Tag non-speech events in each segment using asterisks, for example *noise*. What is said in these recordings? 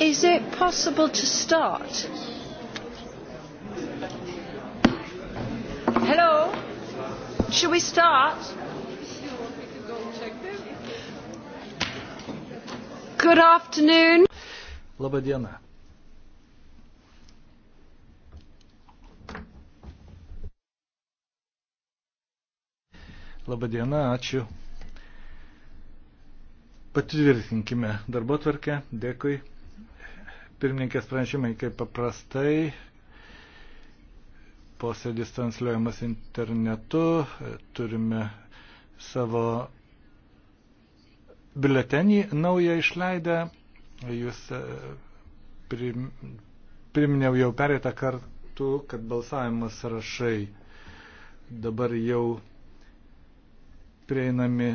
Is it possible to start? Hello? Should we start? Good afternoon. Labą dieną. Labą dieną, ačiū. Patvirtinkime darbo tvarkę. Dėkui pirmininkės pranešimai kaip paprastai. Posėdis transliuojamas internetu, turime savo biuletenį naują išleidę. Jūs e, prim, priminėjau jau perėtą kartą, kad balsavimas rašai dabar jau prieinami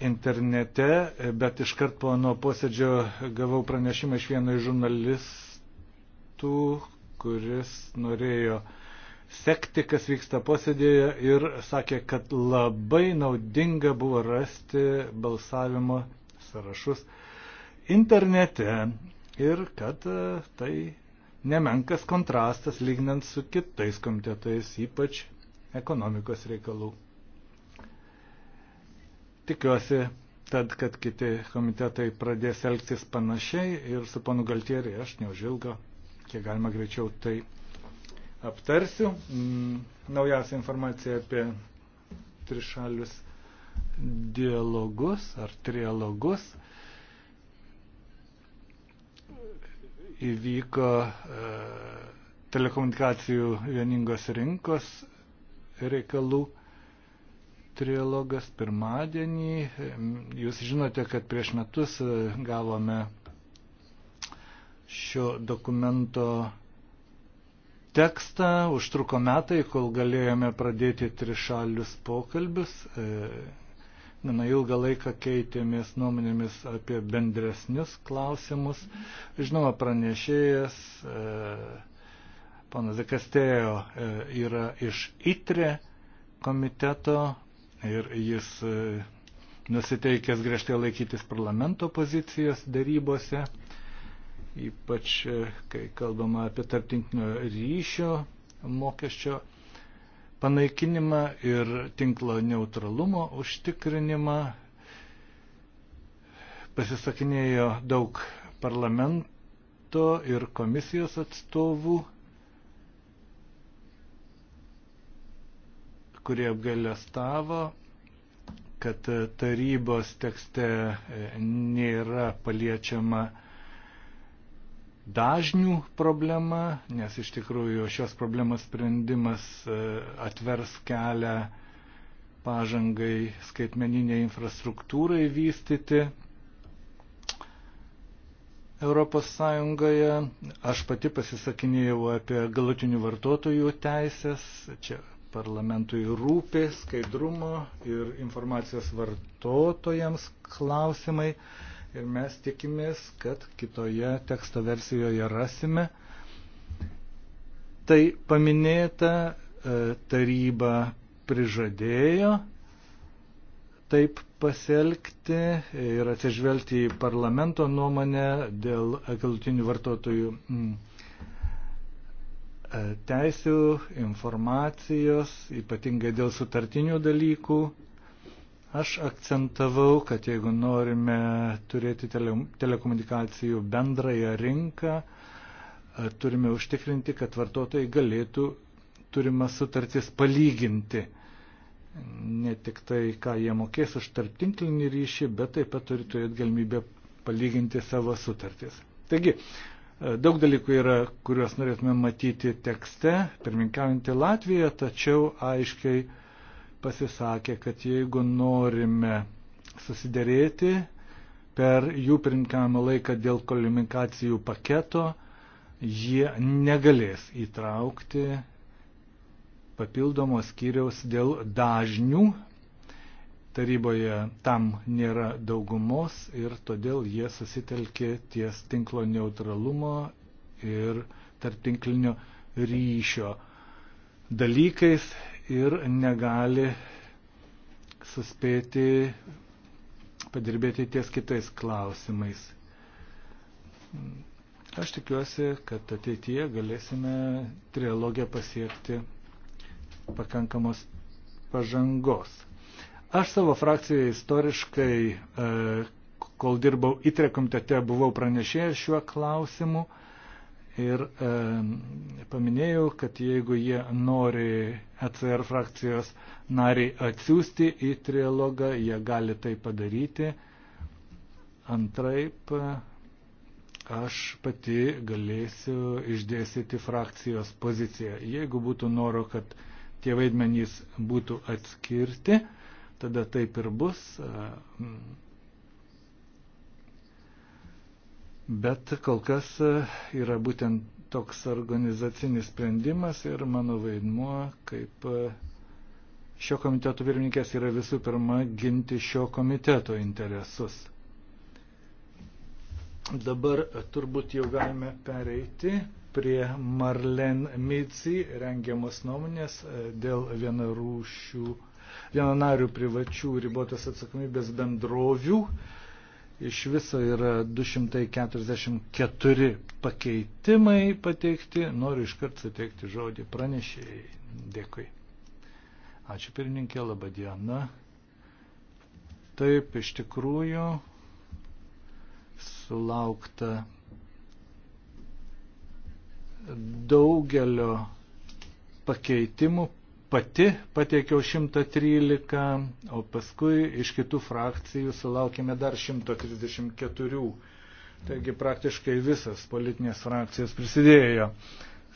internete, bet iškart po nuo posėdžio gavau pranešimą iš vieno iš žurnalistų, kuris norėjo sekti, kas vyksta posėdėje ir sakė, kad labai naudinga buvo rasti balsavimo sąrašus internete ir kad e, tai nemenkas kontrastas lygnant su kitais komitetais, ypač ekonomikos reikalų Tikiuosi, tad, kad kiti komitetai pradės elgtis panašiai ir su panu Galtieriai aš neužilgo, kiek galima greičiau tai aptarsiu. Mm, naujausia informacija apie trišalius dialogus ar trialogus įvyko e, telekomunikacijų vieningos rinkos reikalų trilogas pirmadienį. Jūs žinote, kad prieš metus e, gavome šio dokumento tekstą, užtruko metai, kol galėjome pradėti trišalius pokalbius. E, gana ilgą laiką keitėmės nuomonėmis apie bendresnius klausimus. Žinoma, pranešėjas e, panas Dekastėjo yra iš ITRE komiteto ir jis e, nusiteikęs griežtai laikytis parlamento pozicijos darybose, ypač e, kai kalbama apie tarptinklinio ryšio mokesčio panaikinimą ir tinklo neutralumo užtikrinimą. Pasisakinėjo daug parlamento ir komisijos atstovų kurie apgailestavo, kad tarybos tekste e, nėra paliečiama dažnių problema, nes iš tikrųjų šios problemos sprendimas e, atvers kelią pažangai skaitmeniniai infrastruktūrai vystyti. Europos Sąjungoje aš pati pasisakinėjau apie galutinių vartotojų teisės, čia parlamentui rūpi skaidrumo ir informacijos vartotojams klausimai. Ir mes tikimės, kad kitoje teksto versijoje rasime. Tai paminėta e, taryba prižadėjo taip pasielgti ir atsižvelgti į parlamento nuomonę dėl galutinių vartotojų. Mm, E, teisių, informacijos, ypatingai dėl sutartinių dalykų. Aš akcentavau, kad jeigu norime turėti tele, telekomunikacijų bendrąją rinką, e, turime užtikrinti, kad vartotojai galėtų turimas sutartis palyginti. Ne tik tai, ką jie mokės už tarptinklinį ryšį, bet taip pat turi turėti galimybę palyginti savo sutartis. Taigi, Daug dalykų yra, kuriuos norėtume matyti tekste, pirminkaujantį Latviją, tačiau aiškiai pasisakė, kad jeigu norime susidėrėti per jų pirminkavimo laiką dėl komunikacijų paketo, jie negalės įtraukti papildomos skyriaus dėl dažnių taryboje tam nėra daugumos ir todėl jie susitelkė ties tinklo neutralumo ir tarptinklinio ryšio dalykais ir negali suspėti padirbėti ties kitais klausimais. Aš tikiuosi, kad ateityje galėsime trialogiją pasiekti pakankamos pažangos. Aš savo frakcijoje istoriškai, e, kol dirbau įtre komitete, buvau pranešėjęs šiuo klausimu ir e, paminėjau, kad jeigu jie nori ECR frakcijos nariai atsiųsti į trilogą, jie gali tai padaryti. Antraip, e, aš pati galėsiu išdėsyti frakcijos poziciją. Jeigu būtų noro, kad tie vaidmenys būtų atskirti, uh, tada taip ir bus. Bet kol kas yra būtent toks organizacinis sprendimas ir mano vaidmuo kaip šio komiteto pirmininkės yra visų pirma ginti šio komiteto interesus. Dabar turbūt jau galime pereiti prie Marlen Mitsi rengiamos nuomonės dėl vienarūšių rūšių vienanarių privačių ribotos atsakomybės bendrovių. Iš viso yra 244 pakeitimai pateikti. Noriu iškart suteikti žodį pranešėjai. Dėkui. Ačiū pirmininkė, laba diena. Taip, iš tikrųjų, sulaukta daugelio pakeitimų pati pateikiau 113, o paskui iš kitų frakcijų sulaukėme dar 134. Taigi praktiškai visas politinės frakcijos prisidėjo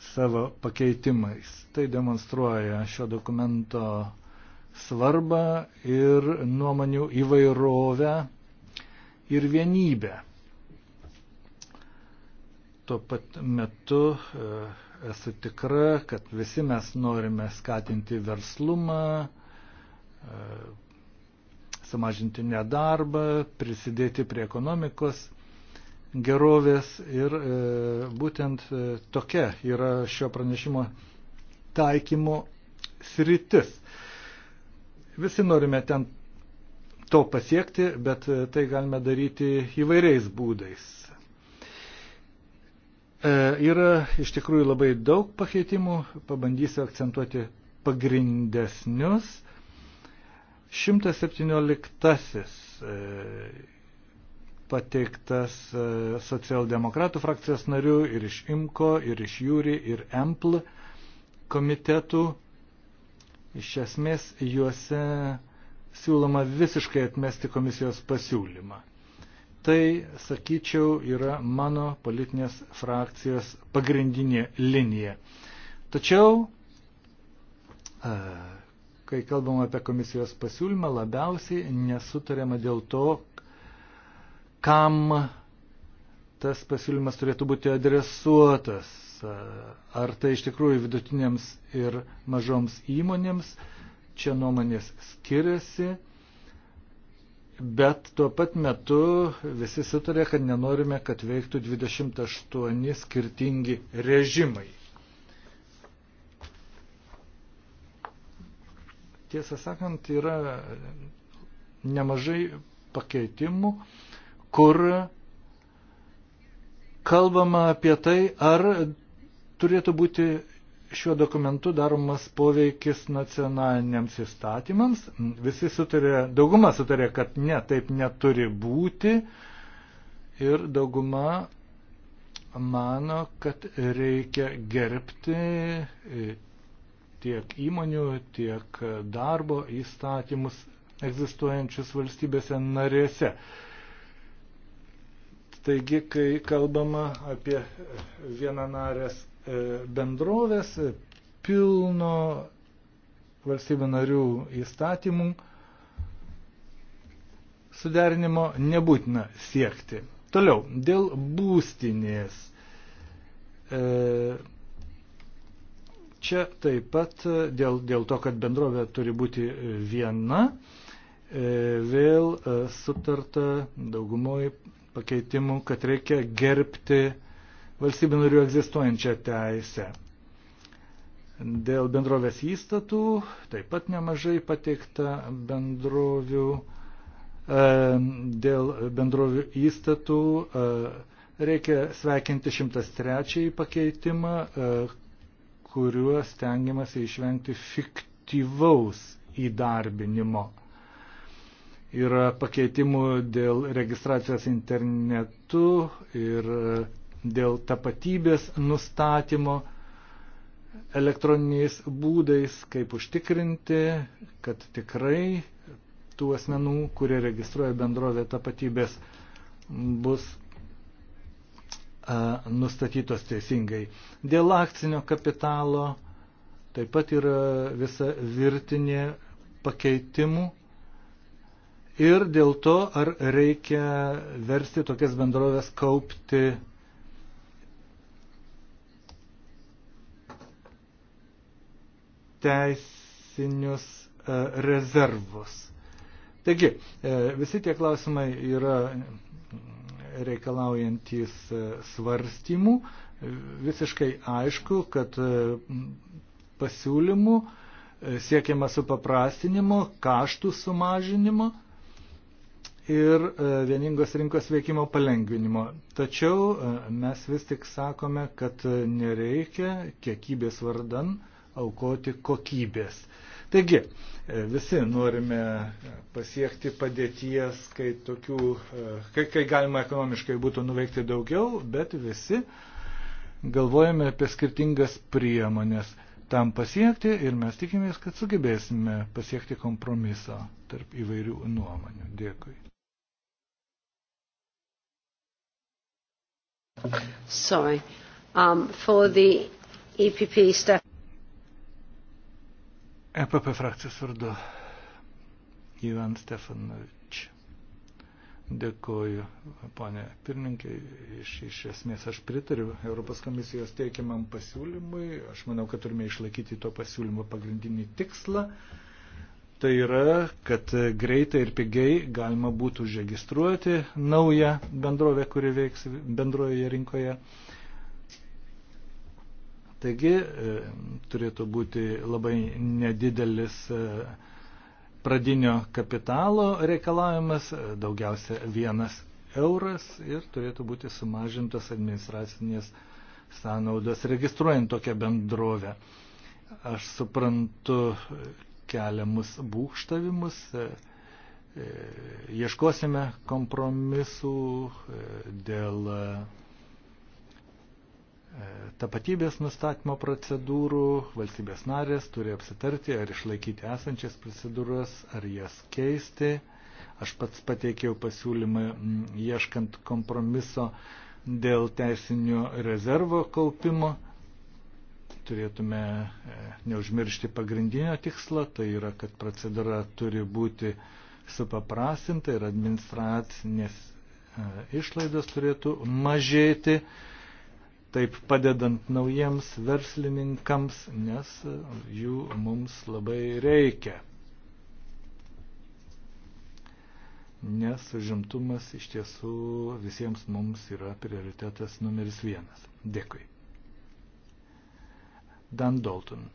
savo pakeitimais. Tai demonstruoja šio dokumento svarbą ir nuomonių įvairovę ir vienybę. Tuo pat metu e, esu tikra, kad visi mes norime skatinti verslumą, e, sumažinti nedarbą, prisidėti prie ekonomikos gerovės ir e, būtent e, tokia yra šio pranešimo taikymo sritis. Visi norime ten to pasiekti, bet tai galime daryti įvairiais būdais. E, yra iš tikrųjų labai daug pakeitimų, pabandysiu akcentuoti pagrindesnius. 117 e, pateiktas e, socialdemokratų frakcijos narių ir iš IMKO, ir iš JURI, ir EMPL komitetų. Iš esmės juose siūloma visiškai atmesti komisijos pasiūlymą. Tai, sakyčiau, yra mano politinės frakcijos pagrindinė linija. Tačiau, e, kai kalbam apie komisijos pasiūlymą, labiausiai nesutariama dėl to, kam tas pasiūlymas turėtų būti adresuotas. E, ar tai iš tikrųjų vidutinėms ir mažoms įmonėms, čia nuomonės skiriasi Bet tuo pat metu visi sutarė, kad nenorime, kad veiktų 28 skirtingi režimai. Tiesą sakant, yra nemažai pakeitimų, kur kalbama apie tai, ar turėtų būti šiuo dokumentu daromas poveikis nacionaliniams įstatymams. Visi sutarė, dauguma sutarė, kad ne, taip neturi būti. Ir dauguma mano, kad reikia gerbti tiek įmonių, tiek darbo įstatymus egzistuojančius valstybėse narėse. Taigi, kai kalbama apie vienanarės E, bendrovės pilno valstybių narių įstatymų suderinimo nebūtina siekti. Toliau, dėl būstinės. E, čia taip pat e, dėl, dėl to, kad bendrovė turi būti viena, vėl sutarta daugumoji pakeitimų, kad reikia gerbti valstybių narių egzistuojančią teisę. Dėl bendrovės įstatų taip pat nemažai pateikta bendrovių, e, dėl bendrovių įstatų e, reikia sveikinti 103 pakeitimą, e, kuriuo stengiamasi išvengti fiktyvaus įdarbinimo. Yra pakeitimų dėl registracijos internetu ir dėl tapatybės nustatymo elektroniniais būdais, kaip užtikrinti, kad tikrai tų asmenų, kurie registruoja bendrovę tapatybės, bus a, nustatytos teisingai. Dėl akcinio kapitalo taip pat yra visa virtinė pakeitimų ir dėl to, ar reikia versti tokias bendrovės kaupti teisinius e, rezervus. Taigi, e, visi tie klausimai yra reikalaujantis e, svarstymų. Visiškai aišku, kad pasiūlymų siekiama supaprastinimo, kaštų sumažinimo ir vieningos rinkos veikimo palengvinimo. Tačiau mes vis tik sakome, kad nereikia kiekybės vardan uh, aukoti kokybės. Taigi, visi norime pasiekti padėties, kai, tokių, kai, kai galima ekonomiškai būtų nuveikti daugiau, bet visi galvojame apie skirtingas priemonės tam pasiekti ir mes tikimės, kad sugebėsime pasiekti kompromiso tarp įvairių nuomonių. Dėkui. Sorry. Um, for the EPP staff. EPP frakcijos vardu Ivan Stefanovič. Dėkoju, ponė pirmininkė, iš, iš esmės aš pritariu Europos komisijos teikiamam pasiūlymui. Aš manau, kad turime išlaikyti to pasiūlymo pagrindinį tikslą. Tai yra, kad greitai ir pigiai galima būtų užregistruoti naują bendrovę, kuri veiks bendrojoje rinkoje. Taigi e, turėtų būti labai nedidelis e, pradinio kapitalo reikalavimas, e, daugiausia vienas euras ir turėtų būti sumažintas administracinės sąnaudos registruojant tokią bendrovę. Aš suprantu keliamus būkštavimus, ieškosime kompromisų dėl E, tapatybės nustatymo procedūrų, valstybės narės turi apsitarti, ar išlaikyti esančias procedūras, ar jas keisti. Aš pats pateikiau pasiūlymą ieškant kompromiso dėl teisinio rezervo kaupimo. Turėtume e, neužmiršti pagrindinio tikslo, tai yra, kad procedūra turi būti supaprastinta ir administracinės e, išlaidos turėtų mažėti taip padedant naujiems verslininkams, nes jų mums labai reikia. Nes užimtumas iš tiesų visiems mums yra prioritetas numeris vienas. Dėkui. Dan Dalton.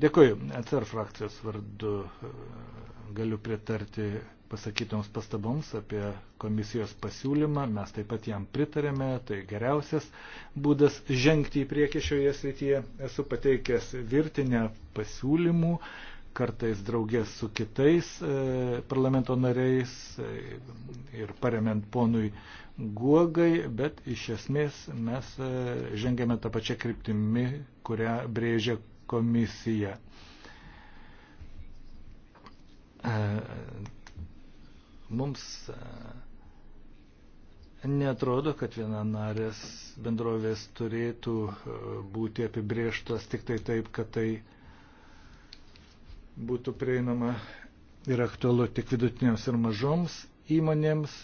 Dėkui, ECR frakcijos vardu e, galiu pritarti pasakytoms pastaboms apie komisijos pasiūlymą. Mes taip pat jam pritarėme, tai geriausias būdas žengti į priekį šioje srityje. Esu pateikęs virtinę pasiūlymų, kartais draugės su kitais e, parlamento nariais e, ir paremiant ponui guogai, bet iš esmės mes e, žengėme tą pačią kryptimį, kurią brėžia komisija. E, Mums e, netrodo, kad viena narės bendrovės turėtų e, būti apibrieštos tik tai taip, kad tai būtų prieinama ir aktualu tik vidutinėms ir mažoms įmonėms.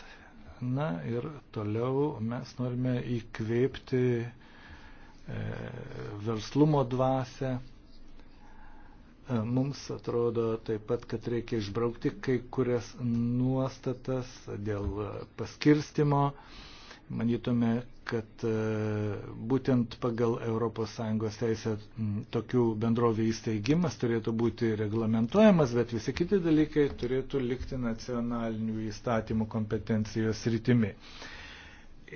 Na ir toliau mes norime įkvėpti e, verslumo dvasę Mums atrodo taip pat, kad reikia išbraukti kai kurias nuostatas dėl paskirstimo. Manytume, kad e, būtent pagal ES teisę tokių bendrovų įsteigimas turėtų būti reglamentuojamas, bet visi kiti dalykai turėtų likti nacionalinių įstatymų kompetencijos rytimi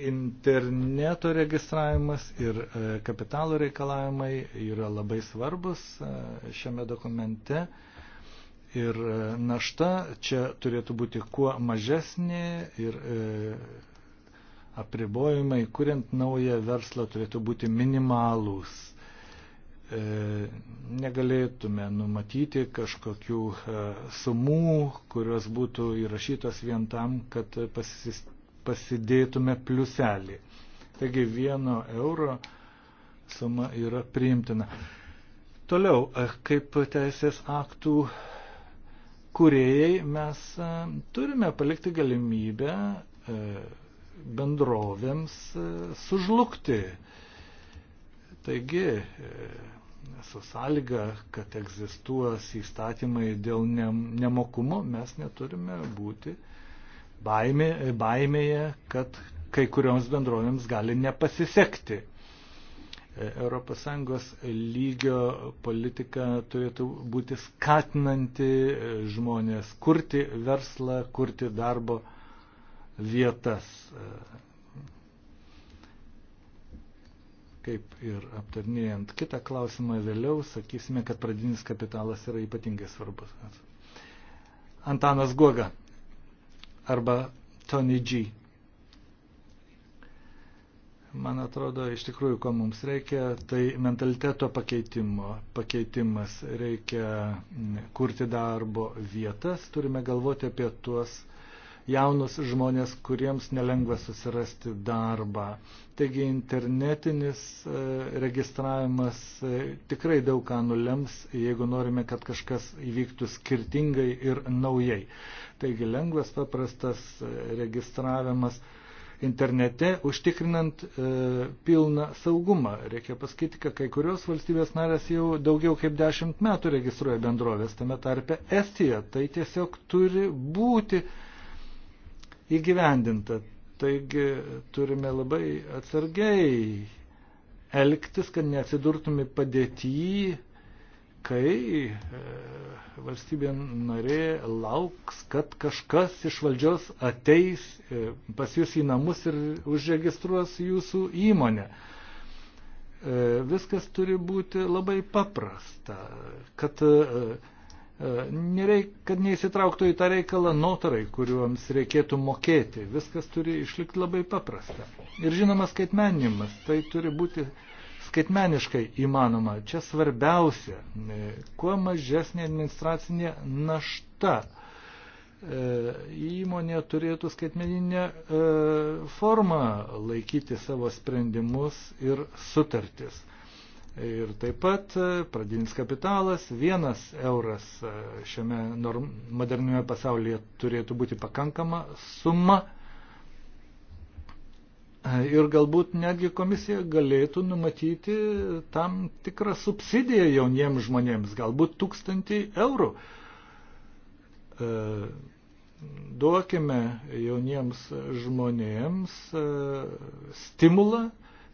interneto registravimas ir e, kapitalo reikalavimai yra labai svarbus e, šiame dokumente. Ir e, našta čia turėtų būti kuo mažesnė ir e, apribojimai, kuriant naują verslą, turėtų būti minimalūs. E, negalėtume numatyti kažkokių e, sumų, kurios būtų įrašytos vien tam, kad pasistengti pasidėtume pliuselį. Taigi vieno euro suma yra priimtina. Toliau, kaip teisės aktų kuriejai mes turime palikti galimybę bendrovėms sužlugti. Taigi, su sąlyga, kad egzistuos įstatymai dėl nemokumo, mes neturime būti uh, baimė, baimėje, kad kai kurioms bendrovėms gali nepasisekti. ES lygio politika turėtų būti skatinanti e, žmonės kurti verslą, kurti darbo vietas. E, kaip ir aptarnėjant kitą klausimą vėliau, sakysime, kad pradinis kapitalas yra ypatingai svarbus. Antanas Guoga arba Tony G. Man atrodo, iš tikrųjų, ko mums reikia, tai mentaliteto pakeitimo. Pakeitimas reikia kurti darbo vietas, turime galvoti apie tuos uh, jaunus žmonės, kuriems nelengva susirasti darbą. Taigi internetinis e, registravimas e, tikrai daug ką nulems, jeigu norime, kad kažkas įvyktų skirtingai ir naujai. Taigi lengvas, paprastas e, registravimas internete, užtikrinant e, pilną saugumą. Reikia pasakyti, kad kai kurios valstybės narės jau daugiau kaip dešimt metų registruoja bendrovės, tame tarpe Estija. Tai tiesiog turi būti įgyvendinta. Taigi turime labai atsargiai elgtis, kad neatsidurtume padėtyje, kai e, valstybė narė lauks, kad kažkas iš valdžios ateis e, pas jūs į namus ir užregistruos jūsų įmonę. E, viskas turi būti labai paprasta, kad E, nereik, kad neįsitrauktų į tą reikalą notarai, kuriuoms reikėtų mokėti. Viskas turi išlikti labai paprasta. Ir žinoma, skaitmeninimas. Tai turi būti skaitmeniškai įmanoma. Čia svarbiausia, e, kuo mažesnė administracinė našta. E, įmonė turėtų skaitmeninę formą laikyti savo sprendimus ir sutartis. Ir taip pat e, pradinis kapitalas, vienas euras e, šiame norm, moderniame pasaulyje turėtų būti pakankama suma. E, ir galbūt netgi komisija galėtų numatyti tam tikrą subsidiją jauniems žmonėms, galbūt tūkstantį eurų. Duokime jauniems žmonėms stimulą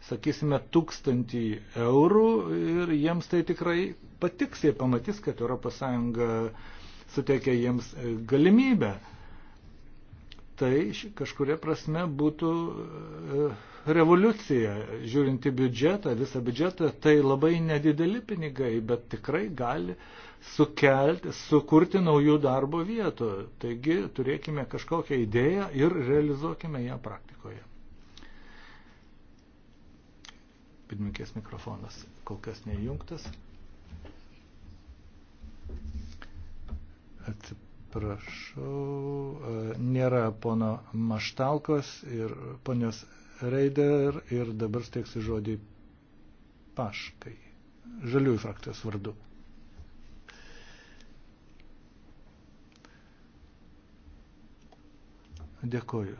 sakysime, tūkstantį eurų ir jiems tai tikrai patiks, jie pamatys, kad ES suteikia jiems galimybę. Tai kažkuria prasme būtų e, revoliucija, žiūrint į biudžetą, visą biudžetą, tai labai nedideli pinigai, bet tikrai gali sukelti, sukurti naujų darbo vietų. Taigi turėkime kažkokią idėją ir realizuokime ją praktikoje. Pirmininkės mikrofonas kol kas neįjungtas. Atsiprašau, e, nėra pono Maštalkos ir ponios Reider ir dabar steiksiu žodį Paškai, žaliųjų frakcijos vardu. Dėkoju,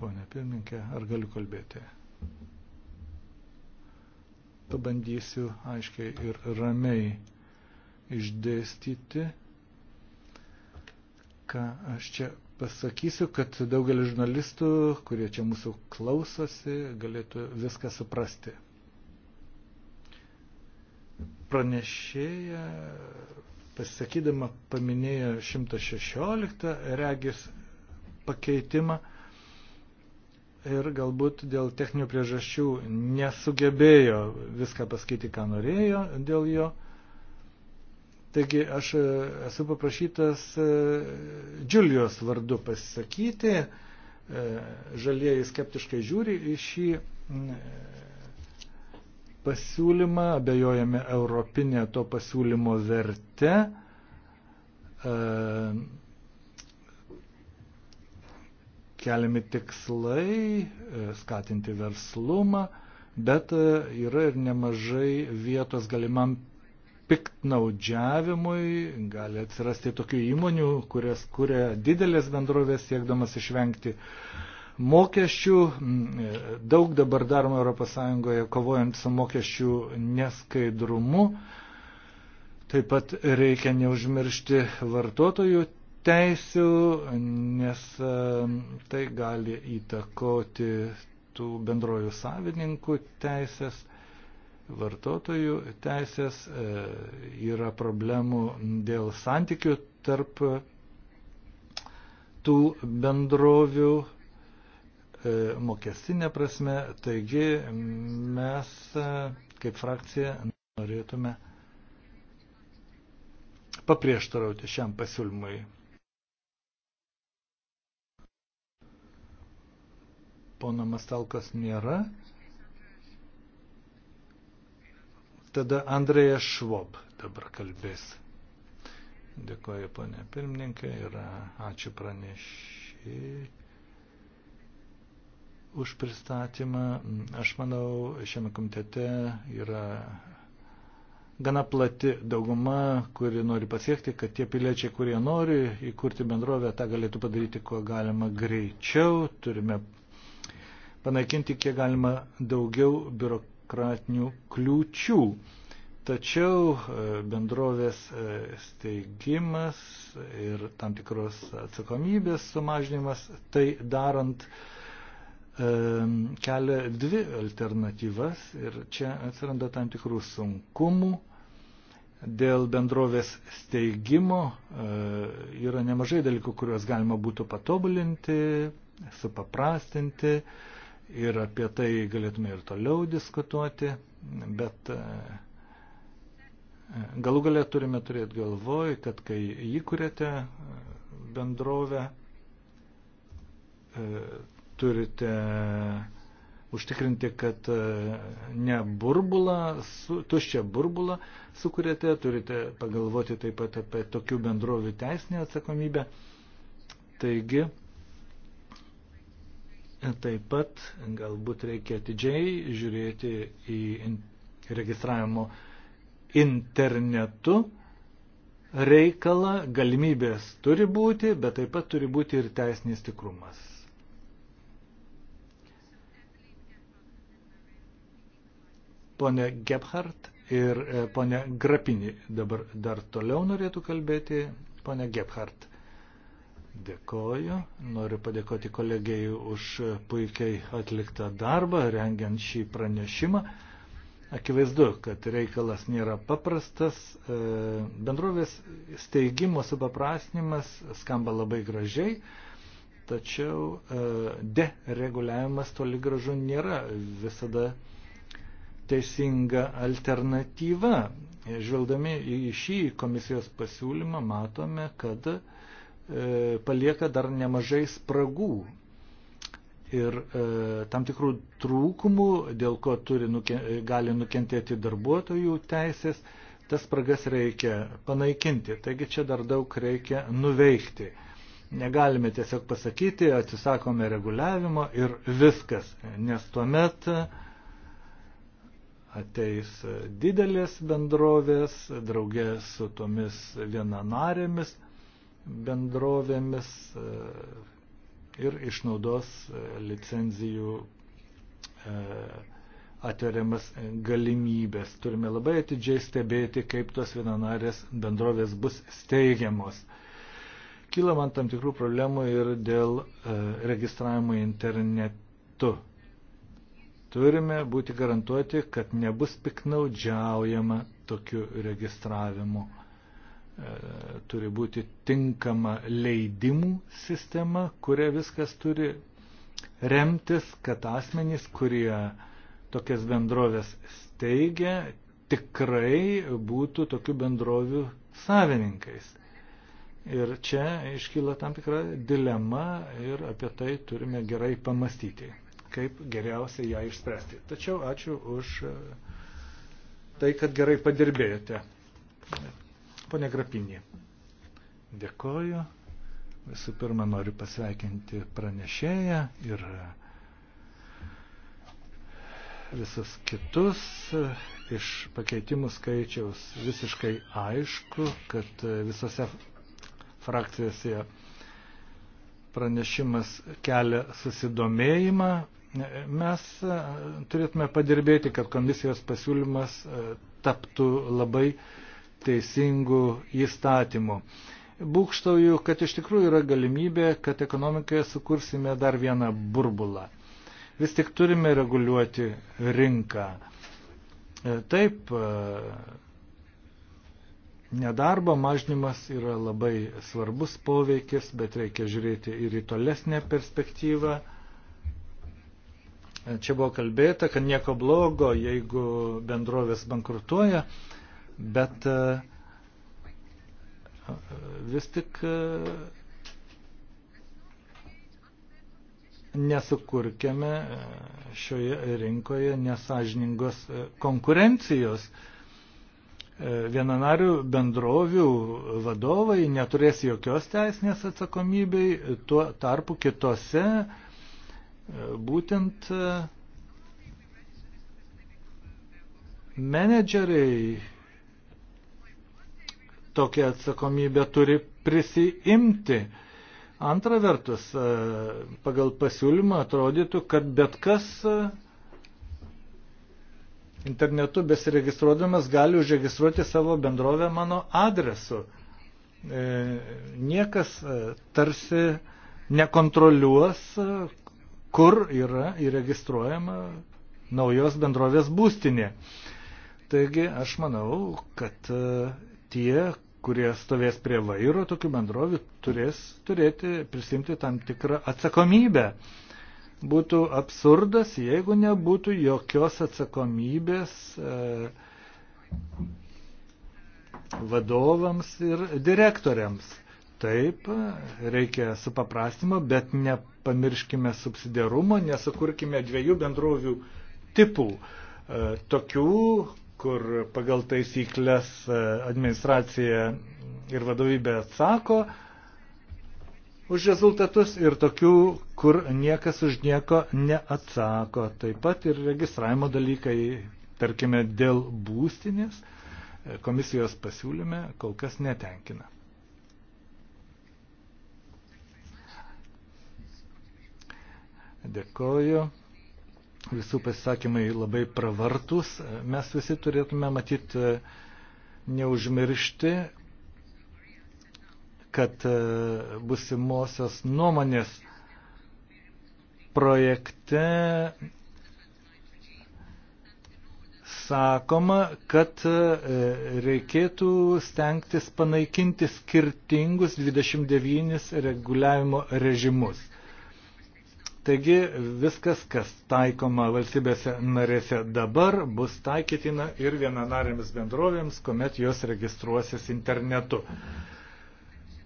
ponė pirmininkė, ar galiu kalbėti? pabandysiu aiškiai ir ramiai išdėstyti, ką aš čia pasakysiu, kad daugelis žurnalistų, kurie čia mūsų klausosi, galėtų viską suprasti. Pranešėja, pasisakydama, paminėjo 116 regis pakeitimą ir galbūt dėl techninių priežasčių nesugebėjo viską pasakyti, ką norėjo dėl jo. Taigi aš e, esu paprašytas Džiulijos e, vardu pasisakyti. E, žalieji skeptiškai žiūri į šį pasiūlymą, abejojame europinė to pasiūlymo verte keliami tikslai, e, skatinti verslumą, bet e, yra ir nemažai vietos galimam piktnaudžiavimui, gali atsirasti tokių įmonių, kurias kuria didelės bendrovės siekdamas išvengti mokesčių. E, daug dabar daroma ES kovojant su mokesčių neskaidrumu. Taip pat reikia neužmiršti vartotojų teisių, nes tai gali įtakoti tų bendrojų savininkų teisės, vartotojų teisės, e, yra problemų dėl santykių tarp tų bendrovių e, mokestinė prasme. Taigi mes e, kaip frakcija norėtume paprieštarauti šiam pasiūlymui. pono Mastalkos nėra. Tada Andrėja Švob dabar kalbės. Dėkoju, ponė pirmininkė, ir ačiū pranešiai už pristatymą. Aš manau, šiame komitete yra gana plati dauguma, kuri nori pasiekti, kad tie piliečiai, kurie nori įkurti bendrovę, tą galėtų padaryti kuo galima greičiau. Turime panaikinti kiek galima daugiau biurokratinių kliūčių. Tačiau e, bendrovės e, steigimas ir tam tikros atsakomybės sumažinimas, tai darant e, kelia dvi alternatyvas ir čia atsiranda tam tikrų sunkumų. Dėl bendrovės steigimo yra nemažai dalykų, kuriuos galima būtų patobulinti, supaprastinti ir apie tai galėtume ir toliau diskutuoti, bet e, galų galę turime turėti galvoj, kad kai įkūrėte e, bendrovę, e, turite užtikrinti, kad ne burbulą, su, tuščią burbulą sukūrėte, turite pagalvoti taip pat apie tokių bendrovių teisinę atsakomybę. Taigi, Taip pat galbūt reikia atidžiai žiūrėti į registravimo internetu reikalą, galimybės turi būti, bet taip pat turi būti ir teisinis tikrumas. Pone Gebhardt ir e, pone Grapini dabar dar toliau norėtų kalbėti. Pone Gebhardt. Dėkoju. Noriu padėkoti kolegijai už puikiai atliktą darbą, rengiant šį pranešimą. Akivaizdu, kad reikalas nėra paprastas. E, bendrovės steigimo supaprasnimas skamba labai gražiai, tačiau e, dereguliavimas toli gražu nėra visada teisinga alternatyva. Žvelgdami į šį komisijos pasiūlymą matome, kad uh, E, palieka dar nemažai spragų ir e, tam tikrų trūkumų, dėl ko turi, nuke, gali nukentėti darbuotojų teisės, tas spragas reikia panaikinti. Taigi čia dar daug reikia nuveikti. Negalime tiesiog pasakyti, atsisakome reguliavimo ir viskas, nes tuomet ateis didelės bendrovės, draugės su tomis vienanarėmis, bendrovėmis e, ir išnaudos e, licenzijų e, atveriamas galimybės. Turime labai atidžiai stebėti, kaip tos vienanarės bendrovės bus steigiamos. Kyla man tam tikrų problemų ir dėl registravimo internetu. Turime būti garantuoti, kad nebus piknaudžiaujama tokiu registravimu. E, turi būti tinkama leidimų sistema, kuria viskas turi remtis, kad asmenys, kurie tokias bendrovės steigia, tikrai būtų tokių bendrovių savininkais. Ir čia iškyla tam tikra dilema ir apie tai turime gerai pamastyti, kaip geriausiai ją išspręsti. Tačiau ačiū už tai, kad gerai padirbėjote Pone Grapinė, dėkoju. Visų pirma, noriu pasveikinti pranešėją ir visus kitus. Iš pakeitimų skaičiaus visiškai aišku, kad visose frakcijose pranešimas kelia susidomėjimą. Mes turėtume padirbėti, kad komisijos pasiūlymas taptų labai uh, teisingų įstatymų. Būkštauju, kad iš tikrųjų yra galimybė, kad ekonomikoje sukursime dar vieną burbulą. Vis tik turime reguliuoti rinką. E, taip, e, nedarbo mažnymas yra labai svarbus poveikis, bet reikia žiūrėti ir į tolesnę perspektyvą. E, čia buvo kalbėta, kad nieko blogo, jeigu bendrovės bankrutuoja, bet e, vis tik e, nesukurkime e, šioje rinkoje nesažiningos konkurencijos. Vienanarių bendrovių vadovai neturės jokios teisinės atsakomybei, tuo tarpu kitose būtent menedžeriai tokią atsakomybę turi prisiimti. Antra vertus, e, pagal pasiūlymą atrodytų, kad bet kas e, internetu besiregistruodamas gali užregistruoti savo bendrovę mano adresu. E, niekas tarsi nekontroliuos, kur yra įregistruojama naujos bendrovės būstinė. Taigi aš manau, kad tie, kurie stovės prie vairo tokių bendrovių, turės turėti prisimti tam tikrą atsakomybę. Būtų absurdas, jeigu nebūtų jokios atsakomybės e, vadovams ir direktoriams. Taip, reikia supaprastimo, bet nepamirškime subsidiarumo, nesukurkime dviejų bendrovių tipų. E, tokių, kur pagal taisyklės e, administracija ir vadovybė atsako už rezultatus ir tokių, kur niekas už nieko neatsako. Taip pat ir registravimo dalykai, tarkime, dėl būstinės e, komisijos pasiūlyme kol kas netenkina. Dėkoju visų pasisakymai labai pravartus. Mes visi turėtume matyti, e, neužmiršti, kad e, busimosios nuomonės projekte sakoma, kad e, reikėtų stengtis panaikinti skirtingus 29 reguliavimo režimus. Taigi viskas, kas taikoma valstybėse narėse dabar, bus taikytina ir vienanarėmis bendrovėms, kuomet jos registruosis internetu.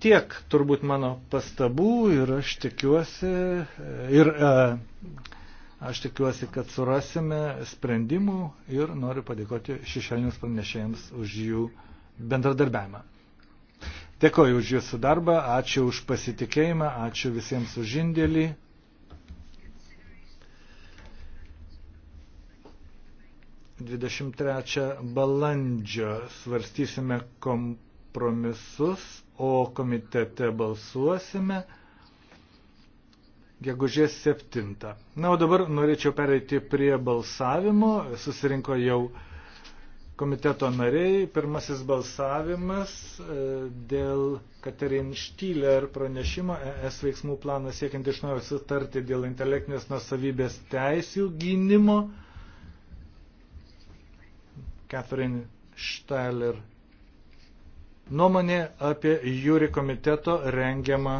Tiek turbūt mano pastabų ir aš tikiuosi, ir, e, aš tikiuosi kad surasime sprendimų ir noriu padėkoti šešėlinius pranešėjams už jų bendradarbiavimą. Dėkoju už jūsų darbą, ačiū už pasitikėjimą, ačiū visiems už indėlį. 23 balandžio svarstysime kompromisus, o komitete balsuosime gegužės 7. Na, o dabar norėčiau pereiti prie balsavimo. Susirinko jau komiteto nariai. Pirmasis balsavimas e, dėl Katerin Štyler pranešimo ES veiksmų planas siekiant iš naujo sutarti dėl intelektinės nusavybės teisių gynimo. Catherine Steiler nuomonė apie jūri komiteto rengiamą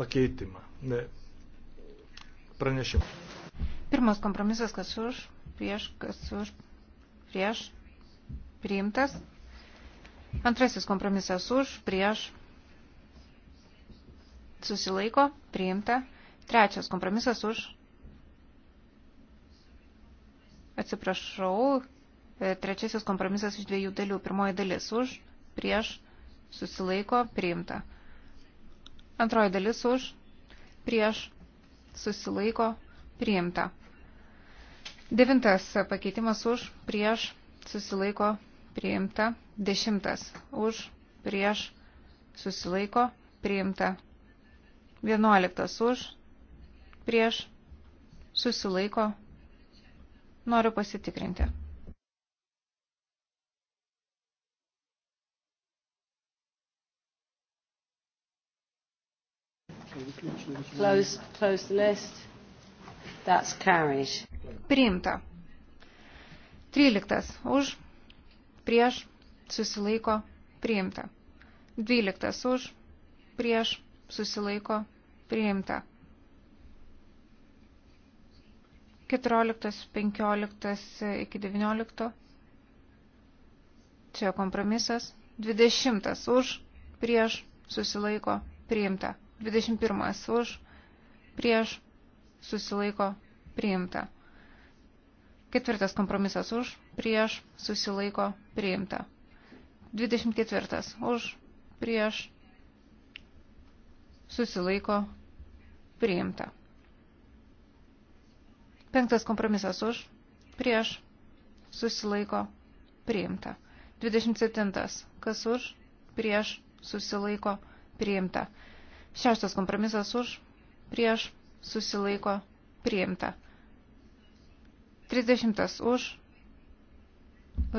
pakeitimą. Pranešimą. Pirmas kompromisas, kas už, prieš, kas už, prieš, priimtas. Antrasis kompromisas už, prieš, susilaiko, priimta. Trečias kompromisas už. Atsiprašau, E, trečiasis kompromisas iš dviejų dalių. Pirmoji dalis už, prieš, susilaiko, priimta. Antroji dalis už, prieš, susilaiko, priimta. Devintas pakeitimas už, prieš, susilaiko, priimta. Dešimtas už, prieš, susilaiko, priimta. Vienuoliktas už, prieš, susilaiko. Noriu pasitikrinti. Close, close the list. That's carried. Priimta. 13. Už, prieš, susilaiko, priimta. 12. Už, prieš, susilaiko, priimta. 14, 15 iki 19. Čia kompromisas. 20. Už, prieš, susilaiko, priimta. 21 už, prieš, susilaiko, priimta. Ketvirtas kompromisas už, prieš, susilaiko, priimta. 24 už, prieš, susilaiko, priimta. Penktas kompromisas už, prieš, susilaiko, priimta. 27. Kas už, prieš, susilaiko, priimta. Šeštas kompromisas už, prieš, susilaiko, priimta. 30 už,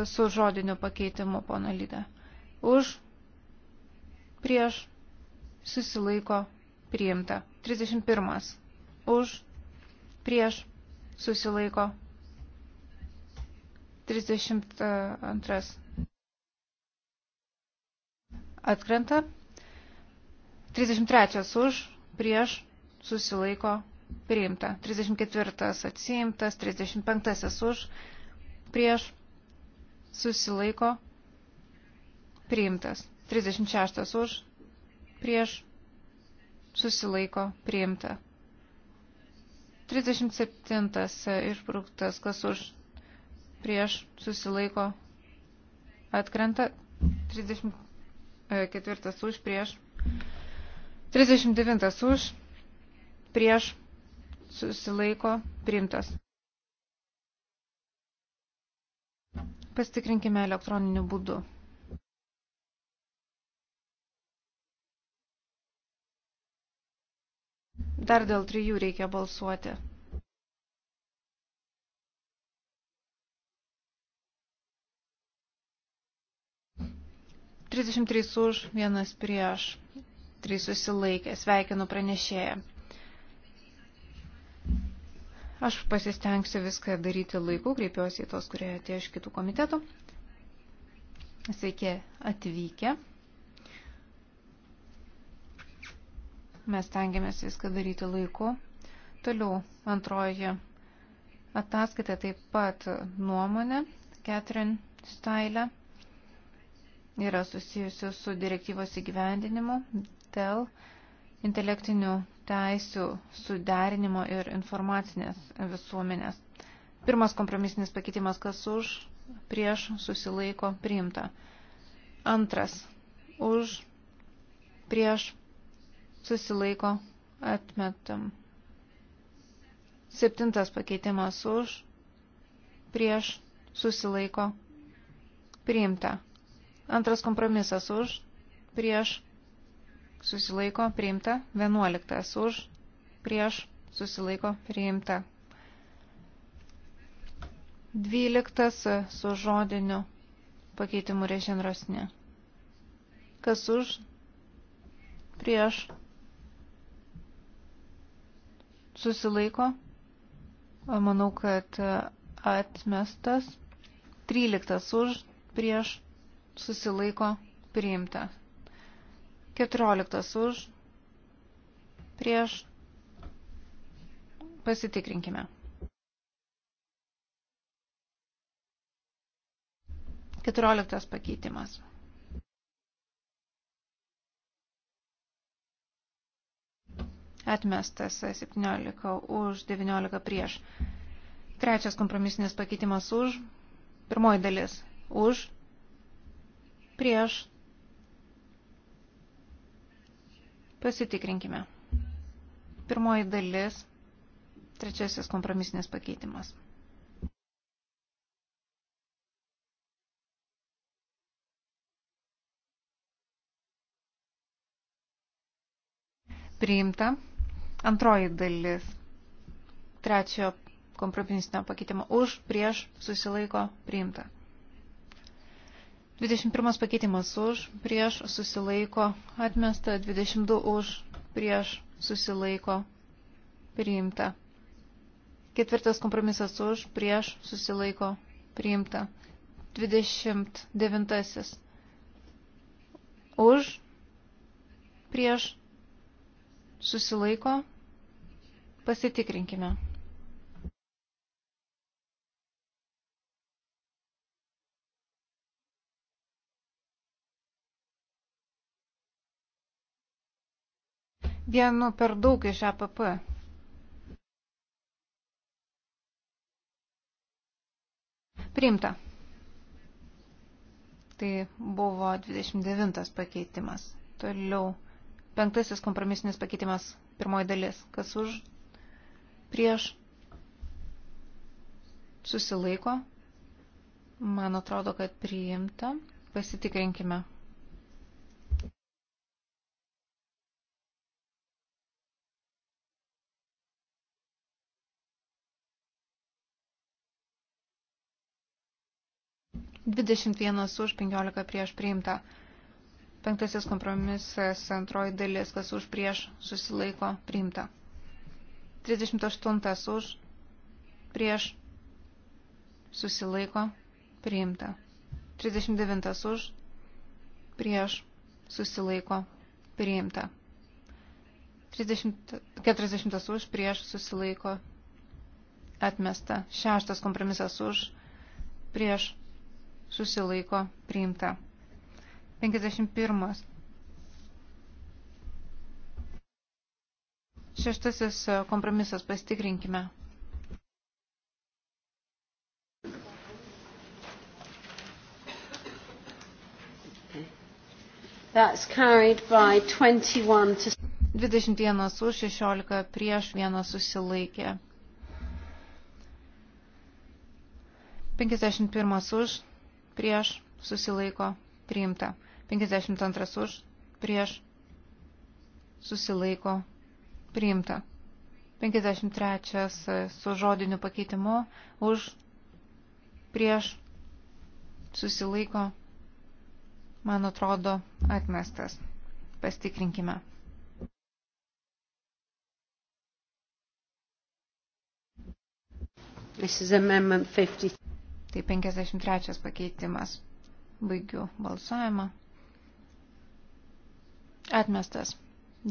su žodiniu pakeitimu, pono Lyda. Už, prieš, susilaiko, priimta. 31. Už, prieš, susilaiko, 32. Atkrenta. 33 už, prieš, susilaiko, priimta. 34 atsiimtas, 35 už, prieš, susilaiko, priimtas. 36 už, prieš, susilaiko, priimta. 37 išbruktas, kas už, prieš, susilaiko, atkrenta. 34 už, prieš, 39 už, prieš, susilaiko, priimtas. Pastikrinkime elektroniniu būdu. Dar dėl trijų reikia balsuoti. Trisdešimt trys už, vienas prieš. 3 susilaikė. Sveikinu pranešėją. Aš pasistengsiu viską daryti laiku, kreipiuosi į tos, kurie atėjo iš kitų komitetų. Sveiki atvykę. Mes tengiamės viską daryti laiku. Toliau antroji ataskaita taip pat nuomonė Catherine Style yra susijusi su direktyvos įgyvendinimu dėl intelektinių teisių suderinimo ir informacinės visuomenės. Pirmas kompromisinis pakeitimas, kas už, prieš, susilaiko, priimta. Antras, už, prieš, susilaiko, atmetam. Septintas pakeitimas už, prieš, susilaiko, priimta. Antras kompromisas už, prieš, susilaiko priimta, 11 už, prieš susilaiko priimta. 12 su žodiniu pakeitimu rešinrasne. Kas už, prieš susilaiko, manau, kad atmestas, 13 už, prieš susilaiko priimta. Keturioliktas už, prieš, pasitikrinkime. Keturioliktas pakeitimas. Atmestas 17 už, 19 prieš. Trečias kompromisinis pakeitimas už. Pirmoji dalis už, prieš, Pasitikrinkime. Pirmoji dalis, trečiasis kompromisinės pakeitimas. Priimta. Antroji dalis, trečiojo kompromisinio pakeitimo už, prieš, susilaiko, priimta. 21 pakeitimas už, prieš susilaiko atmesta, 22 už, prieš susilaiko priimta. Ketvirtas kompromisas už, prieš susilaiko priimta. 29 už, prieš susilaiko. Pasitikrinkime. vienu per daug iš EPP. Priimta. Tai buvo 29 pakeitimas. Toliau penktasis kompromisinis pakeitimas, pirmoji dalis. Kas už, prieš, susilaiko. Man atrodo, kad priimta. Pasitikrinkime. 21 už 15 prieš priimta. Penktasis kompromisas antroji dalis, kas už prieš susilaiko priimta. 38 už prieš susilaiko priimta. 39 už prieš susilaiko priimta. 30, 40 už prieš susilaiko atmesta. Šeštas kompromisas už prieš susilaiko priimta. 51. Šeštasis e, kompromisas pasitikrinkime. That's carried by 21 to 21 už 16 prieš 1 susilaikė. 51 už prieš, susilaiko, priimta. 52 už, prieš, susilaiko, priimta. 53 eh, su žodiniu pakeitimu, už, prieš, susilaiko, man atrodo, atmestas. Pastikrinkime. This is Amendment 50. Tai 53 pakeitimas. Baigiu balsavimą. Atmestas.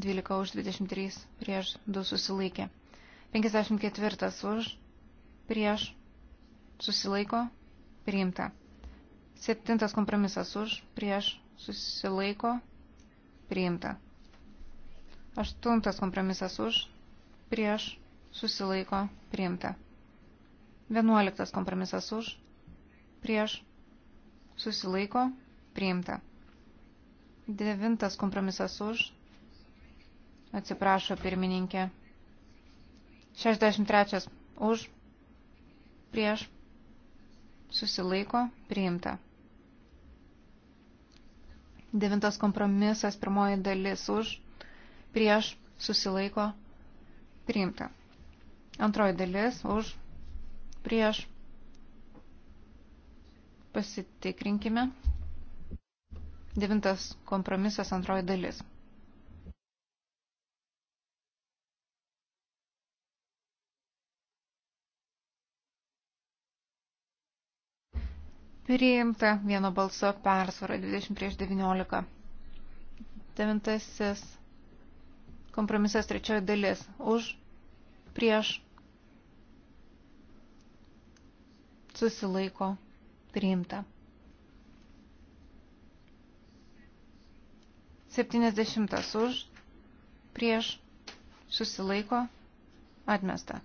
12 už 23 prieš 2 susilaikė. 54 už prieš susilaiko priimta. 7 kompromisas už prieš susilaiko priimta. 8 kompromisas už prieš susilaiko priimta. 11 kompromisas už prieš susilaiko priimta. Devintas kompromisas už. Atsiprašo pirmininkė. 63 už prieš susilaiko priimta. Devintas kompromisas, pirmoji dalis už, prieš, susilaiko, priimta. Antroji dalis už, prieš, Pasitikrinkime. Devintas kompromisas antroji dalis. Priimta vieno balso persvara 20 prieš 19. Devintasis kompromisas trečioji dalis. Už, prieš, susilaiko, Priimta. 70 už, prieš, susilaiko, atmesta.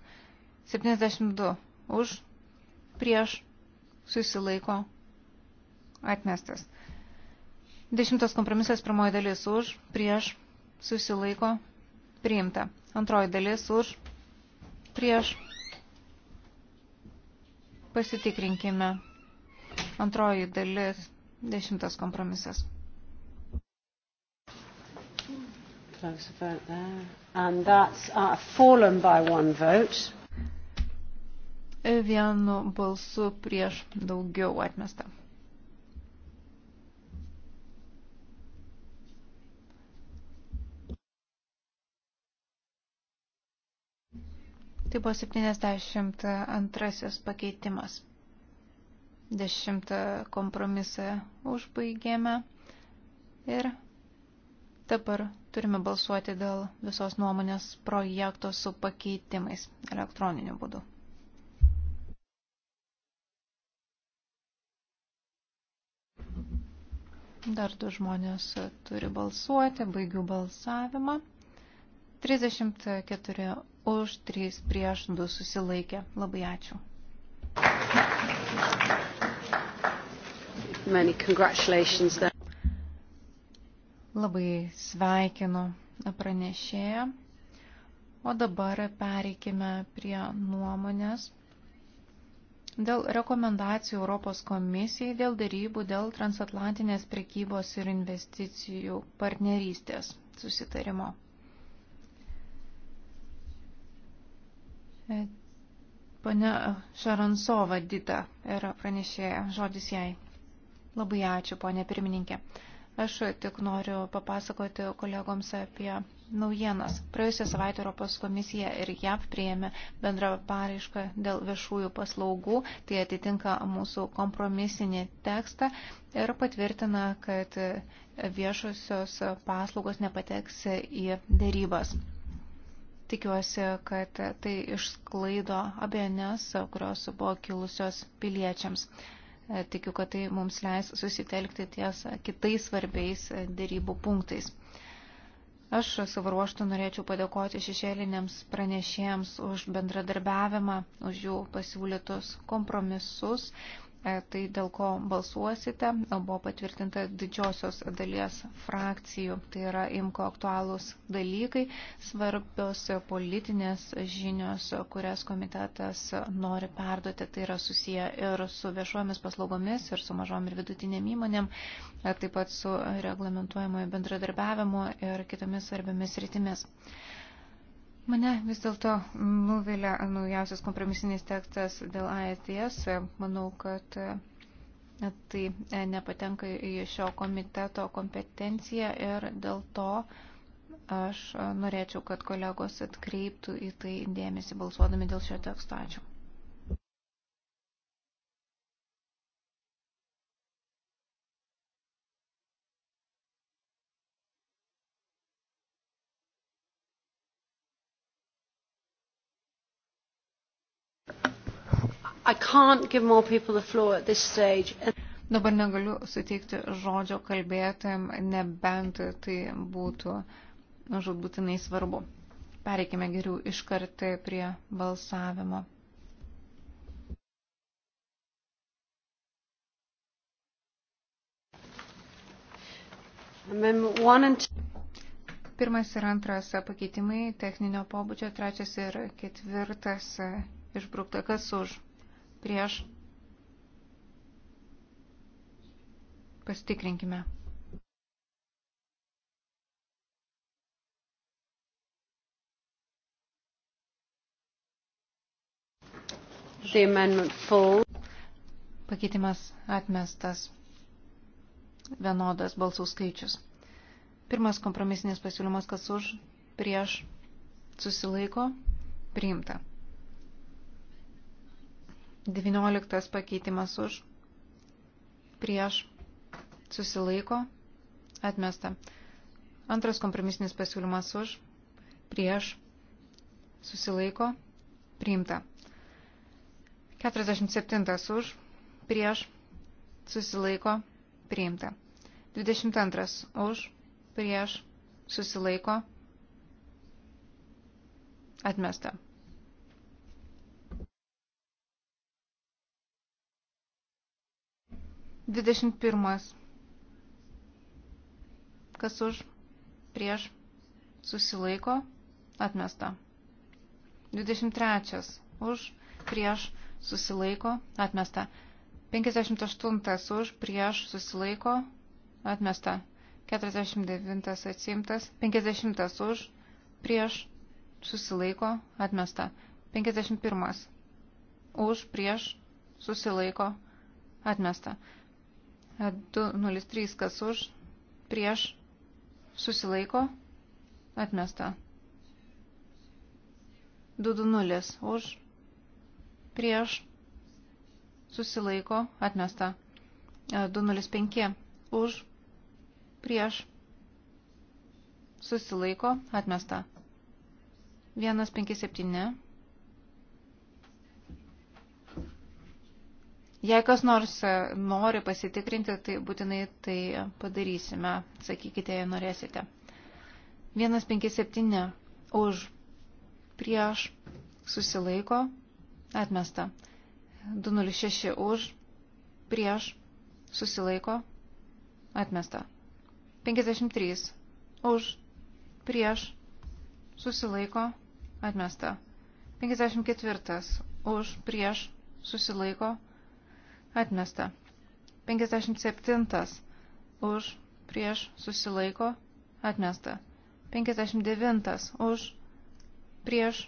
72 už, prieš, susilaiko, atmestas. 10 kompromisas pirmoji dalis už, prieš, susilaiko, priimta. Antroji dalis už, prieš, pasitikrinkime. Antroji dalis, dešimtas kompromisas. Uh, Vienu balsu prieš daugiau atmesta. Tai buvo 72 pakeitimas. Dešimtą kompromisą užbaigėme ir dabar turime balsuoti dėl visos nuomonės projekto su pakeitimais elektroniniu būdu. Dar du žmonės turi balsuoti, baigiu balsavimą. 34 už, 3 prieš, 2 susilaikė. Labai ačiū. Thank you. Many congratulations there. Labai sveikinu pranešėją. O dabar pereikime prie nuomonės dėl rekomendacijų Europos komisijai dėl darybų dėl transatlantinės prekybos ir investicijų partnerystės susitarimo. Pane Šaransova Dita yra pranešėja. Žodis jai. Labai ačiū, ponė pirmininkė. Aš tik noriu papasakoti kolegoms apie naujienas. Praėjusią savaitę Europos komisija ir JAV prieėmė bendrą paraišką dėl viešųjų paslaugų. Tai atitinka mūsų kompromisinį tekstą ir patvirtina, kad viešosios paslaugos nepateks į dėrybas. Tikiuosi, kad tai išsklaido abejonės, kurios buvo kilusios piliečiams. E, tikiu, kad tai mums leis susitelkti ties kitais svarbiais e, dėrybų punktais. Aš savo ruoštų norėčiau padėkoti šešėliniams pranešėjams už bendradarbiavimą, už jų pasiūlytus kompromisus E, tai dėl ko balsuosite, buvo patvirtinta didžiosios dalies frakcijų. Tai yra imko aktualūs dalykai, svarbios politinės žinios, kurias komitetas nori perduoti. Tai yra susiję ir su viešuomis paslaugomis, ir su mažom ir vidutinėm įmonėm, e, taip pat su reglamentuojamojo bendradarbiavimu ir kitomis svarbiamis rytimis. Mane vis dėlto nuvilia naujausias kompromisinis tekstas dėl ASDS. Manau, kad e, tai e, nepatenka į šio komiteto kompetenciją ir dėl to aš norėčiau, kad kolegos atkreiptų į tai dėmesį balsuodami dėl šio teksto. Ačiū. Dabar negaliu suteikti žodžio kalbėtojim, nebent tai būtų žudbūtinai svarbu. Pereikime geriau iš karto prie balsavimo. Pirmas ir antras pakeitimai techninio pobūdžio, trečias ir ketvirtas išbraukta. Kas už? prieš. Pasitikrinkime. Pakeitimas atmestas vienodas balsų skaičius. Pirmas kompromisinis pasiūlymas, kas už, prieš, susilaiko, priimta. 19 pakeitimas už, prieš, susilaiko, atmesta. Antras kompromisinis pasiūlymas už, prieš, susilaiko, priimta. 47 už, prieš, susilaiko, priimta. 22 už, prieš, susilaiko, atmesta. 21. Kas už, prieš, susilaiko, atmesta. 23. Už, prieš, susilaiko, atmesta. 58. Už, prieš, susilaiko, atmesta. 49. Atsimtas. 50. Už, prieš, susilaiko, atmesta. 51. Už, prieš, susilaiko, atmesta. 203 kas už, prieš, susilaiko, atmesta. 220 už, prieš, susilaiko, atmesta. 205 už, prieš, susilaiko, atmesta. 157 Jei kas nors e, nori pasitikrinti, tai būtinai tai padarysime, sakykite, jei norėsite. 157 už prieš susilaiko atmesta. 206 už prieš susilaiko atmesta. 53 už prieš susilaiko atmesta. 54 už prieš susilaiko atmesta. Atmesta. 57. Už, prieš, susilaiko. Atmesta. 59. Už, prieš,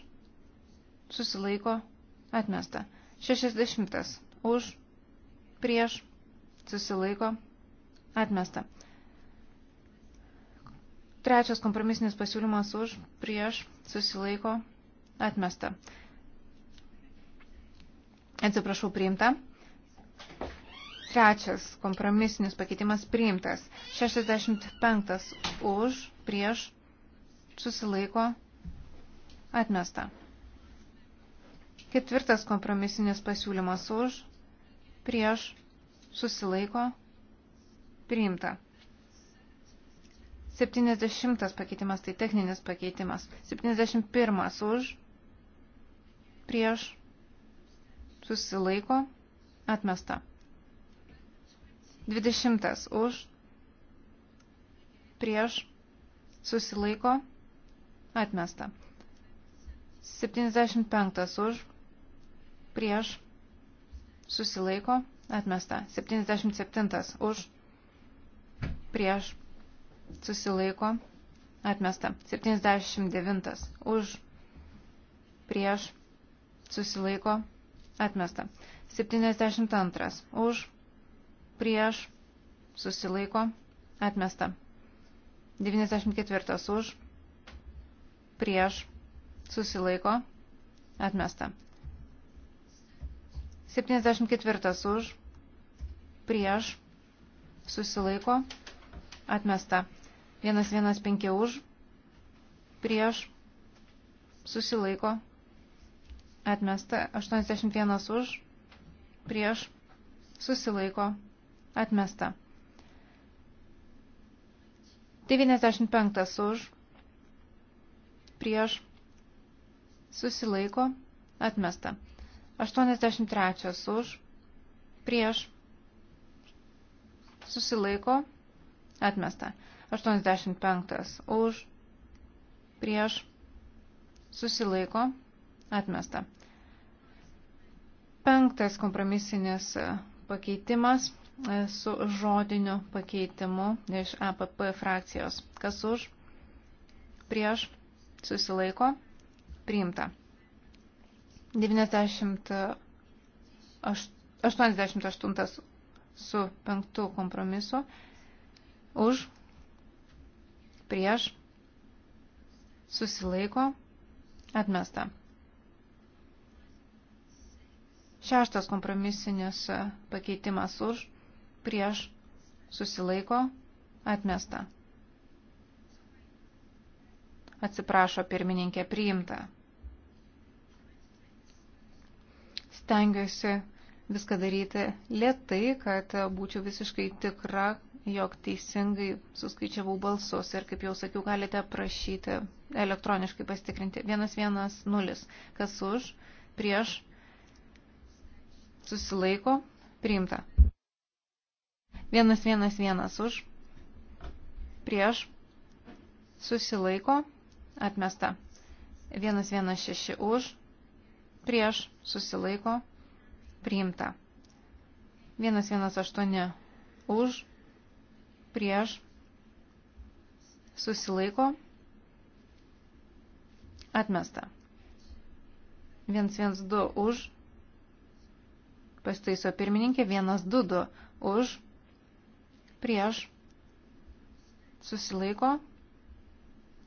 susilaiko. Atmesta. 60. Už, prieš, susilaiko. Atmesta. Trečias kompromisinis pasiūlymas už, prieš, susilaiko, atmesta. Atsiprašau, priimta. Trečias kompromisinis pakeitimas priimtas. 65 už, prieš, susilaiko, atmesta. Ketvirtas kompromisinis pasiūlymas už, prieš, susilaiko, priimta. 70 pakeitimas, tai techninis pakeitimas. 71 už, prieš, susilaiko, atmesta. 20 už, prieš, susilaiko, atmesta. 75 už, prieš, susilaiko, atmesta. 77 už, prieš, susilaiko, atmesta. 79 už, prieš, susilaiko, atmesta. 72 už, prieš, prieš, susilaiko, atmesta. 94 už, prieš, susilaiko, atmesta. 74 už, prieš, susilaiko, atmesta. 115 už, prieš, susilaiko, atmesta. 81 už, prieš, susilaiko, atmesta Atmesta. 95 už. Prieš. Susilaiko. Atmesta. 83 už. Prieš. Susilaiko. Atmesta. 85 už. Prieš. Susilaiko. Atmesta. Penktas kompromisinis pakeitimas su žodiniu pakeitimu iš APP frakcijos. Kas už? Prieš? Susilaiko? Priimta. 98, 88 su penktu kompromisu. Už? Prieš? Susilaiko? Atmesta. Šeštas kompromisinis pakeitimas už, prieš susilaiko atmesta. Atsiprašo pirmininkė priimta. Stengiuosi viską daryti lietai, kad būčiau visiškai tikra, jog teisingai suskaičiavau balsus ir, kaip jau sakiau, galite prašyti elektroniškai pasitikrinti. 110, kas už, prieš, susilaiko, priimta. Vienas vienas vienas už. Prieš. Susilaiko. Atmesta. Vienas vienas šeši už. Prieš. Susilaiko. Priimta. Vienas vienas aštuoni už. Prieš. Susilaiko. Atmesta. Vienas vienas du už. Pastaiso pirmininkė. Vienas du du už prieš, susilaiko,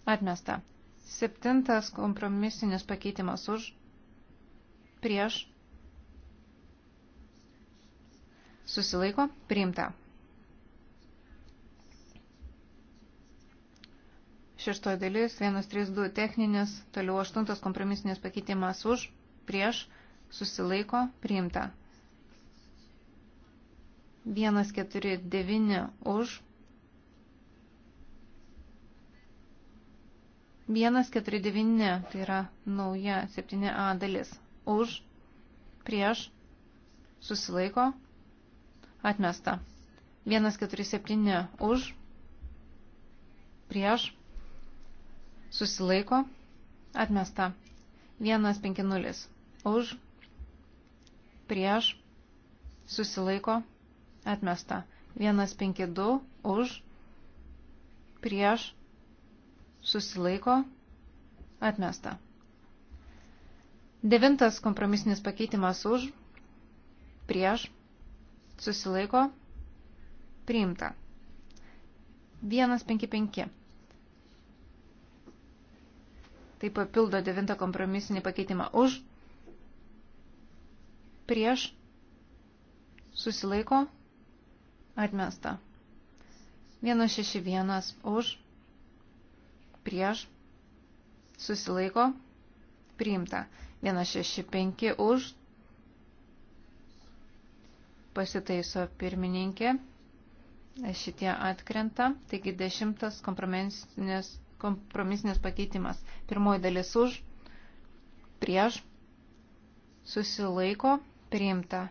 atmesta. Septintas kompromisinis pakeitimas už, prieš, susilaiko, priimta. Šeštoji dalis, 132 techninis, toliau aštuntas kompromisinis pakeitimas už, prieš, susilaiko, priimta. 149 už, 149, tai yra nauja 7a dalis, už, prieš, susilaiko, atmesta. 147 už, prieš, susilaiko, atmesta. 150 už, prieš, susilaiko, atmesta Atmesta. 152 už. Prieš. Susilaiko. Atmesta. Devintas kompromisinis pakeitimas už. Prieš. Susilaiko. Priimta. 155. Tai papildo devintą kompromisinį pakeitimą už, prieš, susilaiko, Atmesta. 161 už, prieš, susilaiko, priimta. 165 už, pasitaiso pirmininkė, šitie atkrenta, taigi 10 kompromisinės, kompromisinės pakeitimas. Pirmoji dalis už, prieš, susilaiko, priimta.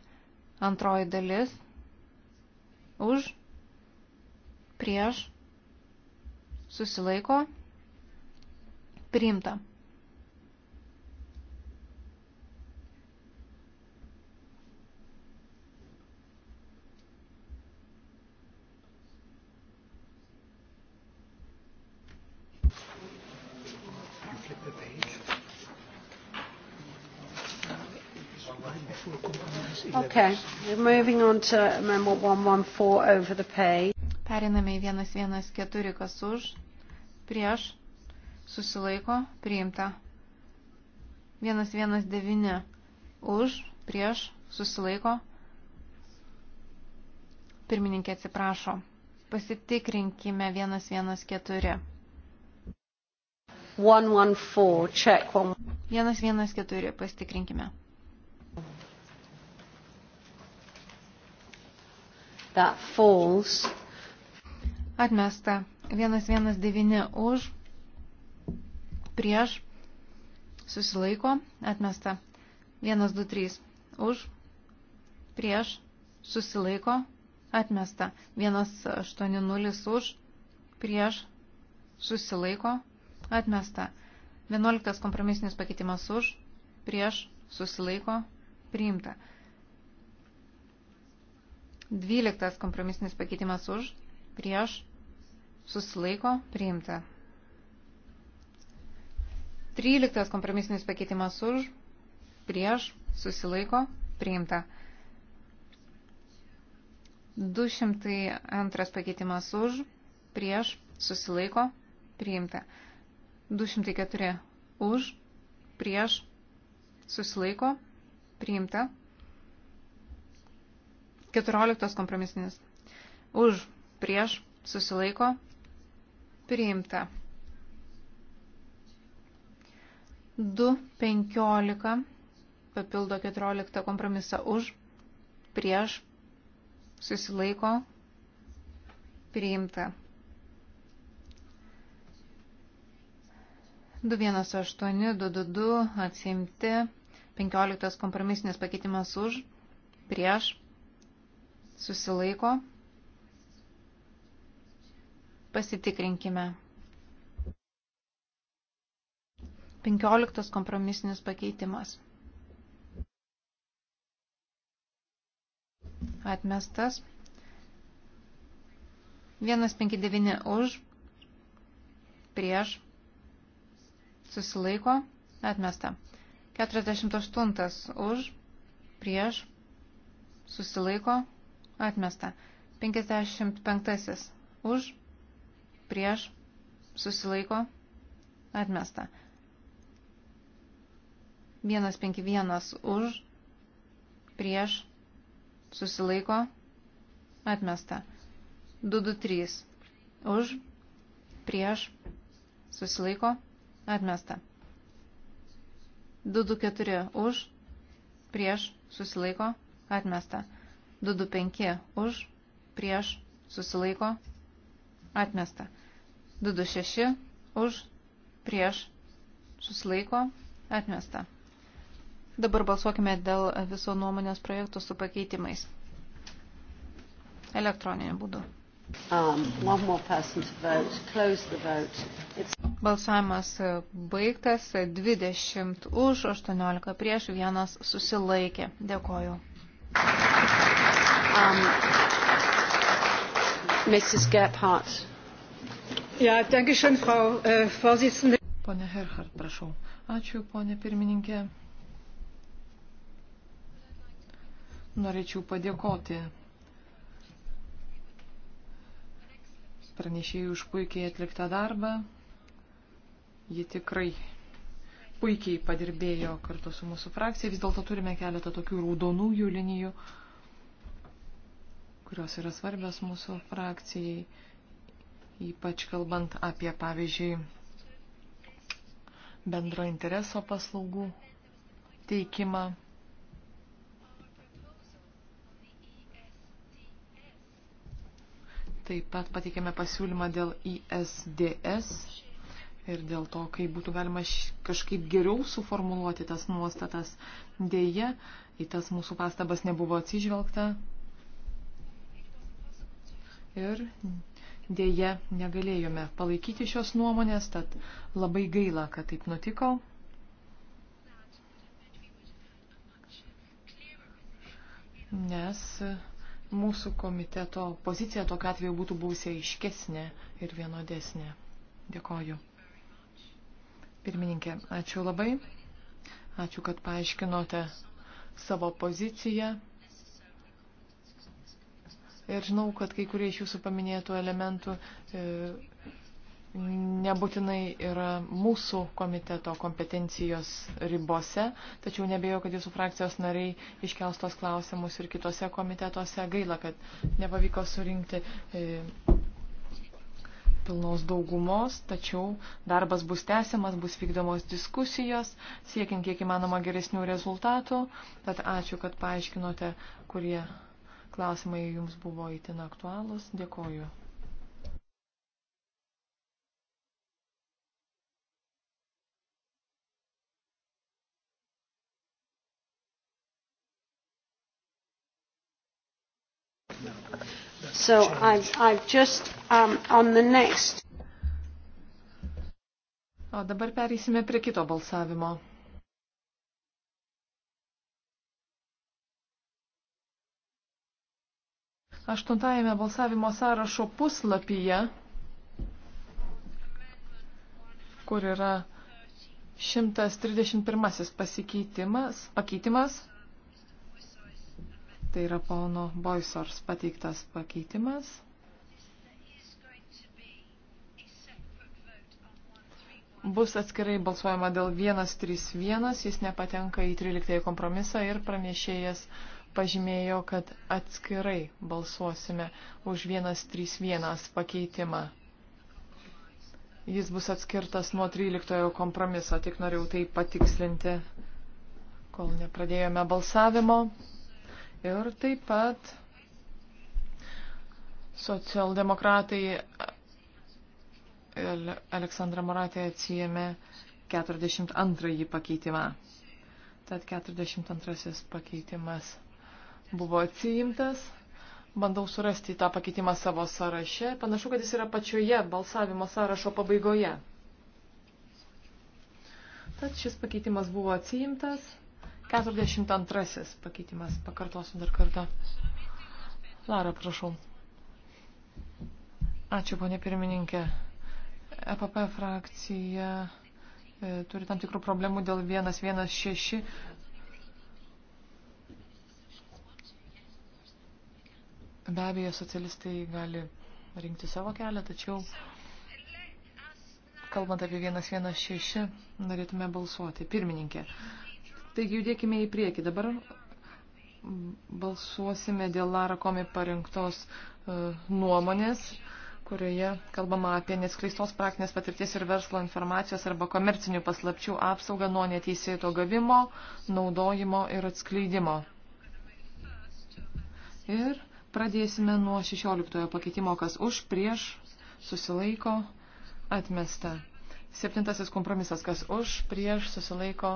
Antroji dalis už, prieš, susilaiko, priimta. Okay, moving on to amendment 114 over the page. Periname į 114, kas už, prieš, susilaiko, priimta. 119 už, prieš, susilaiko. Pirmininkė atsiprašo. Pasitikrinkime 114. 114, check 114, pasitikrinkime. That falls. Atmesta. 119 už. Prieš. Susilaiko. Atmesta. 123 už. Prieš. Susilaiko. Atmesta. 180 už. Prieš. Susilaiko. Atmesta. 11 kompromisinis pakeitimas už. Prieš. Susilaiko. Priimta. 12 kompromisinis pakeitimas už, prieš, susilaiko, priimta. 13 kompromisinis pakeitimas už, prieš, susilaiko, priimta. 202 pakeitimas už, prieš, susilaiko, priimta. 204 už, prieš, susilaiko, priimta. 14 kompromisinis. Už, prieš, susilaiko, priimta. 2.15 papildo 14 kompromisą už, prieš, susilaiko, priimta. 218, 222 atsimti, 15 kompromisinis pakeitimas už, prieš, susilaiko. Pasitikrinkime. 15 kompromisinis pakeitimas. Atmestas. 159 už, prieš, susilaiko, atmesta. 48 už, prieš, susilaiko, Atmesta. 55. Už. Prieš. Susilaiko. Atmesta. 151 už. Prieš. Susilaiko. Atmesta. 223. Už. Prieš. Susilaiko. Atmesta. 224. Už. Prieš. Susilaiko. Atmesta. 225 už, prieš, susilaiko, atmesta. 226 už, prieš, susilaiko, atmesta. Dabar balsuokime dėl viso nuomonės projekto su pakeitimais. Elektroniniu būdu. Um, Balsavimas baigtas, 20 už, 18 prieš, 1 susilaikė. Dėkoju. Um, Mrs. Gephardt. Ja, danke schön, Frau äh, Vorsitzende. Pone Herhard, prašau. Ačiū, ponė pirmininkė. Norėčiau padėkoti pranešėjai už puikiai atliktą darbą. Ji tikrai puikiai padirbėjo kartu su mūsų frakcija. Vis dėlto turime keletą tokių raudonųjų linijų, kurios yra svarbios mūsų frakcijai, ypač kalbant apie, pavyzdžiui, bendro intereso paslaugų teikimą. Taip pat pateikėme pasiūlymą dėl ISDS ir dėl to, kaip būtų galima kažkaip geriau suformuluoti tas nuostatas. Deja, į tas mūsų pastabas nebuvo atsižvelgta ir dėje negalėjome palaikyti šios nuomonės, tad labai gaila, kad taip nutiko. Nes mūsų komiteto pozicija tokia atveju būtų buvusi aiškesnė ir vienodesnė. Dėkoju. Pirmininkė, ačiū labai. Ačiū, kad paaiškinote savo poziciją ir žinau, kad kai kurie iš jūsų paminėtų elementų e, nebūtinai yra mūsų komiteto kompetencijos ribose, tačiau nebėjau, kad jūsų frakcijos nariai iškelstos klausimus ir kitose komitetuose. Gaila, kad nepavyko surinkti e, pilnos daugumos, tačiau darbas bus tęsiamas, bus vykdomos diskusijos, siekiant kiek įmanoma geresnių rezultatų. Tad ačiū, kad paaiškinote, kurie Klausimai jums buvo įtin aktualūs. Dėkoju. So I've, I've just um, on the next. O dabar perėsime prie kito balsavimo. aštuntajame balsavimo sąrašo puslapyje, kur yra 131 pasikeitimas, pakeitimas, tai yra pono Boisors pateiktas pakeitimas. Bus atskirai balsuojama dėl 131, jis nepatenka į 13 kompromisą ir pranešėjas uh, pažymėjo, kad atskirai balsuosime už 131 pakeitimą. Jis bus atskirtas nuo 13 kompromiso, tik norėjau tai patikslinti, kol nepradėjome balsavimo. Ir taip pat socialdemokratai Aleksandra Moratė atsijėmė 42 pakeitimą. Tad 42 pakeitimas buvo atsiimtas. Bandau surasti tą pakeitimą savo sąraše. Panašu, kad jis yra pačioje balsavimo sąrašo pabaigoje. Tad šis pakeitimas buvo atsiimtas. 42 pakeitimas. Pakartosiu dar kartą. Lara, prašau. Ačiū, ponė pirmininkė. EPP frakcija e, turi tam tikrų problemų dėl 116 Be abejo, socialistai gali rinkti savo kelią, tačiau kalbant apie 116, norėtume balsuoti. Pirmininkė. Taigi judėkime į priekį. Dabar balsuosime dėl Lara Komi parinktos uh, e, nuomonės, kurioje kalbama apie neskleistos praktinės patirties ir verslo informacijos arba komercinių paslapčių apsaugą nuo neteisėto gavimo, naudojimo ir atskleidimo. Ir Pradėsime nuo 16 pakeitimo, kas už, prieš, susilaiko, atmesta. Septintasis kompromisas, kas už, prieš, susilaiko,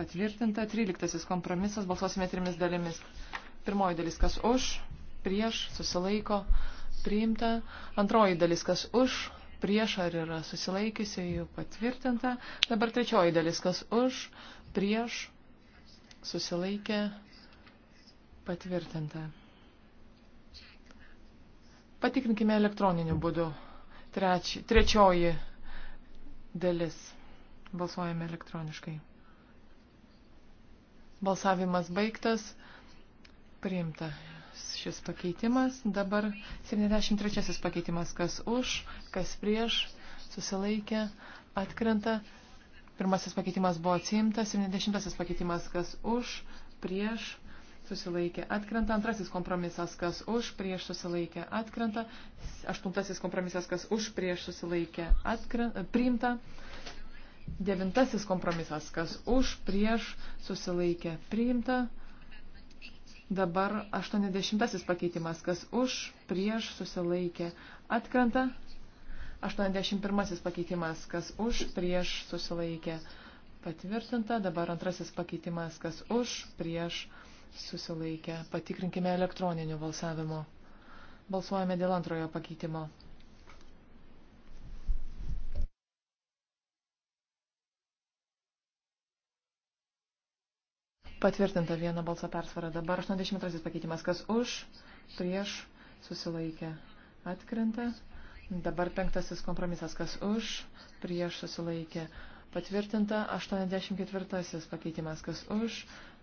patvirtinta. Tryliktasis kompromisas, balsuosime trimis dalimis. Pirmoji dalis, kas už, prieš, susilaiko, priimta. Antroji dalis, kas už, prieš ar yra susilaikiusi, jau patvirtinta. Dabar trečioji dalis, kas už, prieš, susilaikė, patvirtinta. Patikrinkime elektroniniu būdu. Treči, trečioji dalis. Balsuojame elektroniškai. Balsavimas baigtas. Priimta šis pakeitimas. Dabar 73 pakeitimas. Kas už, kas prieš, susilaikė, atkrenta. Pirmasis pakeitimas buvo atsiimtas. 70 pakeitimas. Kas už, prieš, susilaikė atkrenta, antrasis kompromisas, kas už, prieš susilaikė atkrenta, aštuntasis kompromisas, kas už, prieš susilaikė atkrenta, priimta, devintasis kompromisas, kas už, prieš susilaikė priimta, dabar aštuoniasdešimtasis pakeitimas, kas už, prieš susilaikė atkrenta, aštuoniasdešimt pirmasis pakeitimas, kas už, prieš susilaikė atkrenta. Patvirtinta, dabar antrasis pakeitimas, kas už, prieš, susilaikę. Patikrinkime elektroniniu balsavimu. Balsuojame dėl antrojo pakeitimo. Patvirtinta viena balso persvara. Dabar 82 pakeitimas. Kas už, prieš, susilaikė, atkrenta. Dabar penktasis kompromisas. Kas už, prieš, susilaikė, patvirtinta. 84 pakeitimas. Kas už,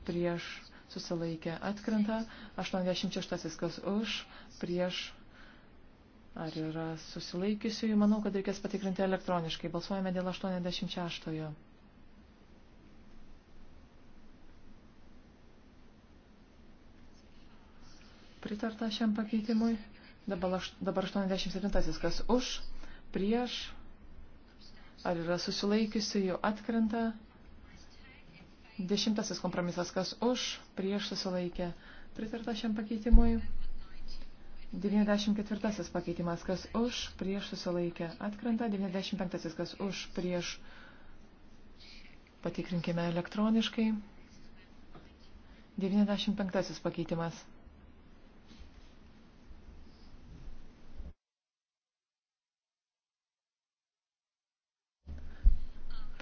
prieš, susilaikė atkrenta, 86 kas už, prieš, ar yra susilaikiusiųjų, manau, kad reikės patikrinti elektroniškai. Balsuojame dėl 86. Pritarta šiam pakeitimui. Dabar, dabar 87. Kas už, prieš, ar yra susilaikiusiųjų atkrenta. Dešimtasis kompromisas, kas už, prieš susilaikė, pritarta šiam pakeitimui. 94 pakeitimas, kas už, prieš susilaikė, atkrenta. 95 kas už, prieš patikrinkime elektroniškai. 95 pakeitimas.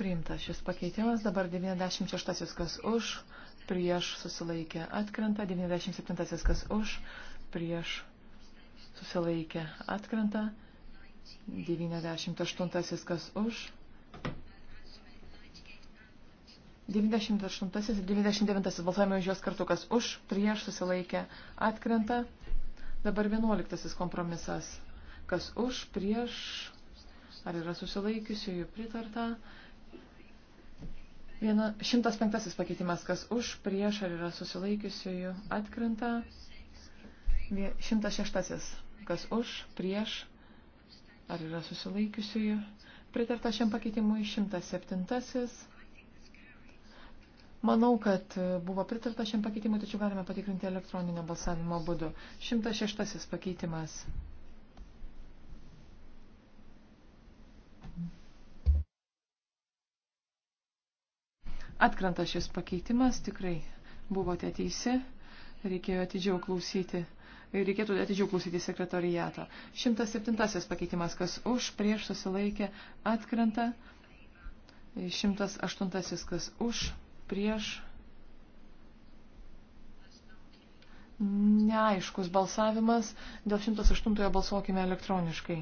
Priimtas šis pakeitimas, dabar 96 kas už, prieš susilaikė atkrenta, 97 kas už, prieš susilaikė atkrenta, 98 kas už, 98 ir 99 balsuojame už juos kartu, kas už, prieš susilaikė atkrenta, dabar 11 kompromisas, kas už, prieš, ar yra susilaikiusiųjų pritarta, pritarta, Viena, 105 pakeitimas, kas už, prieš ar yra susilaikiusiųjų, atkrenta. 106, kas už, prieš ar yra susilaikiusiųjų, pritarta šiam pakeitimui. 107, manau, kad buvo pritarta šiam pakeitimui, tačiau galime patikrinti elektroninio balsavimo būdu. 106 pakeitimas. atkrenta šis pakeitimas, tikrai buvote teisi, reikėjo atidžiau klausyti. Reikėtų atidžiau klausyti sekretariato. 107 pakeitimas, kas už, prieš susilaikė, atkrenta. 108 kas už, prieš. Neaiškus balsavimas. Dėl 108 balsuokime elektroniškai.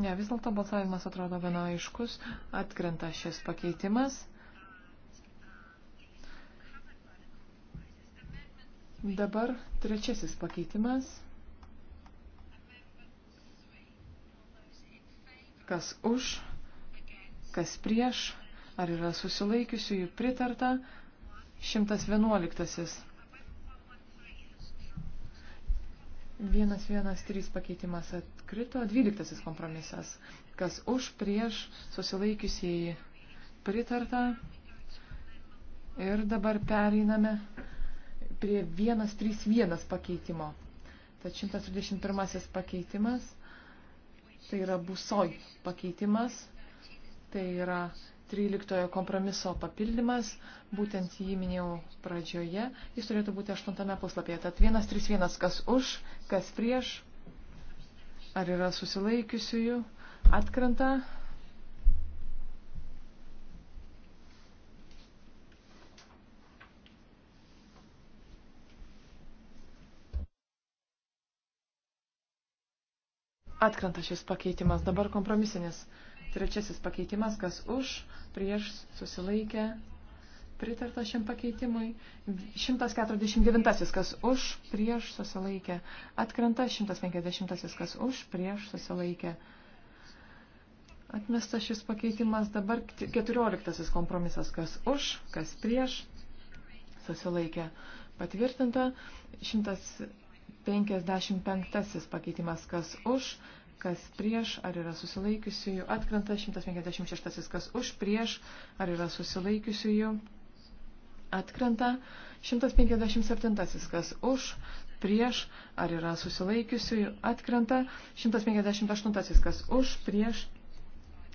Ne, vis dėlto balsavimas atrodo gana aiškus, atkrenta šis pakeitimas. Dabar trečiasis pakeitimas. Kas už, kas prieš, ar yra susilaikiusiųjų pritarta. 111. Vienas, vienas, trys pakeitimas atkrito. Dvyliktasis kompromisas. Kas už, prieš, susilaikiusieji pritarta. Ir dabar pereiname prie 131 pakeitimo. Tad 131 pakeitimas, tai yra busoj pakeitimas, tai yra 13 kompromiso papildymas, būtent jį minėjau pradžioje, jis turėtų būti 8 puslapyje. Tad 131, kas už, kas prieš, ar yra susilaikiusiųjų, atkrenta. Atkrenta šis pakeitimas, dabar kompromisinis. Trečiasis pakeitimas, kas už, prieš, susilaikė, pritarta šiam pakeitimui. 149, kas už, prieš, susilaikė, atkrenta. 150, kas už, prieš, susilaikė. Atmestas šis pakeitimas dabar 14 kompromisas, kas už, kas prieš, susilaikė. Patvirtinta 155 pakeitimas, kas už, kas prieš, ar yra susilaikiusiųjų, atkrenta 156, kas už, prieš, ar yra susilaikiusiųjų, atkrenta 157, kas už, prieš, ar yra susilaikiusiųjų, atkrenta 158, kas už, prieš,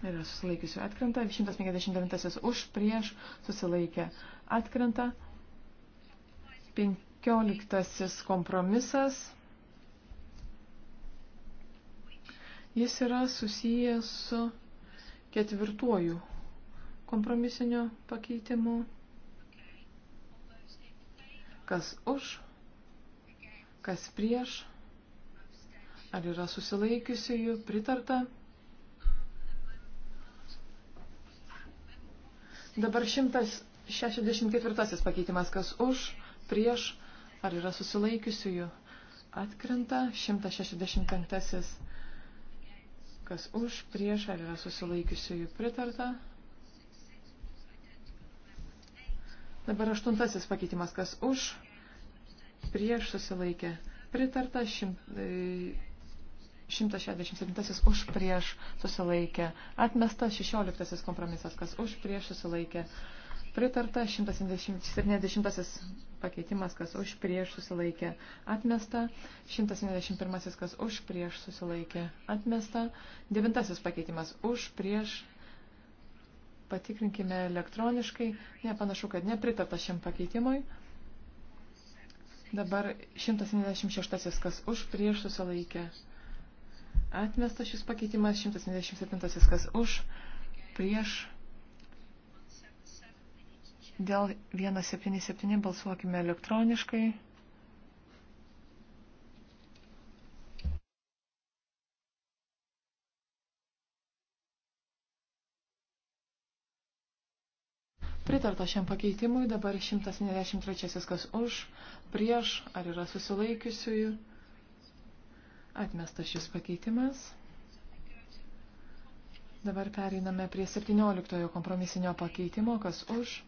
ar yra susilaikiusiųjų, atkrenta 159, už, prieš, susilaikė, atkrenta 15 kompromisas. Jis yra susijęs su ketvirtuoju kompromisiniu pakeitimu. Kas už, kas prieš, ar yra susilaikiusiųjų pritarta. Dabar 164 pakeitimas, kas už, prieš, ar yra susilaikiusiųjų. Atkrenta 165 Kas už, prieš, ar yra susilaikiusiųjų pritarta? Dabar aštuntasis pakeitimas. Kas už, prieš, susilaikė pritarta. E, Šimt, 167 už, prieš, susilaikė atmesta. 16 kompromisas. Kas už, prieš, susilaikė pritarta Pritarta 170 pakeitimas, kas už prieš susilaikė atmesta. 171 kas už prieš susilaikė atmesta. 9 pakeitimas už prieš. Patikrinkime elektroniškai. Ne, panašu, kad nepritarta šiam pakeitimui. Dabar 176 kas už prieš susilaikė atmesta šis pakeitimas. 177 kas už prieš Dėl 177 balsuokime elektroniškai. Pritarta šiam pakeitimui, dabar 193 kas už, prieš, ar yra susilaikiusiųjų. Atmestas šis pakeitimas. Dabar pereiname prie 17 kompromisinio pakeitimo, kas už,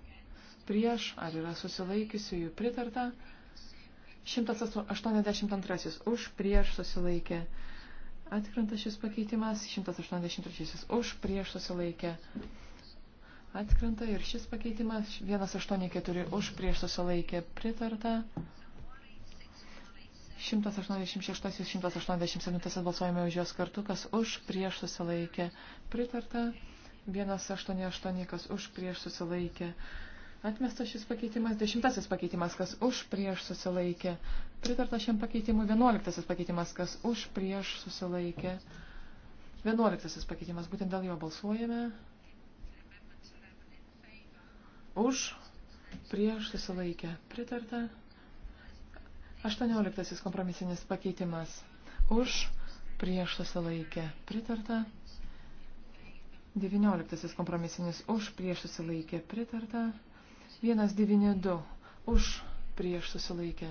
prieš, ar yra susilaikiusiųjų pritarta. 182 už, prieš susilaikė. Atkrenta šis pakeitimas. 183 už, prieš susilaikė. Atkrenta ir šis pakeitimas. 184 už, prieš susilaikė. Pritarta. 186 ir 187 balsuojame už jos kartu, kas už, prieš susilaikė. Pritarta. 188, kas už prieš susilaikė, Atmestas šis pakeitimas, dešimtasis pakeitimas, kas už prieš susilaikė. Pritarta šiam pakeitimui vienuoliktasis pakeitimas, kas už prieš susilaikė. Vienuoliktasis pakeitimas, būtent dėl jo balsuojame. Už prieš susilaikė. Pritarta. Aštuonioliktasis kompromisinis pakeitimas. Už prieš susilaikė. Pritarta. 19 kompromisinis už prieš susilaikė pritarta. 192 už prieš susilaikę.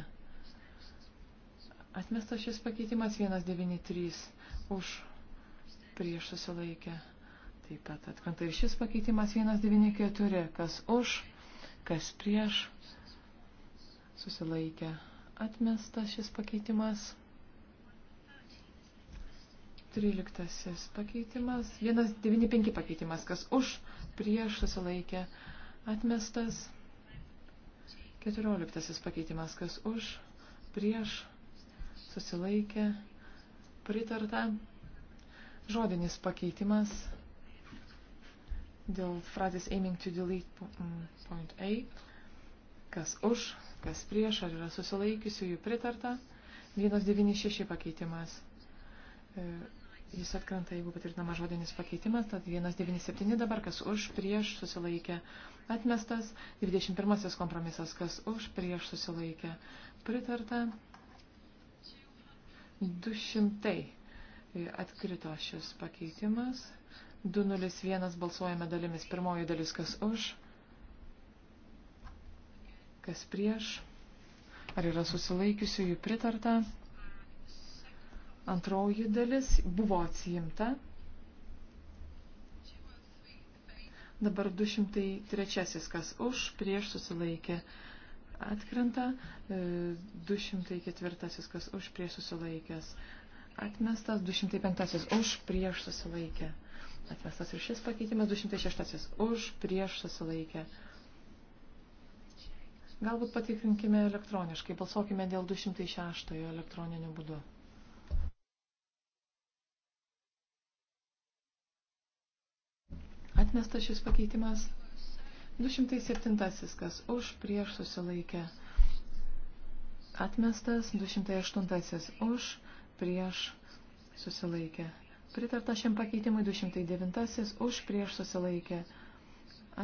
Atmestas šis pakeitimas 193 už prieš susilaikę. Taip pat atkrenta ir šis pakeitimas 194, kas už, kas prieš susilaikę. Atmestas šis pakeitimas. 13 pakeitimas, 195 pakeitimas, kas už, prieš susilaikė, atmestas. Keturioliktasis pakeitimas, kas už, prieš, susilaikė, pritarta. Žodinis pakeitimas dėl frazės aiming to delete mm, point A. Kas už, kas prieš, ar yra susilaikiusiųjų pritarta. 196 pakeitimas e, Jis atkrenta, jeigu patvirtinama žodinis pakeitimas, tad 197 dabar, kas už, prieš, susilaikė, atmestas, 21 kompromisas, kas už, prieš, susilaikė, pritarta, 200 e, atkrito šis pakeitimas, 201 balsuojame dalimis, pirmoji dalis, kas už, kas prieš, ar yra susilaikiusiųjų pritarta, pritarta, Antroji dalis buvo atsiimta. Dabar 203, kas už, prieš susilaikė atkrenta. 204, e, kas už, prieš susilaikęs atmestas. 205, už, prieš susilaikė atmestas. Ir šis pakeitimas 206, už, prieš susilaikė. Galbūt patikrinkime elektroniškai, balsuokime dėl 206 elektroniniu būdu. Atmestas šis pakeitimas. 207. Kas už prieš susilaikė. Atmestas 208. Už prieš susilaikė. Pritarta šiam pakeitimui 209. Už prieš susilaikė.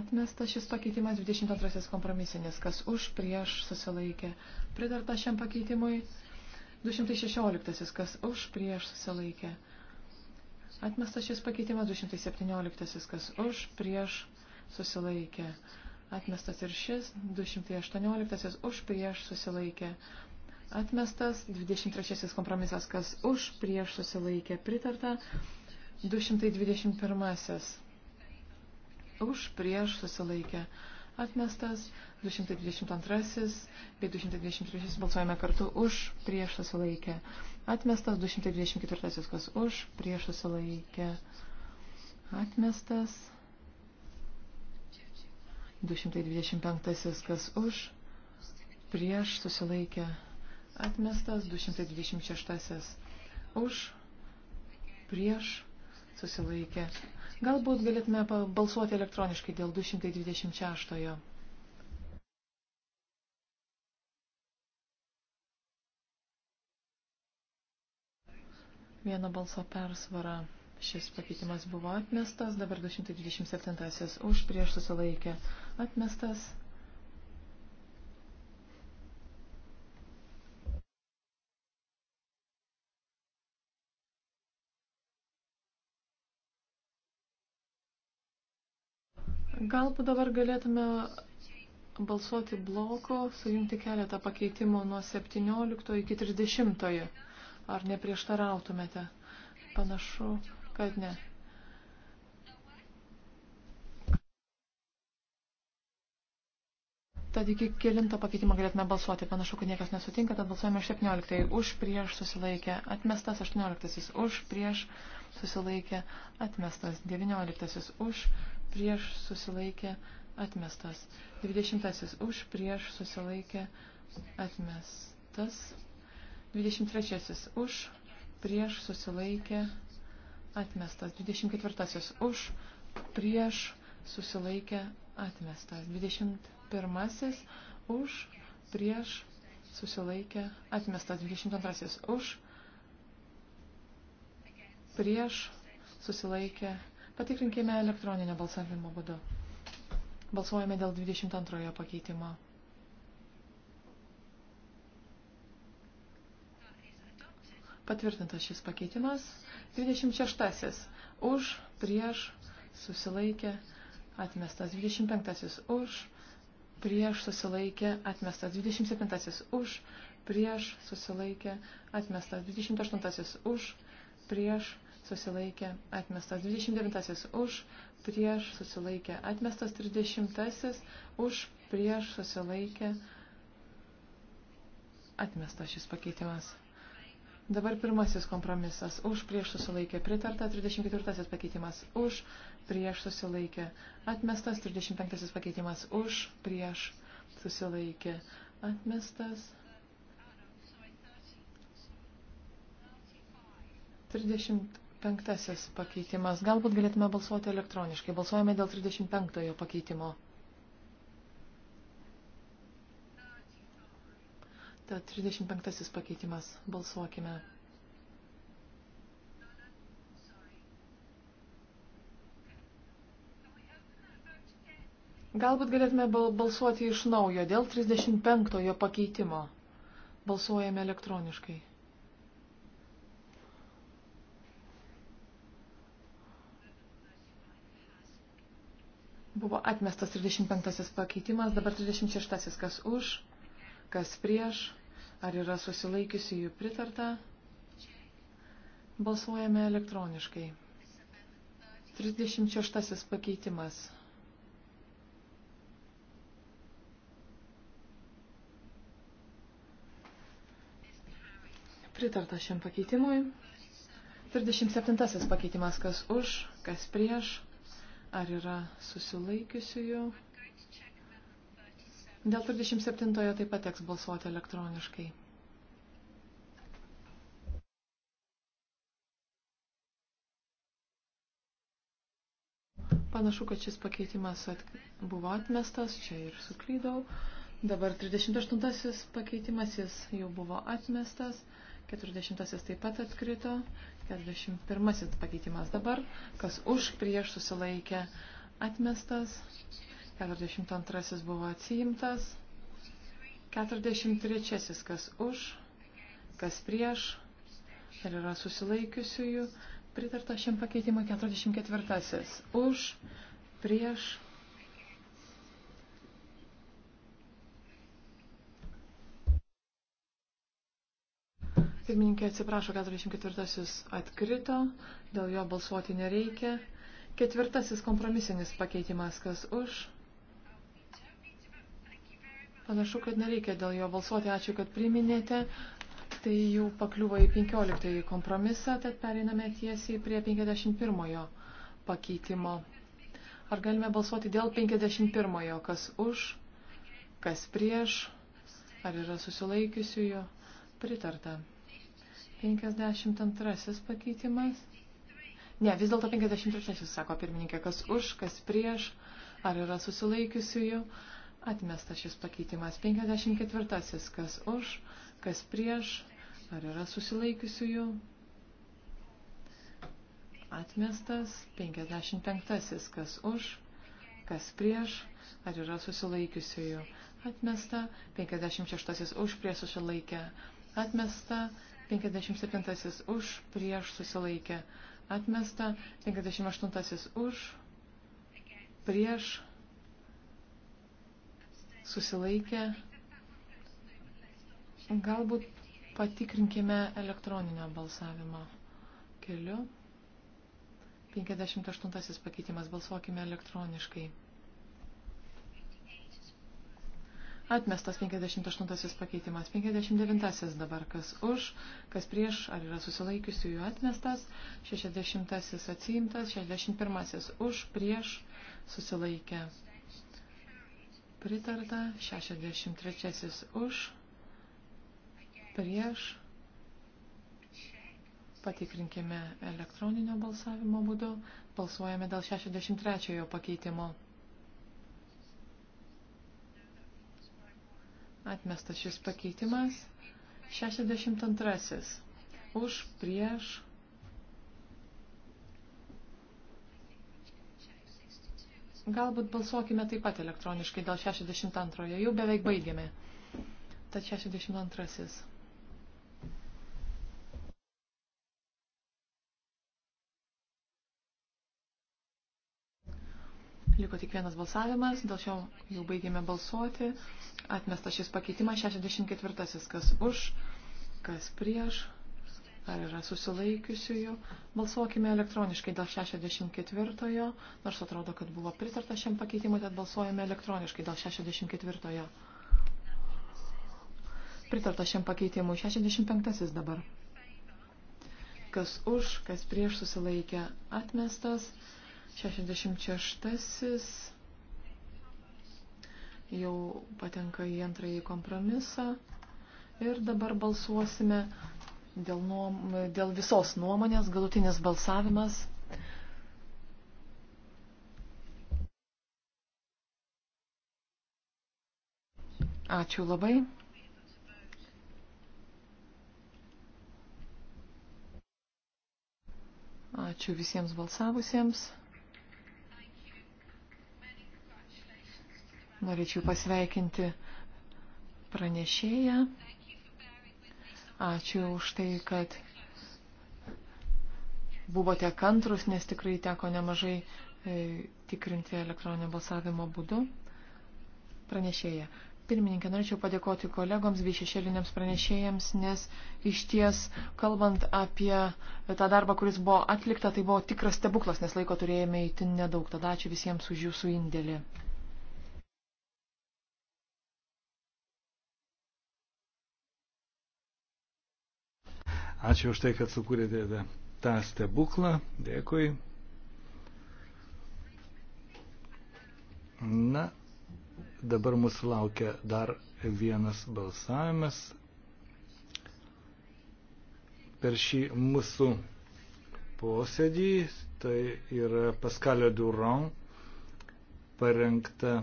Atmestas šis pakeitimas 22. Kompromisinis. Kas už prieš susilaikė. Pritarta šiam pakeitimui 216. Kas už prieš susilaikė. Atmestas šis pakeitimas 217, kas už, prieš, susilaikė. Atmestas ir šis 218, už, prieš, susilaikė. Atmestas 23 kompromisas, kas už, prieš, susilaikė. Pritarta 221, už, prieš, susilaikė atmestas, 222 bei 223 balsuojame kartu už, prieš susilaikę atmestas, 224 kas už, prieš susilaikę atmestas, 225 kas už, prieš susilaikę atmestas, 226 už, prieš susilaikę atmestas Galbūt galėtume balsuoti elektroniškai dėl 226. Vieno balso persvara šis pakeitimas buvo atmestas, dabar 227 už prieš susilaikę atmestas. Galbūt dabar galėtume balsuoti bloko, sujungti keletą pakeitimų nuo 17 iki 30. Ar neprieštarautumėte? Panašu, kad ne. Tad iki kilinto pakeitimo galėtume balsuoti. Panašu, kad niekas nesutinka, tad balsuojame 17. Už prieš susilaikė atmestas, 18. Už prieš susilaikė atmestas, 19. Už prieš susilaikė atmestas. 20 už prieš susilaikė atmestas. 23 už prieš susilaikė atmestas. 24 už prieš susilaikė atmestas. 21 už prieš susilaikė atmestas. 22 už prieš susilaikė atmestas Patikrinkime elektroninio balsavimo būdu. Balsuojame dėl 22 pakeitimo. Patvirtintas šis pakeitimas. 26. Už, prieš, susilaikė, atmestas. 25. Už, prieš, susilaikė, atmestas. 27. Už, prieš, susilaikė, atmestas. 28. Už, prieš, susilaikė atmestas 29 už, prieš susilaikė atmestas 30 už, prieš susilaikė atmestas šis pakeitimas. Dabar pirmasis kompromisas. Už prieš susilaikė pritarta, 34 pakeitimas. Už prieš susilaikė atmestas, 35 pakeitimas. Už prieš susilaikė atmestas. 35 Penktasis pakeitimas. Galbūt galėtume balsuoti elektroniškai. Balsuojame dėl 35 pakeitimo. Ta 35 pakeitimas. Balsuokime. Galbūt galėtume balsuoti iš naujo dėl 35 pakeitimo. Balsuojame elektroniškai. Buvo atmestas 35 pakeitimas, dabar 36 kas už, kas prieš, ar yra susilaikiusi jų pritarta. Balsuojame elektroniškai. 36 pakeitimas. Pritarta šiam pakeitimui. 37 pakeitimas, kas už, kas prieš, Ar yra susilaikiusiųjų? Dėl 37-ojo taip pat teks balsuoti elektroniškai. Panašu, kad šis pakeitimas at... buvo atmestas, čia ir suklydau. Dabar 38 pakeitimas, jis jau buvo atmestas, 40 taip pat atkrito, 41 pakeitimas dabar, kas už prieš susilaikė atmestas, 42 buvo atsiimtas, 43 kas už, kas prieš, ir yra susilaikiusiųjų, pritarta šiam pakeitimui 44 už, prieš, Pirmininkė atsiprašo, 44 atkrito, dėl jo balsuoti nereikia. Ketvirtasis kompromisinis pakeitimas, kas už. Panašu, kad nereikia dėl jo balsuoti, ačiū, kad priminėte. Tai jau pakliuvo į 15 kompromisą, tad pereiname tiesiai prie 51 pakeitimo. Ar galime balsuoti dėl 51-ojo, kas už, kas prieš, ar yra susilaikiusiųjų pritarta. 52 pakeitimas. Ne, vis dėlto 53 sako pirmininkė, kas už, kas prieš, ar yra susilaikiusiųjų. Atmestas šis pakeitimas. 54 kas už, kas prieš, ar yra susilaikiusiųjų. Atmestas 55 kas už, kas prieš, ar yra susilaikiusiųjų. Atmesta 56 už, prieš susilaikę. Atmesta 57 už, prieš susilaikė atmesta, 58 už, prieš susilaikė. Galbūt patikrinkime elektroninio balsavimo keliu. 58 pakeitimas balsuokime elektroniškai. Atmestas 58 pakeitimas, 59 dabar kas už, kas prieš, ar yra susilaikiusių jų atmestas, 60 atsiimtas, 61 už, prieš, susilaikė. Pritarta, 63 už, prieš, patikrinkime elektroninio balsavimo būdu, balsuojame dėl 63 pakeitimo. Atmestas šis pakeitimas. 62. Už prieš. Galbūt balsuokime taip pat elektroniškai dėl 62. Jau beveik baigėme. Tad 62. Liko tik vienas balsavimas, dėl šio jau baigėme balsuoti. Atmesta šis pakeitimas 64. Kas už, kas prieš, ar yra susilaikiusiųjų. Balsuokime elektroniškai dėl 64-ojo, nors atrodo, kad buvo pritarta šiam pakeitimui, tad balsuojame elektroniškai dėl 64-ojo. Pritarta šiam pakeitimui 65-asis dabar. Kas už, kas prieš susilaikė atmestas, 66 jau patenka į antrąjį kompromisą. Ir dabar balsuosime dėl, nuom, dėl visos nuomonės, galutinis balsavimas. Ačiū labai. Ačiū visiems balsavusiems. Norėčiau pasveikinti pranešėją. Ačiū už tai, kad buvote kantrus, nes tikrai teko nemažai e, tikrinti elektroninio balsavimo būdu. Pranešėja. Pirmininkė, norėčiau padėkoti kolegoms bei šešėliniams pranešėjams, nes iš ties, kalbant apie tą darbą, kuris buvo atlikta, tai buvo tikras stebuklas, nes laiko turėjome įtin nedaug. Tada ačiū visiems už jūsų indėlį. Ačiū už tai, kad sukūrėte tą stebuklą. Dėkui. Na, dabar mūsų laukia dar vienas balsavimas. Per šį mūsų posėdį, tai yra Paskalio Duron parengta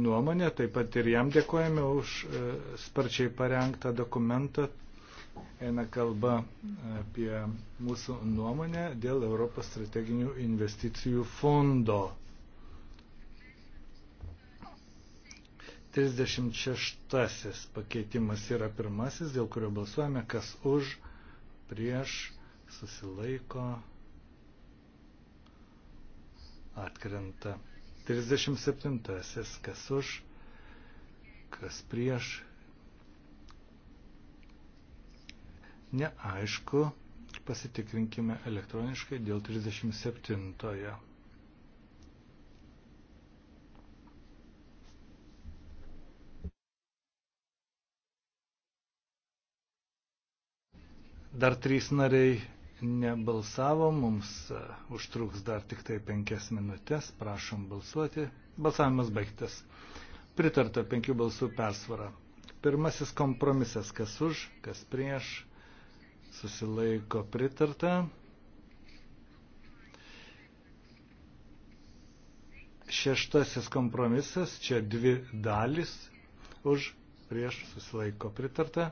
nuomonė, taip pat ir jam dėkojame už e, sparčiai parengtą dokumentą, eina kalba apie mūsų nuomonę dėl Europos strateginių investicijų fondo. 36 pakeitimas yra pirmasis, dėl kurio balsuojame, kas už, prieš, susilaiko, atkrenta. 37 kas už, kas prieš, neaišku. Pasitikrinkime elektroniškai dėl 37. -ojo. Dar trys nariai nebalsavo, mums e, užtruks dar tik tai penkias minutės, prašom balsuoti. Balsavimas baigtas. Pritarta penkių balsų persvara. Pirmasis kompromisas, kas už, kas prieš, susilaiko pritarta. Šeštasis kompromisas, čia dvi dalis, už, prieš, susilaiko pritarta.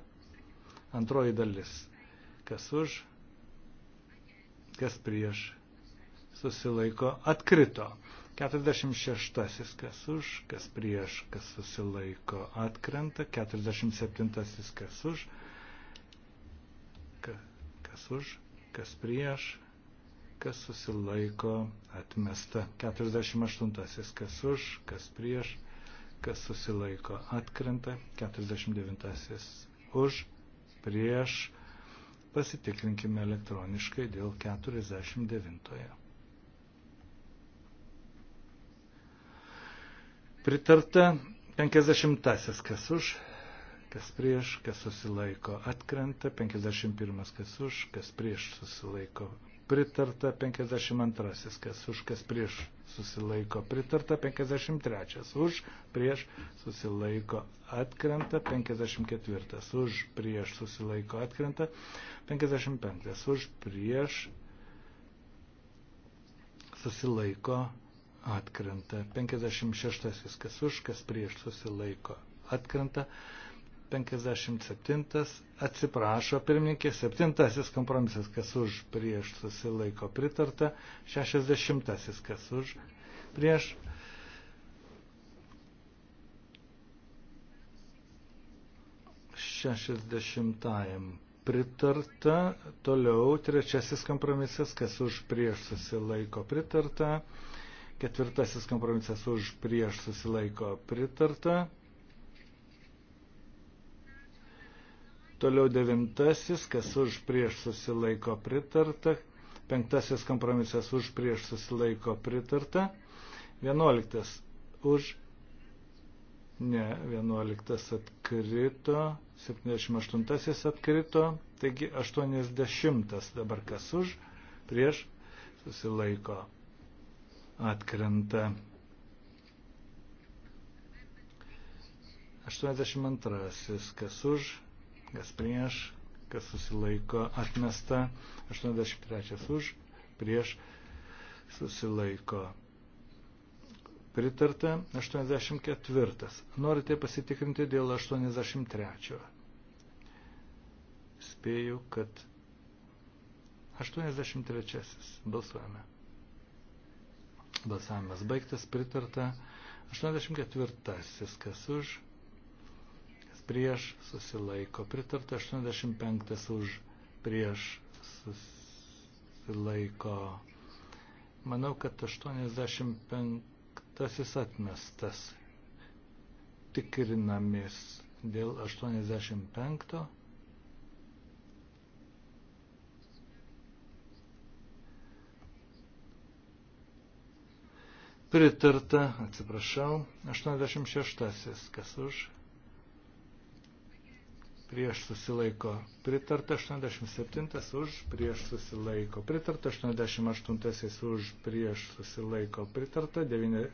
Antroji dalis, kas už, kas prieš, susilaiko atkrito. 46. kas už, kas prieš, kas susilaiko atkrenta. 47. kas už, kas už, kas prieš, kas susilaiko, atmesta. 48. Kas už, kas prieš, kas susilaiko, atkrenta. 49. Už, prieš. Pasitikrinkime elektroniškai dėl 49. Pritarta 50. Kas už, kas prieš, kas susilaiko atkrenta, 51 kas už, kas prieš susilaiko pritarta, 52 kas už, kas prieš susilaiko pritarta, 53 už, prieš susilaiko atkrenta, 54 už, prieš susilaiko atkrenta, 55 už, prieš susilaiko atkrenta, 56 kas už, kas prieš susilaiko atkrenta, 57 atsiprašo pirmininkė, 7 kompromisas, kas už prieš susilaiko pritarta, 60 kas už prieš. Šešiasdešimtajam pritarta, toliau trečiasis kompromisas, kas už prieš susilaiko pritarta, ketvirtasis kompromisas už prieš susilaiko pritarta, Toliau devintasis, kas už prieš susilaiko pritarta. Penktasis kompromisas už prieš susilaiko pritarta. Vienuoliktas už. Ne, vienuoliktas atkrito. 78 atkrito. Taigi 80 dabar kas už prieš susilaiko atkrenta. 82. Kas už, kas prieš, kas susilaiko atmesta, 83 už, prieš susilaiko pritarta, 84. Norite pasitikrinti dėl 83. Spėju, kad 83. Balsuojame. Balsavimas baigtas, pritarta. 84. Kas už? prieš susilaiko pritarta, 85 už prieš susilaiko. Manau, kad 85 atmestas. Tikrinamės dėl 85. Pritarta, atsiprašau, 86. Kas už? prieš susilaiko pritarta 87 už prieš susilaiko pritarta 88 už prieš susilaiko pritarta 89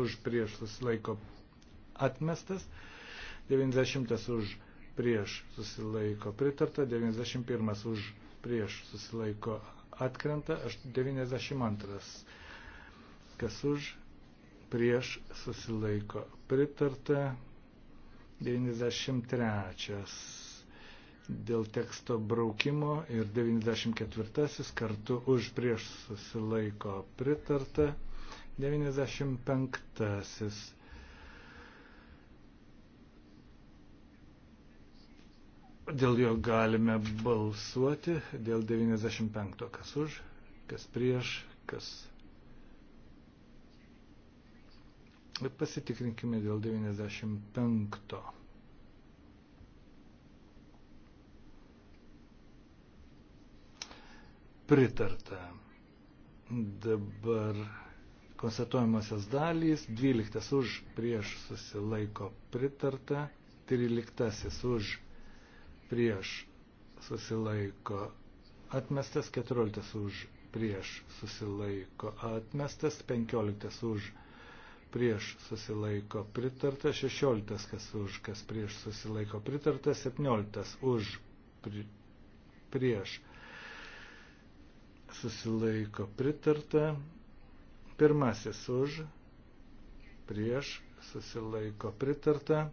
už prieš susilaiko atmestas 90 už prieš susilaiko pritarta 91 už prieš susilaiko atkrenta 92 kas už prieš susilaiko pritarta 93 dėl teksto braukimo ir 94 kartu už prieš susilaiko pritarta, 95 dėl jo galime balsuoti, dėl 95 kas už, kas prieš, kas Bet pasitikrinkime dėl 95. Pritarta. Dabar konstatuojamosios dalys. 12 už prieš susilaiko pritarta. 13 už prieš susilaiko atmestas. 14 už prieš susilaiko atmestas. 15 už prieš prieš susilaiko pritarta, 16 kas už, kas prieš susilaiko pritarta, 17 už pri, prieš susilaiko pritarta, pirmasis už prieš susilaiko pritarta,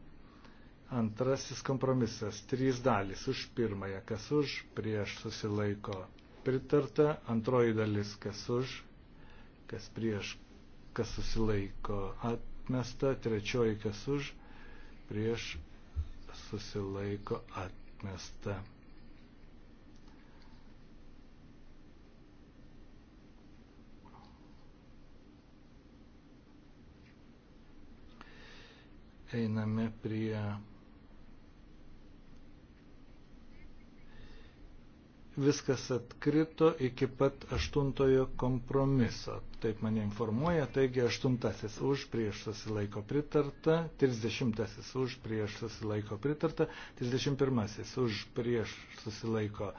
antrasis kompromisas, trys dalys už pirmąją, kas už prieš susilaiko pritarta, antroji dalis kas už, kas prieš kas susilaiko atmesta, trečioji kas už, prieš susilaiko atmesta. Einame prie viskas atkrito iki pat aštuntojo kompromiso. Taip mane informuoja, taigi aštuntasis už prieš susilaiko pritarta, trisdešimtasis už prieš susilaiko pritarta, trisdešimt pirmasis už prieš susilaiko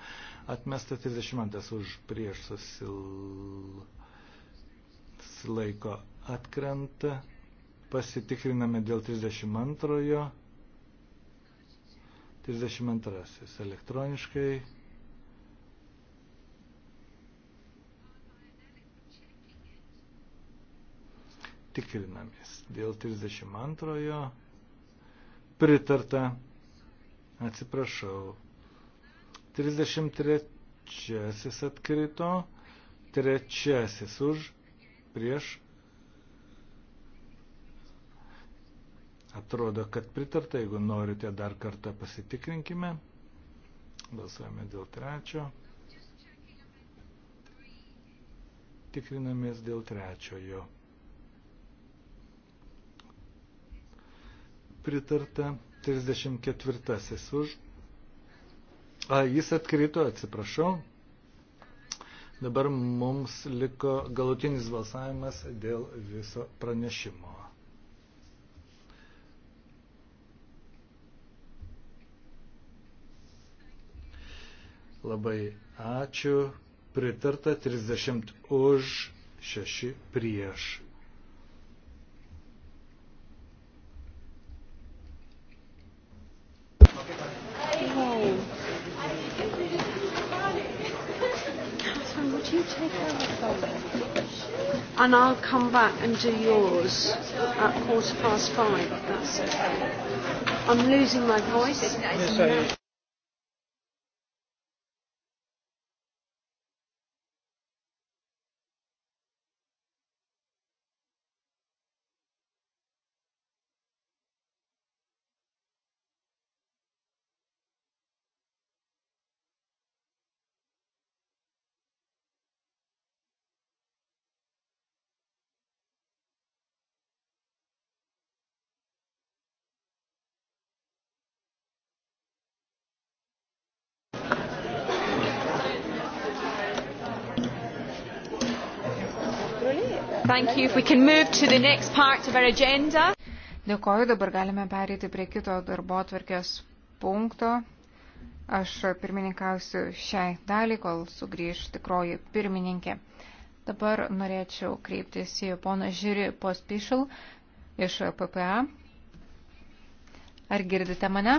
atmesta, trisdešimt antras už prieš susilaiko atkrenta. Pasitikriname dėl 32. 32. Elektroniškai tikrinamės. Dėl 32 pritarta, atsiprašau, 33 atkrito, trečiasis už, prieš. Atrodo, kad pritarta, jeigu norite dar kartą pasitikrinkime. Balsuojame dėl trečio. Tikrinamės dėl trečiojo. pritarta. 34 už. A, jis atkrito, atsiprašau. Dabar mums liko galutinis balsavimas dėl viso pranešimo. Labai ačiū. Pritarta 30 už, 6 prieš. And I'll come back and do yours at quarter past five, if that's okay. I'm losing my voice. Yes, I Thank you. If we can move to the next part of our agenda. Dėkoju, dabar galime pereiti prie kito darbo atvarkės punkto. Aš pirmininkausiu šiai dalį, kol sugrįž tikroji pirmininkė. Dabar norėčiau kreiptis į poną Žiri Pospišal iš PPA. Ar girdite mane?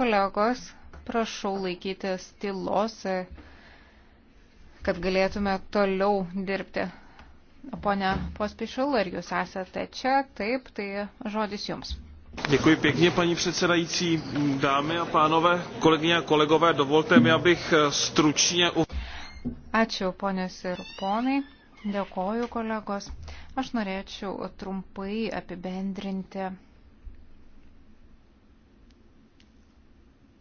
Kolegos, prašau laikytis tylos, kad galėtume toliau dirbti. Pone Pospišil, ar jūs esate čia? Taip, tai žodis jums. Děkuji pěkně, paní předsedající, dámy a pánové, kolegyně a kolegové, dovolte mi, abych eh, stručně... Ačiū, ponės ir ponai, dėkoju kolegos. Aš norėčiau trumpai apibendrinti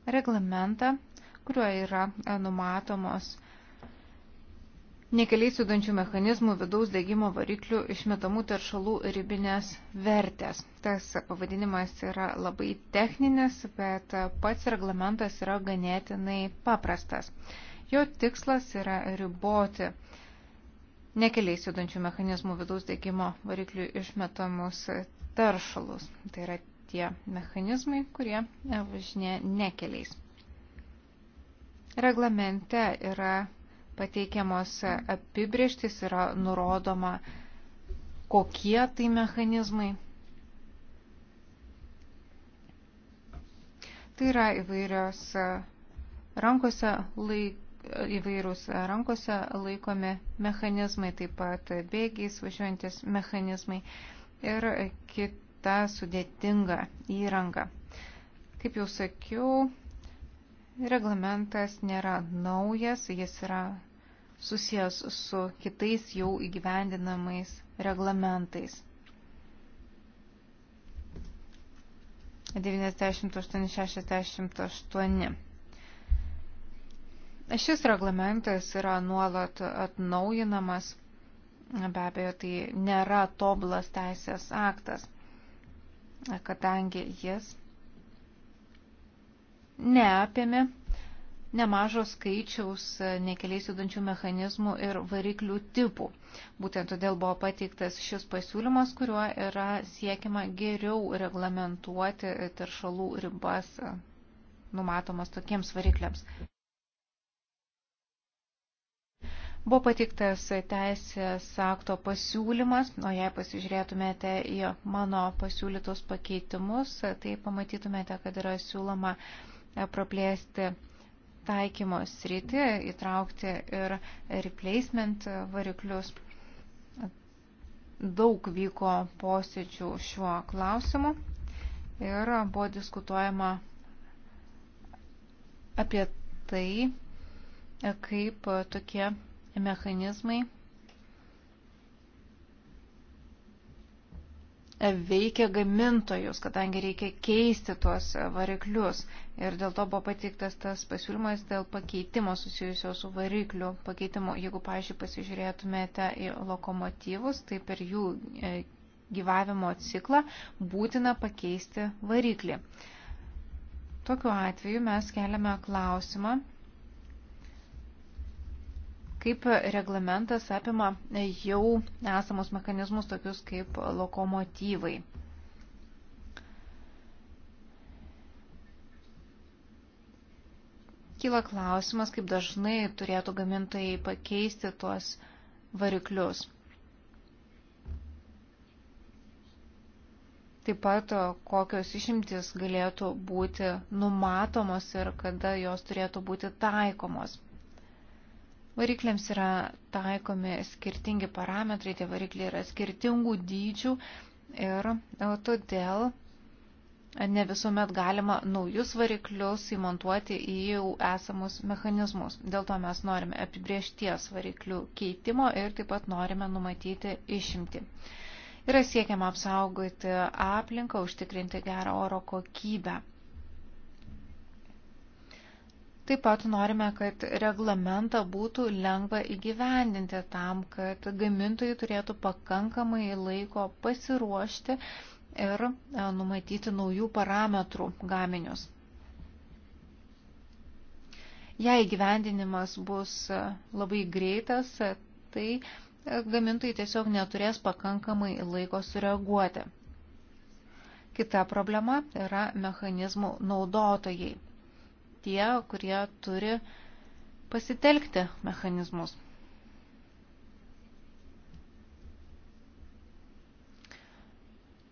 reglamentą, kuriuo yra numatomos nekeliais judančių mechanizmų vidaus degimo variklių išmetamų teršalų ribinės vertės. Tas pavadinimas yra labai techninis, bet pats reglamentas yra ganėtinai paprastas. Jo tikslas yra riboti nekeliais judančių mechanizmų vidaus degimo variklių išmetamus teršalus. Tai yra tie mechanizmai, kurie važinė nekeliais. Reglamente yra pateikiamos apibrieštis, yra nurodoma, kokie tai mechanizmai. Tai yra įvairios rankose laik, įvairūs rankose laikomi mechanizmai, taip pat bėgiais važiuojantis mechanizmai ir kita sudėtinga įranga. Kaip jau sakiau, Reglamentas nėra naujas, jis yra susijęs su kitais jau įgyvendinamais reglamentais. 9868. Šis reglamentas yra nuolat atnaujinamas, be abejo, tai nėra tobulas teisės aktas, kadangi jis neapėmė nemažo skaičiaus e, nekeliais judančių mechanizmų ir variklių tipų. Būtent todėl buvo pateiktas šis pasiūlymas, kuriuo yra siekiama geriau reglamentuoti teršalų ribas e, numatomas tokiems varikliams. Buvo pateiktas teisės akto pasiūlymas, o jei pasižiūrėtumėte į mano pasiūlytus pakeitimus, tai pamatytumėte, kad yra siūloma uh, E, praplėsti taikymo sritį, įtraukti ir replacement variklius. Daug vyko posėdžių šiuo klausimu ir buvo diskutuojama apie tai, e, kaip tokie mechanizmai veikia gamintojus, kadangi reikia keisti tuos variklius. Ir dėl to buvo pateiktas tas pasiūlymas dėl pakeitimo susijusio su varikliu pakeitimu. Jeigu, pažiūrėjau, pasižiūrėtumėte į lokomotyvus, tai per jų e, gyvavimo ciklą būtina pakeisti variklį. Tokiu atveju mes keliame klausimą, kaip reglamentas apima jau esamos mechanizmus, tokius kaip lokomotyvai. Kyla klausimas, kaip dažnai turėtų gamintojai pakeisti tuos variklius. Taip pat kokios išimtis galėtų būti numatomos ir kada jos turėtų būti taikomos. Varikliams yra taikomi skirtingi parametrai, tie varikliai yra skirtingų dydžių ir todėl ne visuomet galima naujus variklius įmontuoti į jau esamus mechanizmus. Dėl to mes norime apibriešties variklių keitimo ir taip pat norime numatyti išimti. Yra siekiama apsaugoti aplinką, užtikrinti gerą oro kokybę. Taip pat norime, kad reglamentą būtų lengva įgyvendinti tam, kad gamintojai turėtų pakankamai laiko pasiruošti ir e, numatyti naujų parametrų gaminius. Jei įgyvendinimas bus e, labai greitas, e, tai gamintojai tiesiog neturės pakankamai laiko sureaguoti. Kita problema yra mechanizmų naudotojai tie, kurie turi pasitelkti mechanizmus.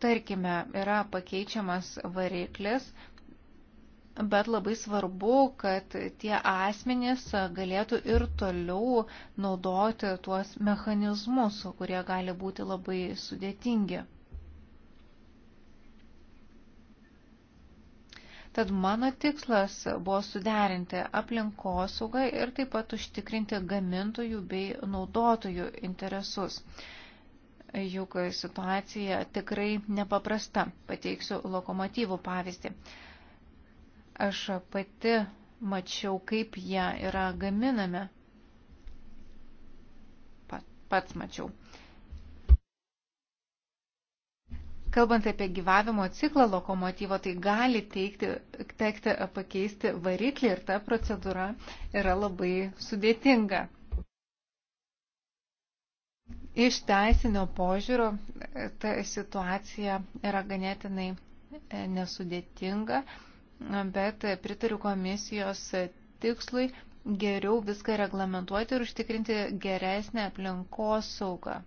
Tarkime, yra pakeičiamas variklis, bet labai svarbu, kad tie asmenys galėtų ir toliau naudoti tuos mechanizmus, kurie gali būti labai sudėtingi. Tad mano tikslas buvo suderinti aplinkosaugą ir taip pat užtikrinti gamintojų bei naudotojų interesus. Juk situacija tikrai nepaprasta. Pateiksiu lokomotyvų pavyzdį. Aš pati mačiau, kaip jie yra gaminami. Pats mačiau. Kalbant apie gyvavimo ciklą lokomotyvo, tai gali teikti, tekti pakeisti variklį ir ta procedūra yra labai sudėtinga. Iš teisinio požiūrio e, ta situacija yra ganėtinai e, nesudėtinga, bet e, pritariu komisijos tikslui geriau viską reglamentuoti ir užtikrinti geresnę aplinkos saugą.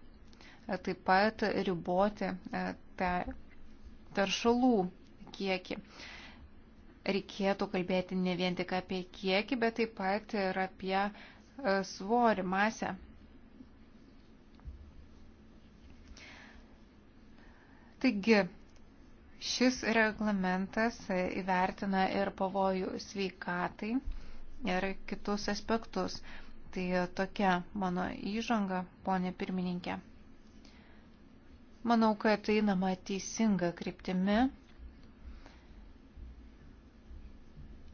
E, taip pat riboti e, tą taršalų kiekį. Reikėtų kalbėti ne vien tik apie kiekį, bet taip pat ir apie e, svorį, masę. Taigi, šis reglamentas įvertina ir pavojų sveikatai ir kitus aspektus. Tai tokia mano įžanga, ponė pirmininkė. Manau, kad einama teisinga kryptimi.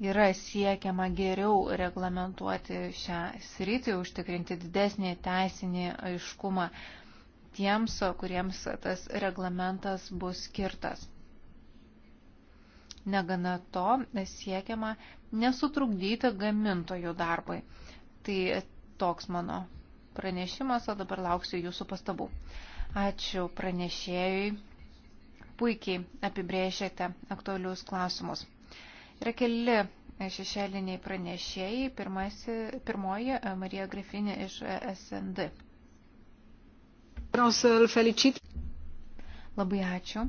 Yra siekiama geriau reglamentuoti šią sritį, užtikrinti didesnį teisinį aiškumą tiems, kuriems tas reglamentas bus skirtas. Negana to, siekiama nesutrukdyti gamintojų darbui. Tai toks mano pranešimas, o dabar lauksiu jūsų pastabų. Ačiū pranešėjui. Puikiai apibrėžėte aktualius klausimus. Yra keli šešėliniai pranešėjai. Pirmasi, pirmoji e, Marija Grafinė iš e, SND. Labai ačiū.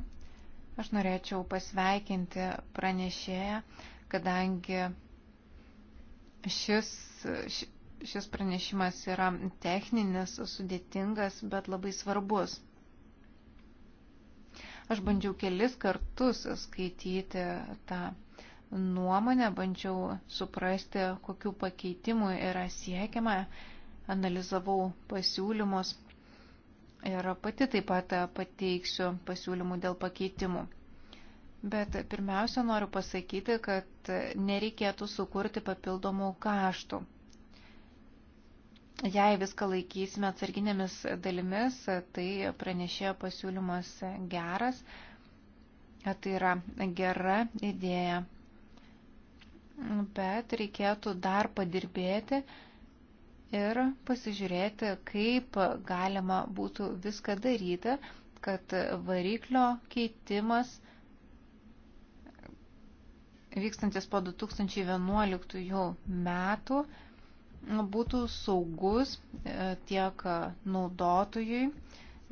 Aš norėčiau pasveikinti pranešėją, kadangi šis, ši, šis pranešimas yra techninis, sudėtingas, bet labai svarbus. Aš bandžiau kelis kartus skaityti tą nuomonę, bandžiau suprasti, kokiu pakeitimu yra siekiama, analizavau pasiūlymus ir pati taip pat pateiksiu pasiūlymų dėl pakeitimų. Bet pirmiausia, noriu pasakyti, kad nereikėtų sukurti papildomų kaštų. Jei viską laikysime atsarginėmis dalimis, tai pranešėjo pasiūlymas geras, tai yra gera idėja. Bet reikėtų dar padirbėti ir pasižiūrėti, kaip galima būtų viską daryti, kad variklio keitimas vykstantis po 2011 metų būtų saugus e, tiek naudotojui,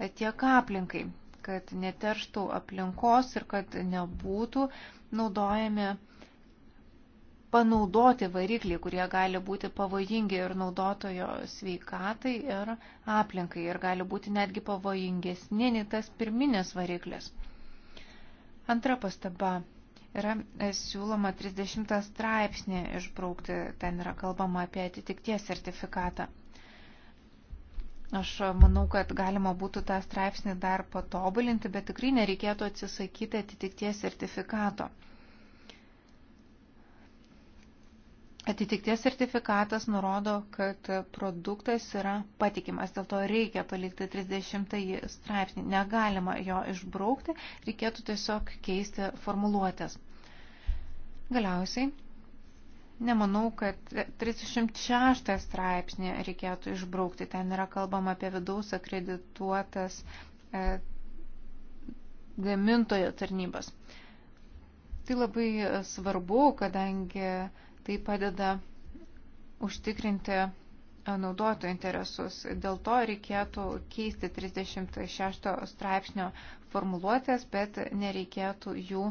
e, tiek aplinkai, kad neterštų aplinkos ir kad nebūtų naudojami panaudoti varikliai, kurie gali būti pavojingi ir naudotojo sveikatai ir aplinkai ir gali būti netgi pavojingesni nei tas pirminis variklis. Antra pastaba yra e, siūloma 30 straipsnį išbraukti, ten yra kalbama apie atitikties sertifikatą. Aš e, manau, kad galima būtų tą straipsnį dar patobulinti, bet tikrai nereikėtų atsisakyti atitikties sertifikato. Atitikties sertifikatas nurodo, kad produktas yra patikimas, dėl to reikia palikti 30 straipsnį, negalima jo išbraukti, reikėtų tiesiog keisti formuluotės. Galiausiai, nemanau, kad 36 straipsnį reikėtų išbraukti, ten yra kalbama apie vidaus akredituotas e, gamintojo tarnybas. Tai labai svarbu, kadangi Tai padeda užtikrinti e, naudotojų interesus. Dėl to reikėtų keisti 36 straipsnio formuluotės, bet nereikėtų jų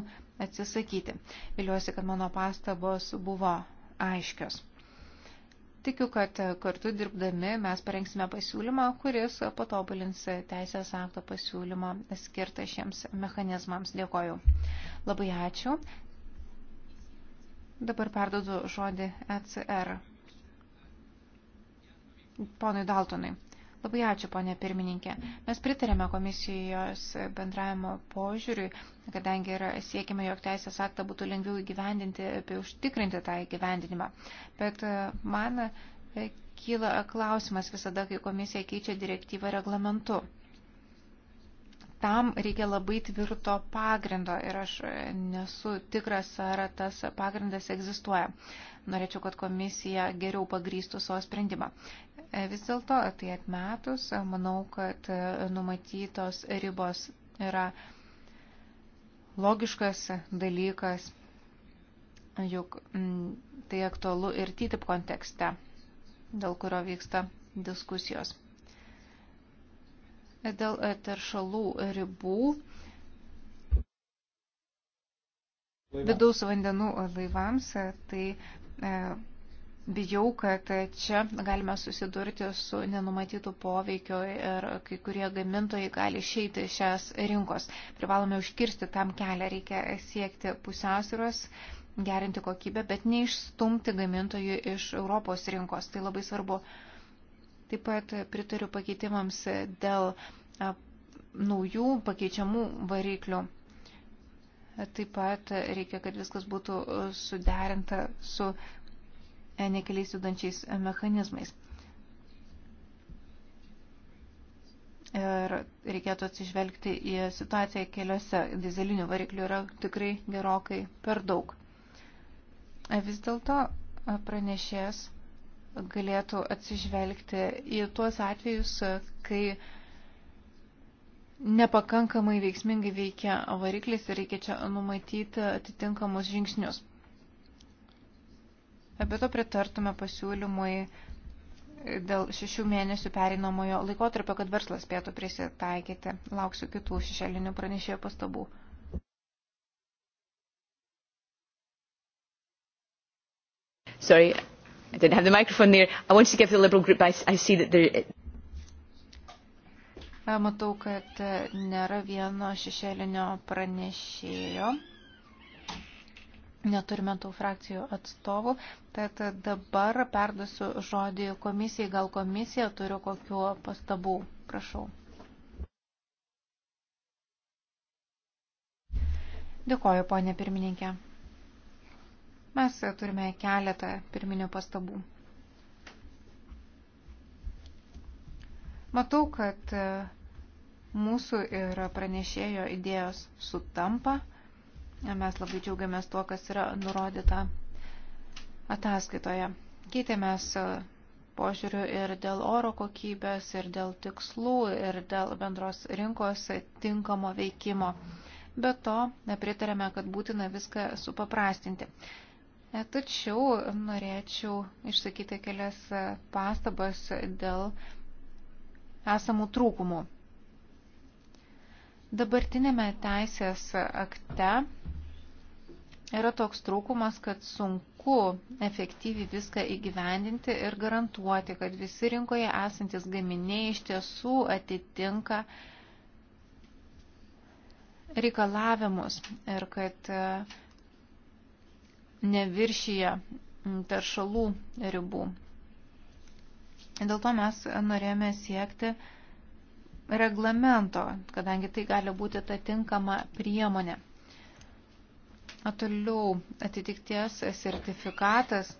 atsisakyti. Viliuosi, kad mano pastabos buvo aiškios. Tikiu, kad kartu dirbdami mes parengsime pasiūlymą, kuris patobulins teisės akto pasiūlymą skirtą šiems mechanizmams. Dėkoju. Labai ačiū. Dabar perdodu žodį ECR. Ponui Daltonui. Labai ačiū, ponė pirmininkė. Mes pritarėme komisijos bendravimo požiūriui, kadangi yra siekime, jog teisės aktą būtų lengviau įgyvendinti, apie užtikrinti tą įgyvendinimą. Bet e, man e, kyla klausimas visada, kai komisija keičia direktyvą reglamentu tam reikia labai tvirto pagrindo ir aš nesu tikras, ar tas pagrindas egzistuoja. Norėčiau, kad komisija geriau pagrystų savo sprendimą. Vis dėlto, tai atmetus, manau, kad numatytos ribos yra logiškas dalykas, juk mm, tai aktualu ir TTIP kontekste, dėl kurio vyksta diskusijos dėl e, teršalų ribų vidaus vandenų laivams, e, tai e, bijau, kad čia galime susidurti su nenumatytų poveikio ir kai kurie gamintojai gali išeiti šias rinkos. Privalome užkirsti tam kelią, reikia siekti pusiausvėros gerinti kokybę, bet neišstumti gamintojų iš Europos rinkos. Tai labai svarbu. Taip pat pritariu pakeitimams dėl naujų pakeičiamų variklių. Taip pat reikia, kad viskas būtų suderinta su e, nekeliais judančiais mechanizmais. ir reikėtų atsižvelgti į situaciją keliuose. Dizelinių variklių yra tikrai gerokai per daug. Vis dėlto pranešės galėtų atsižvelgti į tuos atvejus, kai nepakankamai veiksmingai veikia variklis ir reikia čia numatyti atitinkamus žingsnius. Apie to pritartume pasiūlymui dėl šešių mėnesių pereinamojo laikotarpio, kad verslas spėtų prisitaikyti. Lauksiu kitų šešėlinių pranešėjo pastabų. Sorry, I didn't have the microphone there. I wanted to give the Liberal group, I, I see that there... Matau, kad e, nėra vieno šešėlinio pranešėjo. Neturime tų frakcijų atstovų. Tad dabar perduosiu žodį komisijai. Gal komisija turiu kokiu pastabų. Prašau. Dėkoju, ponė pirmininkė. Mes turime keletą pirminių pastabų. Matau, kad e, mūsų ir pranešėjo idėjos sutampa. Mes labai džiaugiamės tuo, kas yra nurodyta ataskaitoje. Keitėmės e, požiūriu ir dėl oro kokybės, ir dėl tikslų, ir dėl bendros rinkos tinkamo veikimo. Be to, pritarėme, kad būtina viską supaprastinti. E, tačiau norėčiau išsakyti kelias e, pastabas dėl esamų trūkumų. Dabartinėme teisės akte yra toks trūkumas, kad sunku efektyviai viską įgyvendinti ir garantuoti, kad visi rinkoje esantis gaminiai iš tiesų atitinka reikalavimus ir kad e, neviršyje mm, teršalų ribų. Dėl to mes norėjome siekti reglamento, kadangi tai gali būti ta tinkama priemonė. Toliau atitikties sertifikatas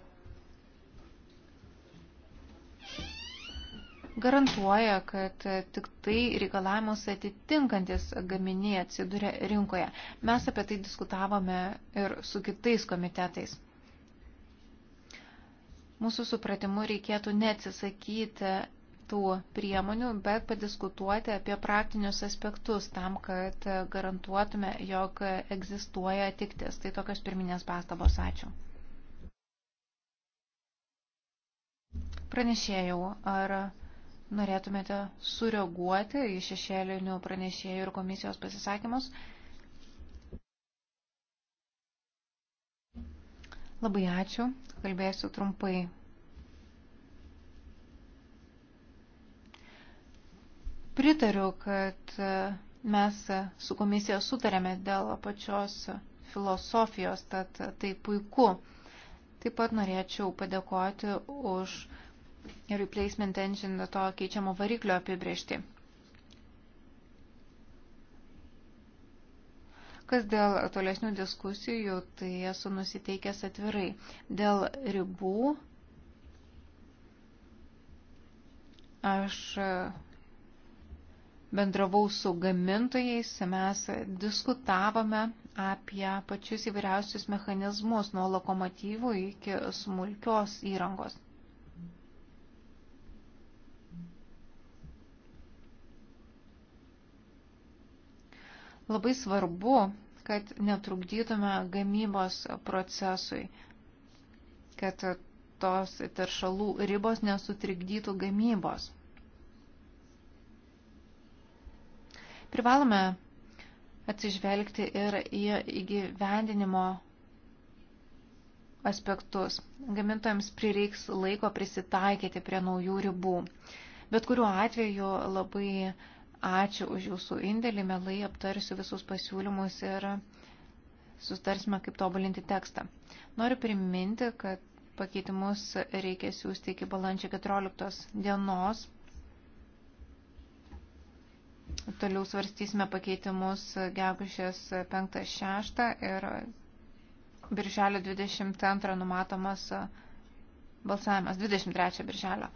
garantuoja, kad tik tai reikalavimus atitinkantis gaminiai atsiduria rinkoje. Mes apie tai diskutavome ir su kitais komitetais. Mūsų supratimu reikėtų neatsisakyti tų priemonių, bet padiskutuoti apie praktinius aspektus tam, kad garantuotume, jog egzistuoja atiktis. Tai tokios pirminės pastabos. Ačiū. Pranešėjau, ar norėtumėte sureaguoti į šešėlinių pranešėjų ir komisijos pasisakymus? Labai ačiū, kalbėsiu trumpai. Pritariu, kad mes su komisija sutarėme dėl pačios filosofijos, tad tai puiku. Taip pat norėčiau padėkoti už replacement engine to keičiamo variklio apibriežti. Kas dėl tolesnių diskusijų, tai esu nusiteikęs atvirai. Dėl ribų aš bendravau su gamintojais, mes diskutavome apie pačius įvairiausius mechanizmus nuo lokomotyvų iki smulkios įrangos. Labai svarbu, kad netrukdytume gamybos procesui, kad tos teršalų ribos nesutrikdytų gamybos. Privalome atsižvelgti ir į įgyvendinimo aspektus. Gamintojams prireiks laiko prisitaikyti prie naujų ribų. Bet kuriuo atveju labai Ačiū už jūsų indėlį, melai aptarsiu visus pasiūlymus ir sustarsime, kaip tobulinti tekstą. Noriu priminti, kad pakeitimus reikia siūsti iki balandžio 14 dienos. Toliau svarstysime pakeitimus gegužės 5-6 ir birželio 22 numatomas balsavimas 23 birželio.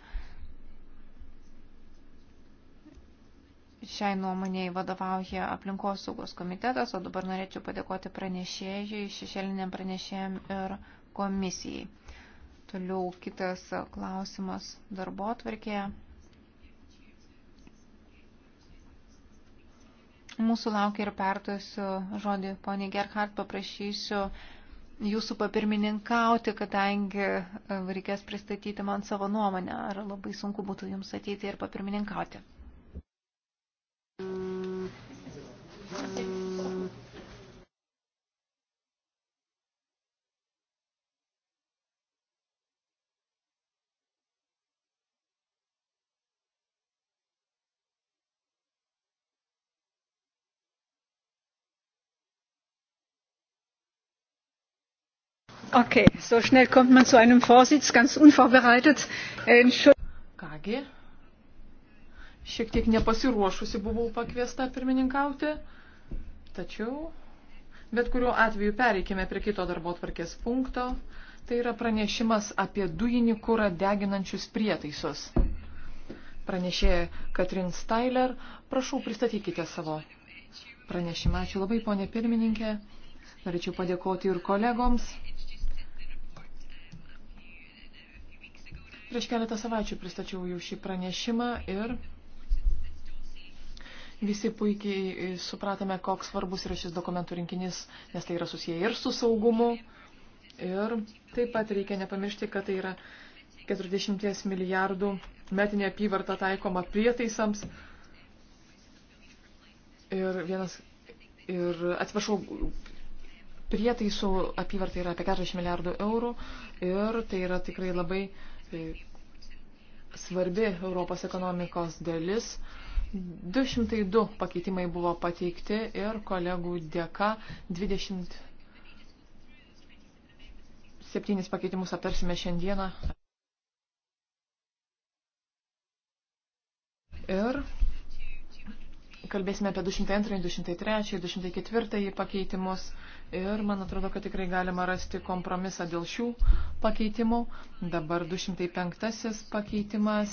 Šiai nuomonėjai vadovauja aplinkosaugos komitetas, o dabar norėčiau padėkoti pranešėjui, šešėliniam pranešėjam ir komisijai. Toliau kitas klausimas darbo atvarkėje. Mūsų laukia ir perduosiu žodį poniai Gerhard, paprašysiu jūsų papirmininkauti, kadangi e, reikės pristatyti man savo nuomonę, ar labai sunku būtų jums ateiti ir papirmininkauti. Okay, so schnell kommt man zu einem Vorsitz, ganz unvorbereitet. Äh, Kągi, Šiek tiek nepasiruošusi buvau pakviesta pirmininkauti, tačiau bet kuriuo atveju pereikime prie kito darbo tvarkės punkto. Tai yra pranešimas apie dujinį kurą deginančius prietaisus. Pranešė Katrin Steiler, prašau pristatykite savo pranešimą. Ačiū labai, ponė pirmininkė. Norėčiau padėkoti ir kolegoms. Prieš keletą savaičių pristačiau jau šį pranešimą ir Visi puikiai e, supratome, koks svarbus yra šis dokumentų rinkinys, nes tai yra susiję ir su saugumu. Ir taip pat reikia nepamiršti, kad tai yra 40 milijardų metinė apyvarta taikoma prietaisams. Ir vienas, ir atsiprašau, prietaisų apyvarta yra apie 40 milijardų eurų ir tai yra tikrai labai e, svarbi Europos ekonomikos dalis. 202 pakeitimai buvo pateikti ir kolegų dėka 27 pakeitimus aptarsime šiandieną. Ir kalbėsime apie 202, 203, 204 pakeitimus ir man atrodo, kad tikrai galima rasti kompromisą dėl šių pakeitimų. Dabar 205 pakeitimas.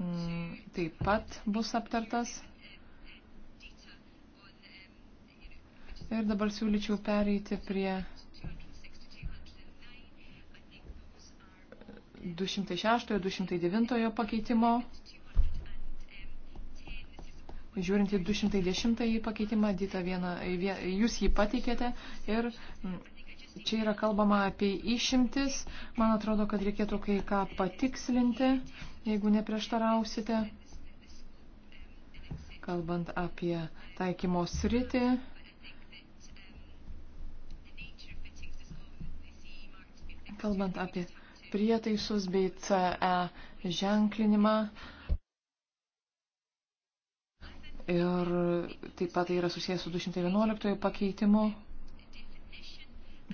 Mm, taip pat bus aptartas. Ir dabar siūlyčiau pereiti prie 206-209 pakeitimo. Žiūrint į 210 pakeitimą, Dita, vieną, jūs jį pateikėte ir mm, Čia yra kalbama apie išimtis. Man atrodo, kad reikėtų kai ką patikslinti, jeigu neprieštarausite. Kalbant apie taikymo sritį. Kalbant apie prietaisus bei CE ženklinimą. Ir taip pat tai yra susijęs su 211 pakeitimu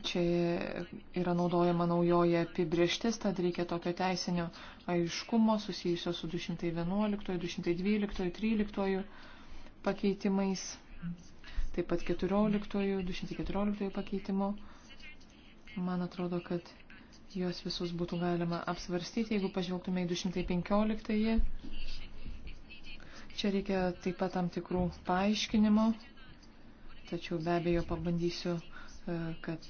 čia yra naudojama naujoji apibrieštis, tad reikia tokio teisinio aiškumo susijusio su 211, 212, 13 pakeitimais, taip pat 14, 214 pakeitimu. Man atrodo, kad juos visus būtų galima apsvarstyti, jeigu pažvelgtume į 215. Čia reikia taip pat tam tikrų paaiškinimų, tačiau be abejo pabandysiu, e, kad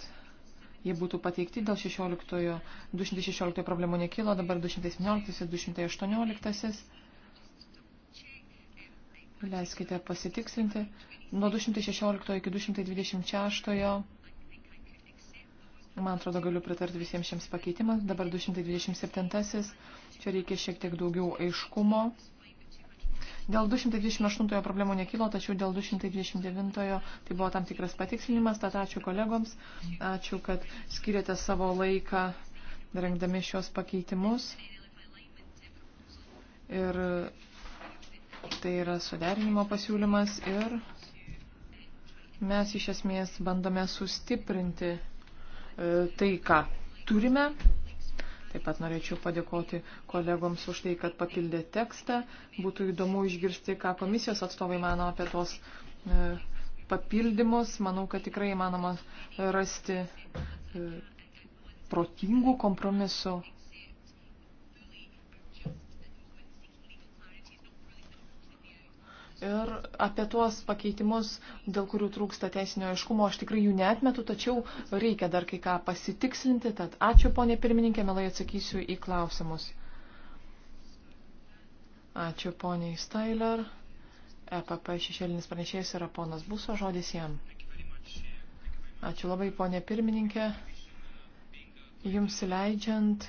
jie būtų pateikti dėl 16, 216 problemų nekilo, dabar 217 ir 218. Leiskite pasitikslinti. Nuo 216 iki 226, man atrodo, galiu pritarti visiems šiems pakeitimams. Dabar 227, čia reikia šiek tiek daugiau aiškumo. Dėl 228 problemų nekilo, tačiau dėl 229 tai buvo tam tikras patikslinimas. Tad ačiū kolegoms, ačiū, kad skiriate savo laiką rengdami šios pakeitimus. Ir tai yra suderinimo pasiūlymas ir mes iš esmės bandome sustiprinti e, tai, ką turime Taip pat norėčiau padėkoti kolegoms už tai, kad papildė tekstą. Būtų įdomu išgirsti, ką komisijos atstovai mano apie tos e, papildymus. Manau, kad tikrai įmanoma rasti e, protingų kompromisų Ir apie tuos pakeitimus, dėl kurių trūksta teisinio aiškumo, aš tikrai jų netmetu, tačiau reikia dar kai ką pasitikslinti. Tad ačiū, ponė pirmininkė, melai atsakysiu į klausimus. Ačiū, ponė Stailer. EPP šešėlinis pranešėjas yra ponas Buso, žodis jam. Ačiū labai, ponė pirmininkė. Jums leidžiant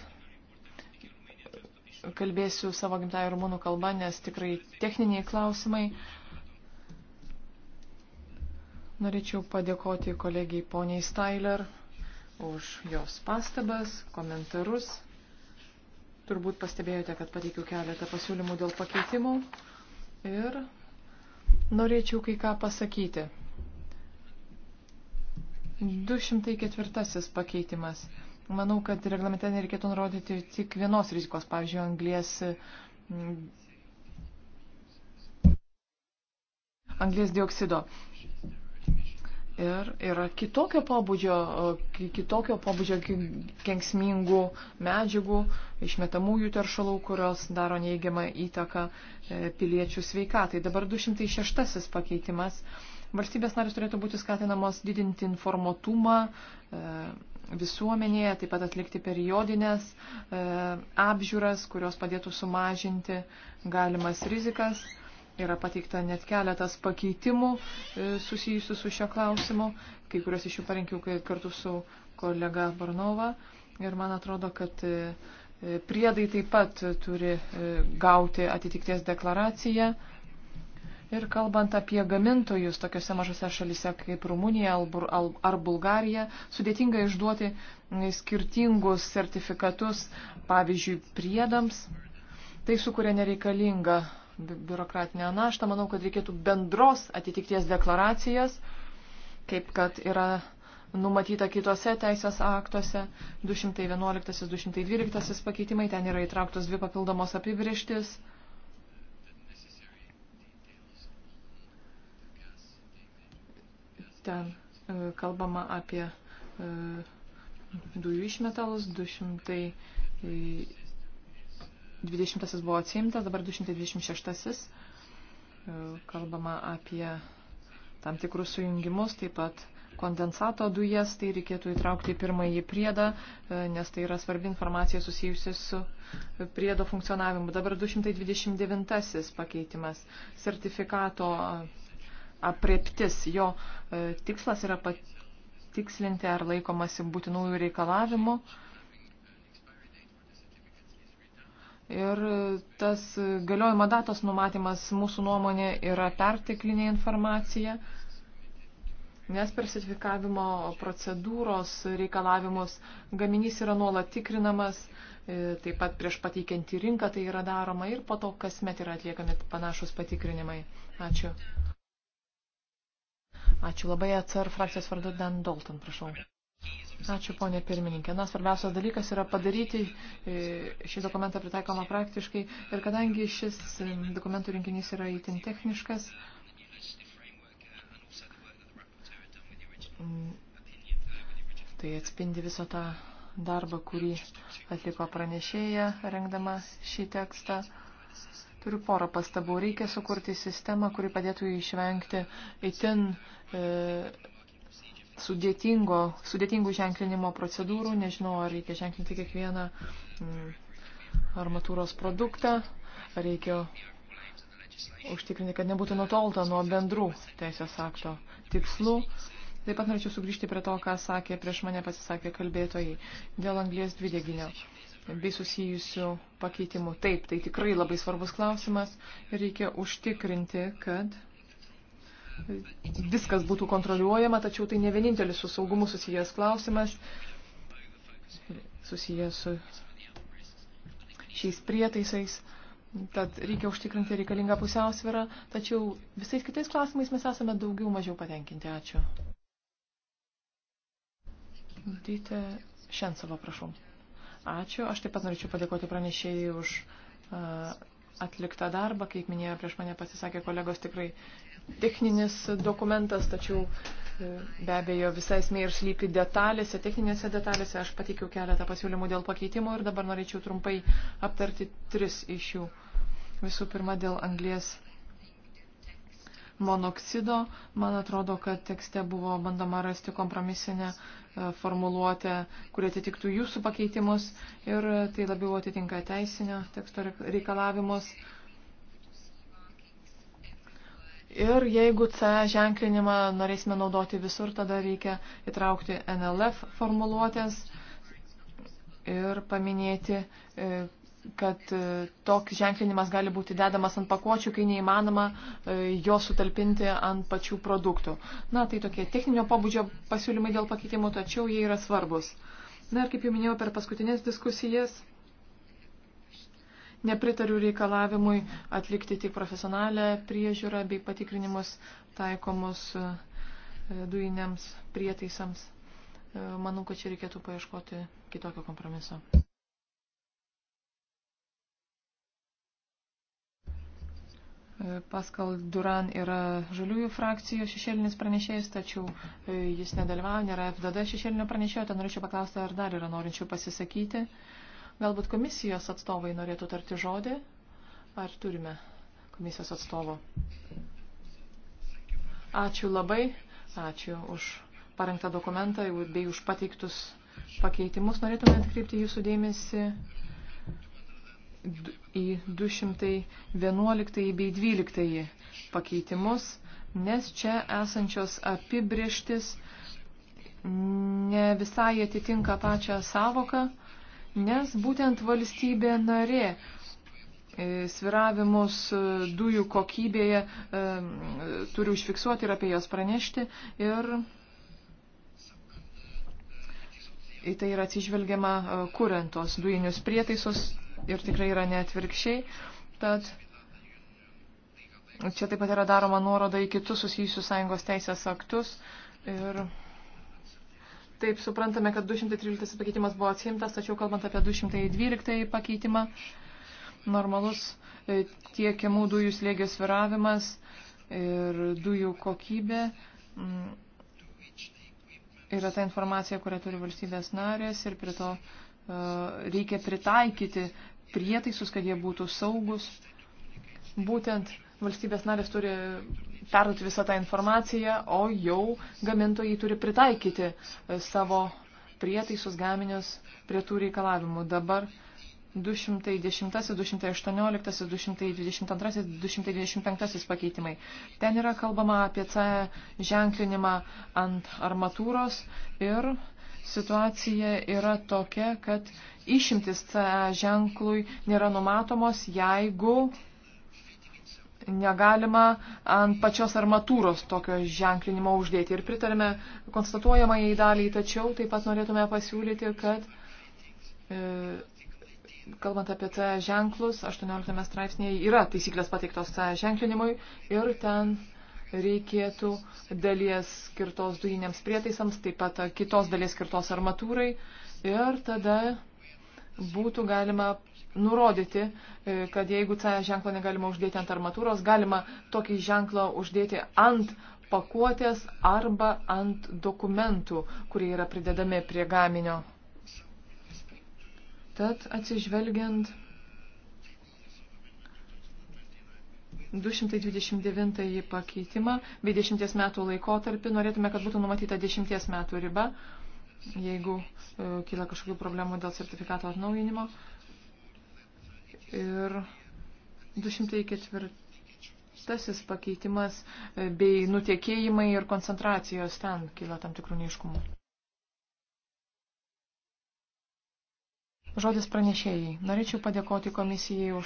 kalbėsiu savo gimtąją rumunų kalbą, nes tikrai techniniai klausimai. Norėčiau padėkoti kolegijai poniai Styler už jos pastabas, komentarus. Turbūt pastebėjote, kad pateikiu keletą pasiūlymų dėl pakeitimų ir norėčiau kai ką pasakyti. 204 pakeitimas. Manau, kad reglamente nereikėtų nurodyti tik vienos rizikos, pavyzdžiui, anglės, anglės dioksido. Ir yra kitokio pobūdžio, kitokio pobūdžio kenksmingų medžiagų, išmetamųjų teršalų, kurios daro neįgiamą įtaką e, piliečių sveikatai. Dabar 206 pakeitimas. Valstybės narės turėtų būti skatinamos didinti informatumą. E, visuomenėje, taip pat atlikti periodinės e, apžiūras, kurios padėtų sumažinti galimas rizikas. Yra pateikta net keletas pakeitimų e, susijusių su šio klausimu, kai kurios iš jų parinkiau kartu su kolega Barnova. Ir man atrodo, kad e, priedai taip pat turi gauti atitikties deklaraciją. Ir kalbant apie gamintojus tokiuose mažose šalise kaip Rumunija ar Bulgarija, sudėtinga išduoti skirtingus sertifikatus, pavyzdžiui, priedams. Tai sukuria nereikalingą biurokratinę naštą. Manau, kad reikėtų bendros atitikties deklaracijas, kaip kad yra numatyta kitose teisės aktuose 211-212 pakeitimai, ten yra įtrauktos dvi papildomos apibrieštis. Ten e, kalbama apie e, dujų išmetalus, 220 e, buvo atsiimtas, dabar 226 kalbama apie tam tikrus sujungimus, taip pat kondensato dujas, tai reikėtų įtraukti į pirmąjį priedą, nes tai yra svarbi informacija susijusi su priedo funkcionavimu. Dabar 229 pakeitimas sertifikato apreptis. Jo e, tikslas yra patikslinti, ar laikomasi būtinųjų reikalavimų. Ir tas galiojimo datos numatymas mūsų nuomonė yra perteklinė informacija, nes per sertifikavimo procedūros reikalavimus gaminys yra nuolat tikrinamas, e, taip pat prieš pateikiant į rinką tai yra daroma ir po to kasmet yra atliekami panašus patikrinimai. Ačiū. Ačiū labai atsar frakcijos vardu Dan Dalton, prašau. Ačiū, ponė pirmininkė. Na, svarbiausias dalykas yra padaryti e, šį dokumentą pritaikomą praktiškai. Ir kadangi šis e, dokumentų rinkinys yra įtin techniškas, mm, tai atspindi visą tą darbą, kurį atliko pranešėja, rengdama šį tekstą. Turiu porą pastabų. Reikia sukurti sistemą, kuri padėtų išvengti itin e, sudėtingo, sudėtingų ženklinimo procedūrų. Nežinau, ar reikia ženklinti kiekvieną mm, armatūros produktą, ar reikia užtikrinti, kad nebūtų nutolta nuo bendrų teisės akto tikslų. Taip pat norėčiau sugrįžti prie to, ką sakė prieš mane pasisakė kalbėtojai dėl anglės dvideginio bei susijusių pakeitimų. Taip, tai tikrai labai svarbus klausimas. Reikia užtikrinti, kad viskas būtų kontroliuojama, tačiau tai ne vienintelis su saugumu susijęs klausimas, susijęs su šiais prietaisais. Tad reikia užtikrinti reikalingą pusiausvyrą, tačiau visais kitais klausimais mes esame daugiau mažiau patenkinti. Ačiū. Dite Šensova, prašau. Ačiū. Aš taip pat norėčiau padėkoti pranešėjai už uh, atliktą darbą. Kaip minėjo prieš mane pasisakė kolegos, tikrai techninis dokumentas, tačiau e, be abejo visai esmė ir slypi detalėse, techninėse detalėse. Aš pateikiau keletą pasiūlymų dėl pakeitimo ir dabar norėčiau trumpai aptarti tris iš jų. Visų pirma, dėl anglės monoksido. Man atrodo, kad tekste buvo bandoma rasti kompromisinę e, formuluotę, kurie atitiktų jūsų pakeitimus ir e, tai labiau atitinka teisinio teksto reikalavimus. Ir jeigu C ženklinimą norėsime naudoti visur, tada reikia įtraukti NLF formuluotės ir paminėti e, kad e, toks ženklinimas gali būti dedamas ant pakuočių, kai neįmanoma e, jo sutalpinti ant pačių produktų. Na, tai tokie techninio pobūdžio pasiūlymai dėl pakeitimų, tačiau jie yra svarbus. Na ir kaip jau minėjau per paskutinės diskusijas, nepritariu reikalavimui atlikti tik profesionalę priežiūrą bei patikrinimus taikomus e, dujiniams prietaisams. Manau, kad čia reikėtų paieškoti kitokio kompromiso. Paskal Duran yra žaliųjų frakcijų šešėlinis pranešėjas, tačiau e, jis nedalyvauja, nėra FDD šešėlinio pranešėjo, tai norėčiau paklausti, ar dar yra norinčių pasisakyti. Galbūt komisijos atstovai norėtų tarti žodį, ar turime komisijos atstovo. Ačiū labai, ačiū už parengtą dokumentą bei už pateiktus pakeitimus. Norėtume atkreipti jūsų dėmesį į 211 bei 12 pakeitimus, nes čia esančios apibrieštis ne visai atitinka pačią savoką, nes būtent valstybė narė e, sviravimus e, dujų kokybėje e, turi užfiksuoti ir apie jos pranešti. Ir į tai yra atsižvelgiama e, kuriant tos dujinius prietaisus, ir tikrai yra netvirkščiai. Tad čia taip pat yra daroma nuoroda į kitus susijusius sąjungos teisės aktus. Ir taip suprantame, kad 213 pakeitimas buvo atsimtas, tačiau kalbant apie 212 pakeitimą, normalus e, tiekiamų dujų slėgio sviravimas ir dujų kokybė mm, yra ta informacija, kurią turi valstybės narės ir prie to e, reikia pritaikyti prietaisus, kad jie būtų saugus. Būtent valstybės narės turi perduoti visą tą informaciją, o jau gamintojai turi pritaikyti e, savo prietaisus gaminius prie tų reikalavimų. Dabar 210, 218, 222, 225 pakeitimai. Ten yra kalbama apie C ženklinimą ant armatūros ir situacija yra tokia, kad išimtis CE ženklui nėra numatomos, jeigu negalima ant pačios armatūros tokio ženklinimo uždėti. Ir pritarime konstatuojamąjį dalį, tačiau taip pat norėtume pasiūlyti, kad e, kalbant apie CE ženklus, 18 straipsnėje yra taisyklės pateiktos CE ženklinimui ir ten reikėtų dalies skirtos dujiniams prietaisams, taip pat kitos dalies skirtos armatūrai ir tada būtų galima nurodyti, e, kad jeigu C ženklo negalima uždėti ant armatūros, galima tokį ženklą uždėti ant pakuotės arba ant dokumentų, kurie yra pridedami prie gaminio. Tad atsižvelgiant 229 pakeitimą bei 10 metų laikotarpį. Norėtume, kad būtų numatyta 10 metų riba, jeigu e, kyla kažkokių problemų dėl sertifikato atnaujinimo. Ir 204 pakeitimas e, bei nutiekėjimai ir koncentracijos ten kyla tam tikrų neiškumų. Žodis pranešėjai. Norėčiau padėkoti komisijai už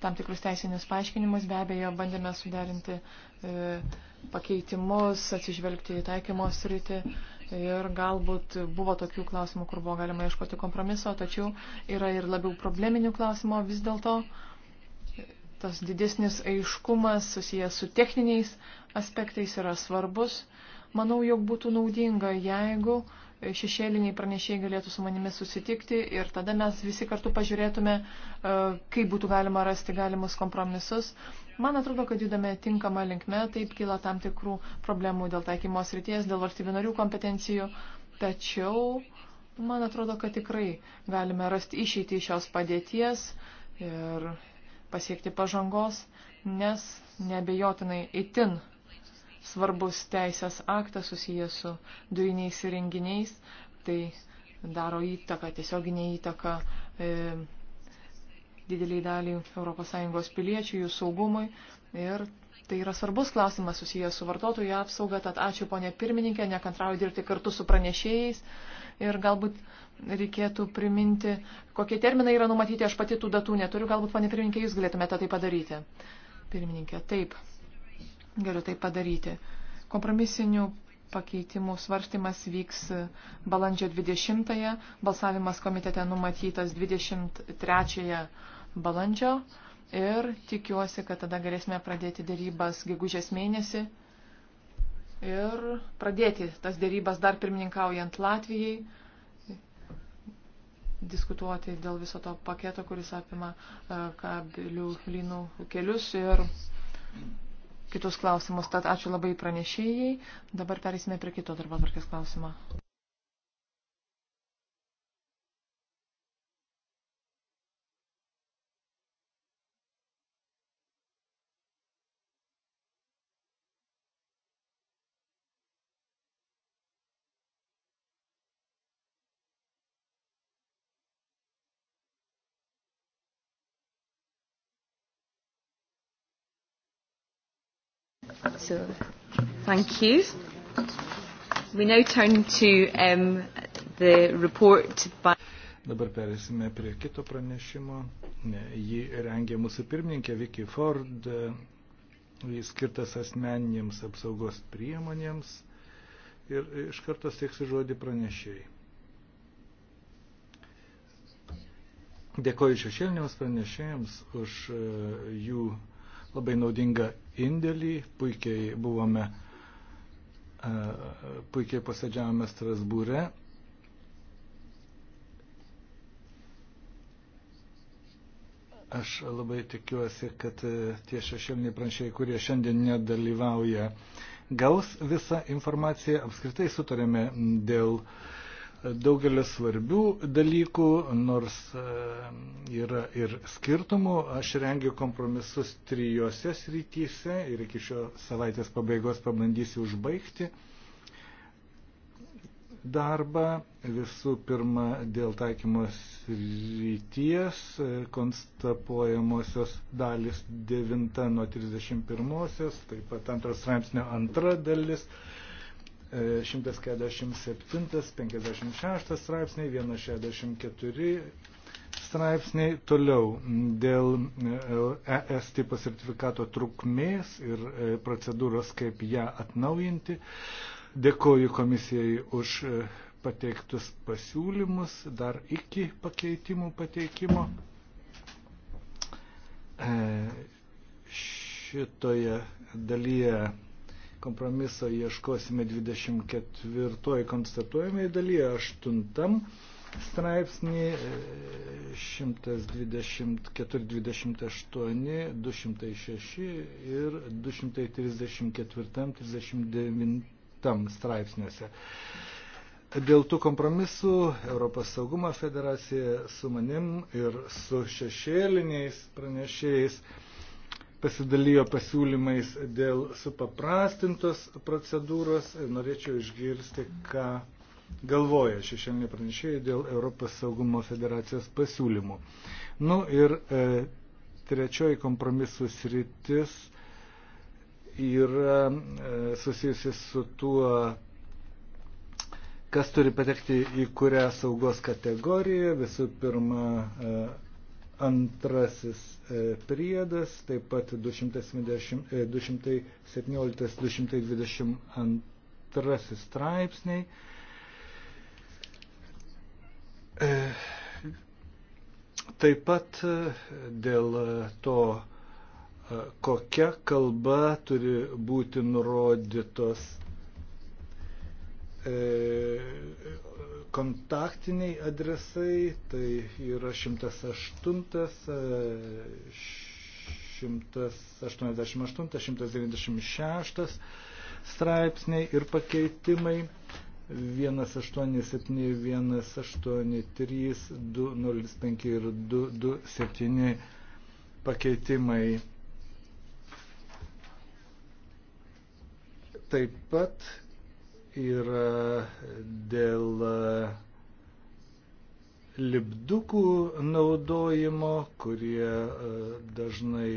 tam tikrus teisinius paaiškinimus. Be abejo, bandėme suderinti e, pakeitimus, atsižvelgti į taikymo sritį ir galbūt buvo tokių klausimų, kur buvo galima ieškoti kompromiso, tačiau yra ir labiau probleminių klausimų vis dėlto. Tas didesnis aiškumas susijęs su techniniais aspektais yra svarbus. Manau, jog būtų naudinga, jeigu e, šešėliniai pranešėjai galėtų su manimi susitikti ir tada mes visi kartu pažiūrėtume, e, kaip būtų galima rasti galimus kompromisus. Man atrodo, kad judame tinkama linkme, taip kyla tam tikrų problemų dėl taikymos ryties, dėl valstybių narių kompetencijų, tačiau man atrodo, kad tikrai galime rasti išeitį iš šios padėties ir pasiekti pažangos, nes nebejotinai itin svarbus teisės aktas susijęs su dujiniais įrenginiais. Tai daro įtaką, tiesioginė įtaka e, dideliai daliai ES piliečių, jų saugumui. Ir tai yra svarbus klausimas susijęs su vartotojų apsauga, tad ačiū ponė pirmininkė, nekantrauju dirbti kartu su pranešėjais. Ir galbūt reikėtų priminti, kokie terminai yra numatyti, aš pati tų datų neturiu, galbūt ponė pirmininkė, jūs galėtumėte tai padaryti. Pirmininkė, taip galiu tai padaryti. Kompromisinių pakeitimų svarstymas vyks balandžio 20-ąją, balsavimas komitete numatytas 23-ąją balandžio ir tikiuosi, kad tada galėsime pradėti dėrybas gegužės mėnesį ir pradėti tas dėrybas dar pirmininkaujant Latvijai, diskutuoti dėl viso to paketo, kuris apima e, kabelių lynų kelius ir kitus klausimus. Tad ačiū labai pranešėjai. Dabar perėsime prie kito darbo tvarkės klausimo. So, thank you. We now turn to um, the report by... Dabar perėsime prie kito pranešimo. Jį rengė mūsų pirmininkė Vicky Ford. Jis skirtas asmeninėms apsaugos priemonėms. Ir iš karto steiksiu žodį pranešėjai. Dėkoju šešėliniams pranešėjams už e, jų labai naudingą indėlį, puikiai buvome, e, puikiai posėdžiavome Strasbūre. Aš labai tikiuosi, kad e, tie šešėliniai pranšiai, kurie šiandien nedalyvauja, gaus visą informaciją. Apskritai sutarėme dėl uh, daugelis svarbių dalykų, nors e, yra ir skirtumų. Aš rengiu kompromisus trijose srityse ir iki šio savaitės pabaigos pabandysiu užbaigti darbą. Visų pirma, dėl taikymos ryties e, konstatuojamosios dalis 9 nuo 31, taip pat antros straipsnio antra dalis. 147-56 straipsniai, 164 straipsniai. Toliau dėl ES e tipo sertifikato trukmės ir e, procedūros, kaip ją atnaujinti. Dėkoju komisijai už e, pateiktus pasiūlymus dar iki pakeitimų pateikimo. Šitoje dalyje Kompromiso ieškosime 24 konstatuojamai dalyje, 8 straipsnį 124-28, e, 206 ir 234-39 straipsniuose. Dėl tų kompromisų Europos saugumo federacija su manim ir su šešėliniais pranešėjais pasidalijo pasiūlymais dėl supaprastintos procedūros ir norėčiau išgirsti, ką galvoja šešėlinė pranešėjai dėl Europos saugumo federacijos pasiūlymų. Nu ir e, trečioji kompromisų sritis yra e, susijusi su tuo, kas turi patekti į kurią saugos kategoriją. Visų pirma, e, antrasis e, priedas, taip pat 217-222 e, straipsniai. E, taip pat dėl to, kokia kalba turi būti nurodytos E, kontaktiniai adresai, tai yra 108, 188, 196 straipsniai ir pakeitimai. 187, 183, 205 ir 227 pakeitimai. Taip pat yra dėl e, lipdukų naudojimo, kurie e, dažnai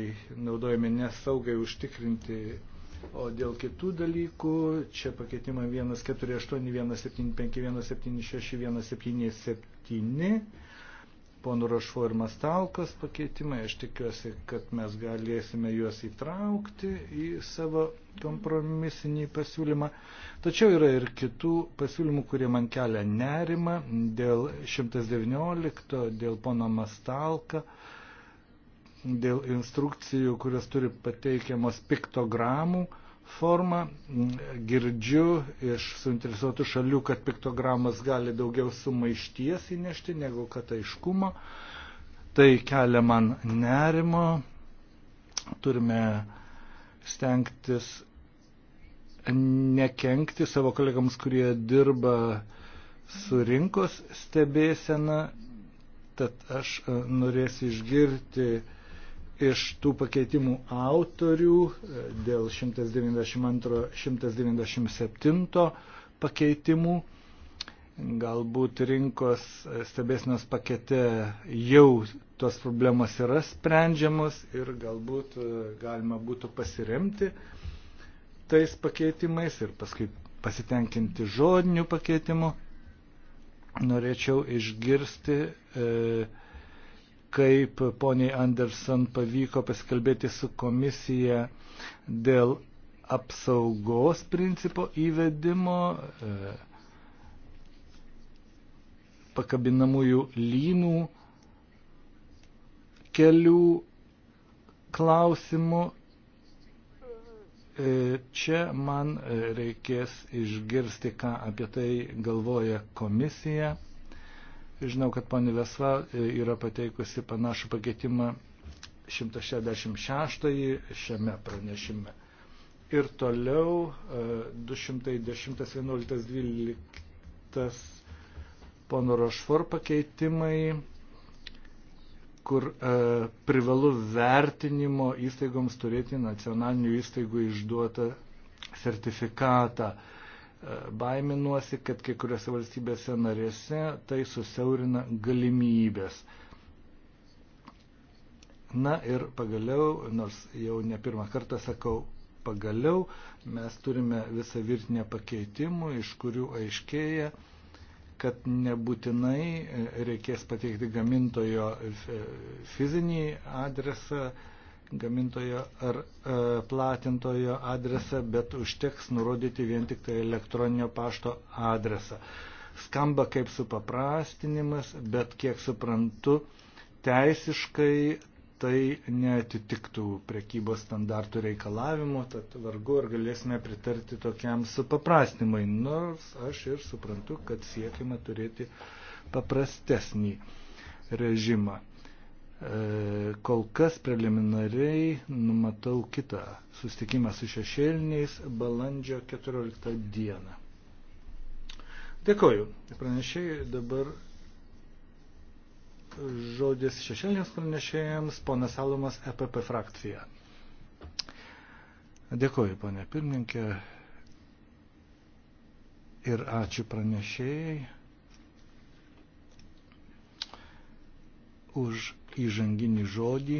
naudojami nesaugai užtikrinti, o dėl kitų dalykų, čia pakeitimai 148, 175, 176, 177 ponų Rašuo ir Mastalkos pakeitimai. Aš tikiuosi, kad mes galėsime juos įtraukti į savo kompromisinį pasiūlymą. Tačiau yra ir kitų pasiūlymų, kurie man kelia nerimą dėl 119, dėl pono Mastalka, dėl instrukcijų, kurios turi pateikiamos piktogramų formą. Mm, girdžiu iš suinteresuotų šalių, kad piktogramas gali daugiau sumaišties įnešti negu kad aiškumo. Tai kelia man nerimo. Turime stengtis nekenkti savo kolegams, kurie dirba su rinkos stebėsena. Tad aš e, norėsiu išgirti iš tų pakeitimų autorių e, dėl 192-197 pakeitimų. Galbūt rinkos e, stebėsinos pakete jau tos problemos yra sprendžiamos ir galbūt e, galima būtų pasiremti tais pakeitimais ir paskui pasitenkinti žodiniu pakeitimu. Norėčiau išgirsti e, kaip poniai Anderson pavyko pasikalbėti su komisija dėl apsaugos principo įvedimo e, pakabinamųjų lynų kelių klausimų. E, čia man e, reikės išgirsti, ką apie tai galvoja komisija. Žinau, kad ponė Vesla e, yra pateikusi panašų pakeitimą 166 šiame pranešime. Ir toliau 210, 11, 12 pono Rošfor pakeitimai, kur e, privalu vertinimo įstaigoms turėti nacionalinių įstaigų išduotą sertifikatą. E, Baiminuosi, kad kai kuriuose valstybėse narėse tai susiaurina galimybės. Na ir pagaliau, nors jau ne pirmą kartą sakau, pagaliau mes turime visą virtinę pakeitimų, iš kurių aiškėja, kad nebūtinai reikės pateikti gamintojo fizinį adresą, gamintojo ar e, platintojo adresą, bet užteks nurodyti vien tik tai elektroninio pašto adresą. Skamba kaip supaprastinimas, bet kiek suprantu, teisiškai tai netitiktų prekybos standartų reikalavimų, tad vargu ar galėsime pritarti tokiam supaprastinimui, nors aš ir suprantu, kad siekime turėti paprastesnį režimą. E, kol kas preliminariai numatau kitą sustikimą su šešėliniais balandžio 14 dieną. Dėkoju. Pranešėjai dabar žodis šešėliniams pranešėjams, ponas Salomas, EPP frakcija. Dėkoju, ponė pirmininkė, ir ačiū pranešėjai. už įžanginį žodį.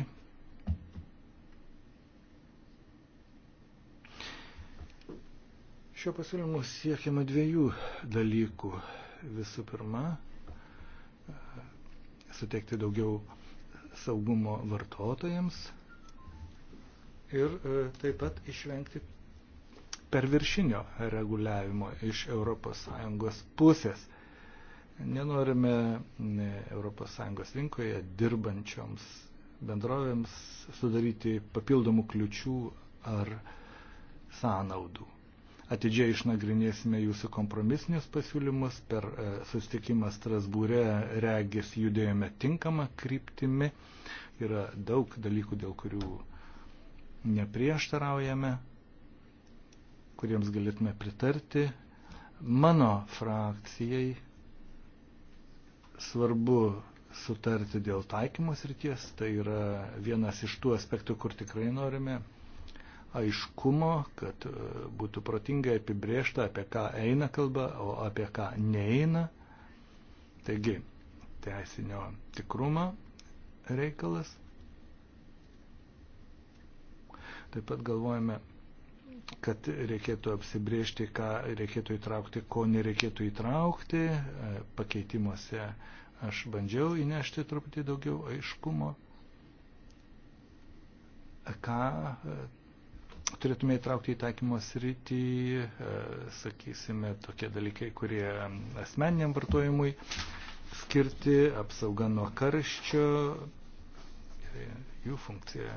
Šio pasiūlymu siekiama dviejų dalykų. Visų pirma, suteikti daugiau saugumo vartotojams ir e, taip pat išvengti perviršinio reguliavimo iš ES pusės. Nenorime ES rinkoje dirbančioms bendrovėms sudaryti papildomų kliučių ar sąnaudų. Atidžiai išnagrinėsime jūsų kompromisinius pasiūlymus. Per e, sustikimą Strasbūre regis judėjome tinkamą kryptimi. Yra daug dalykų, dėl kurių neprieštaraujame, kuriems galėtume pritarti. Mano frakcijai svarbu sutarti dėl taikymos ryties. Tai yra vienas iš tų aspektų, kur tikrai norime aiškumo, kad e, būtų protingai apibriešta, apie ką eina kalba, o apie ką neina. Taigi, teisinio tikrumo reikalas. Taip pat galvojame kad reikėtų apsibriežti, ką reikėtų įtraukti, ko nereikėtų įtraukti. E, pakeitimuose aš bandžiau įnešti truputį daugiau aiškumo, e, ką e, turėtume įtraukti į taikymo sritį, sakysime, tokie dalykai, kurie asmeniniam vartojimui skirti, apsauga nuo karščio, jų funkcija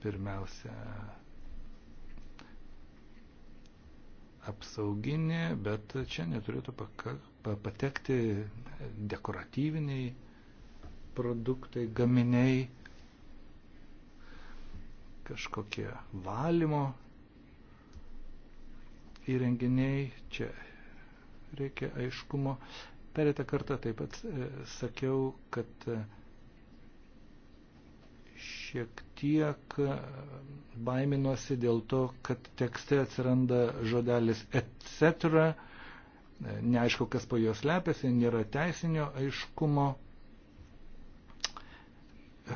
pirmiausia apsauginė, bet čia neturėtų patekti dekoratyviniai produktai, gaminiai, kažkokie valymo įrenginiai, čia reikia aiškumo. Pereitą kartą taip pat e, sakiau, kad e, šiek tiek e, baiminosi dėl to, kad tekste atsiranda žodelis etc. E, neaišku, kas po jos lepiasi, nėra teisinio aiškumo.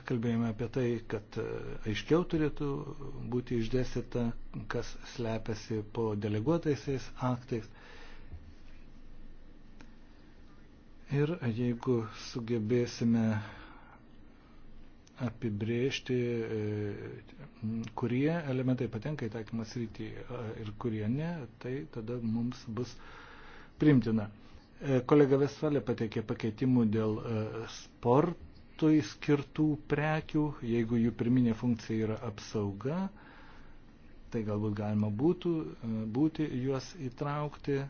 Kalbėjome apie tai, kad e, aiškiau turėtų būti išdėsita, kas slepiasi po deleguotaisiais aktais. Ir jeigu sugebėsime apibrėžti, e, kurie elementai patenka į taikymą sritį e, ir kurie ne, tai tada mums bus primtina. E, kolega Vesvalė pateikė pakeitimų dėl sportui skirtų prekių, jeigu jų pirminė funkcija yra apsauga, tai galbūt galima būtų būti juos įtraukti,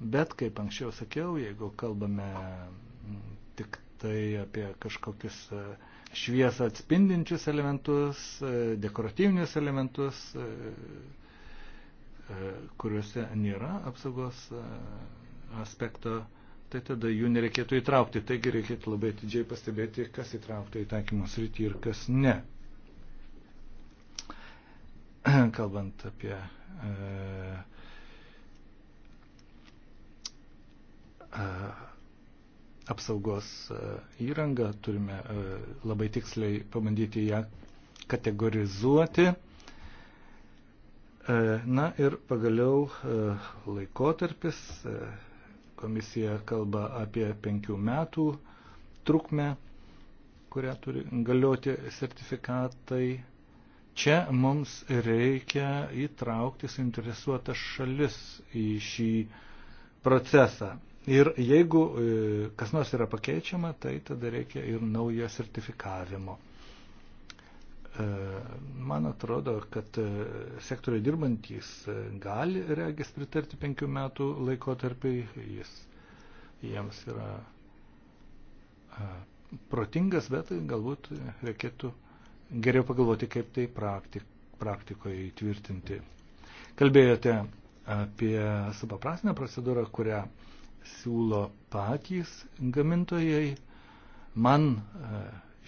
bet kaip anksčiau sakiau, jeigu kalbame tik tai apie kažkokius uh, šviesą atspindinčius elementus, e, dekoratyvinius elementus, e, e, kuriuose nėra apsaugos aspekto, tai tada jų nereikėtų įtraukti. Taigi reikėtų labai atidžiai pastebėti, kas įtraukta į taikymo sritį ir kas ne. *clears throat* Kalbant apie e, e, apsaugos e, įrangą, turime e, labai tiksliai pabandyti ją kategorizuoti. E, na ir pagaliau laikotarpis, komisija kalba apie penkių metų trukmę, kurią turi galioti sertifikatai. Čia mums reikia įtraukti suinteresuotas šalis į šį procesą. Ir jeigu e, kas nors yra pakeičiama, tai tada reikia ir naujo sertifikavimo. E, man atrodo, kad e, sektoriai dirbantys gali regis pritarti penkių metų laikotarpiai, jis jiems yra protingas, bet galbūt reikėtų geriau pagalvoti, kaip tai praktik, praktikoje įtvirtinti. Kalbėjote apie supaprastinę procedūrą, kurią uh, siūlo patys gamintojai. Man e,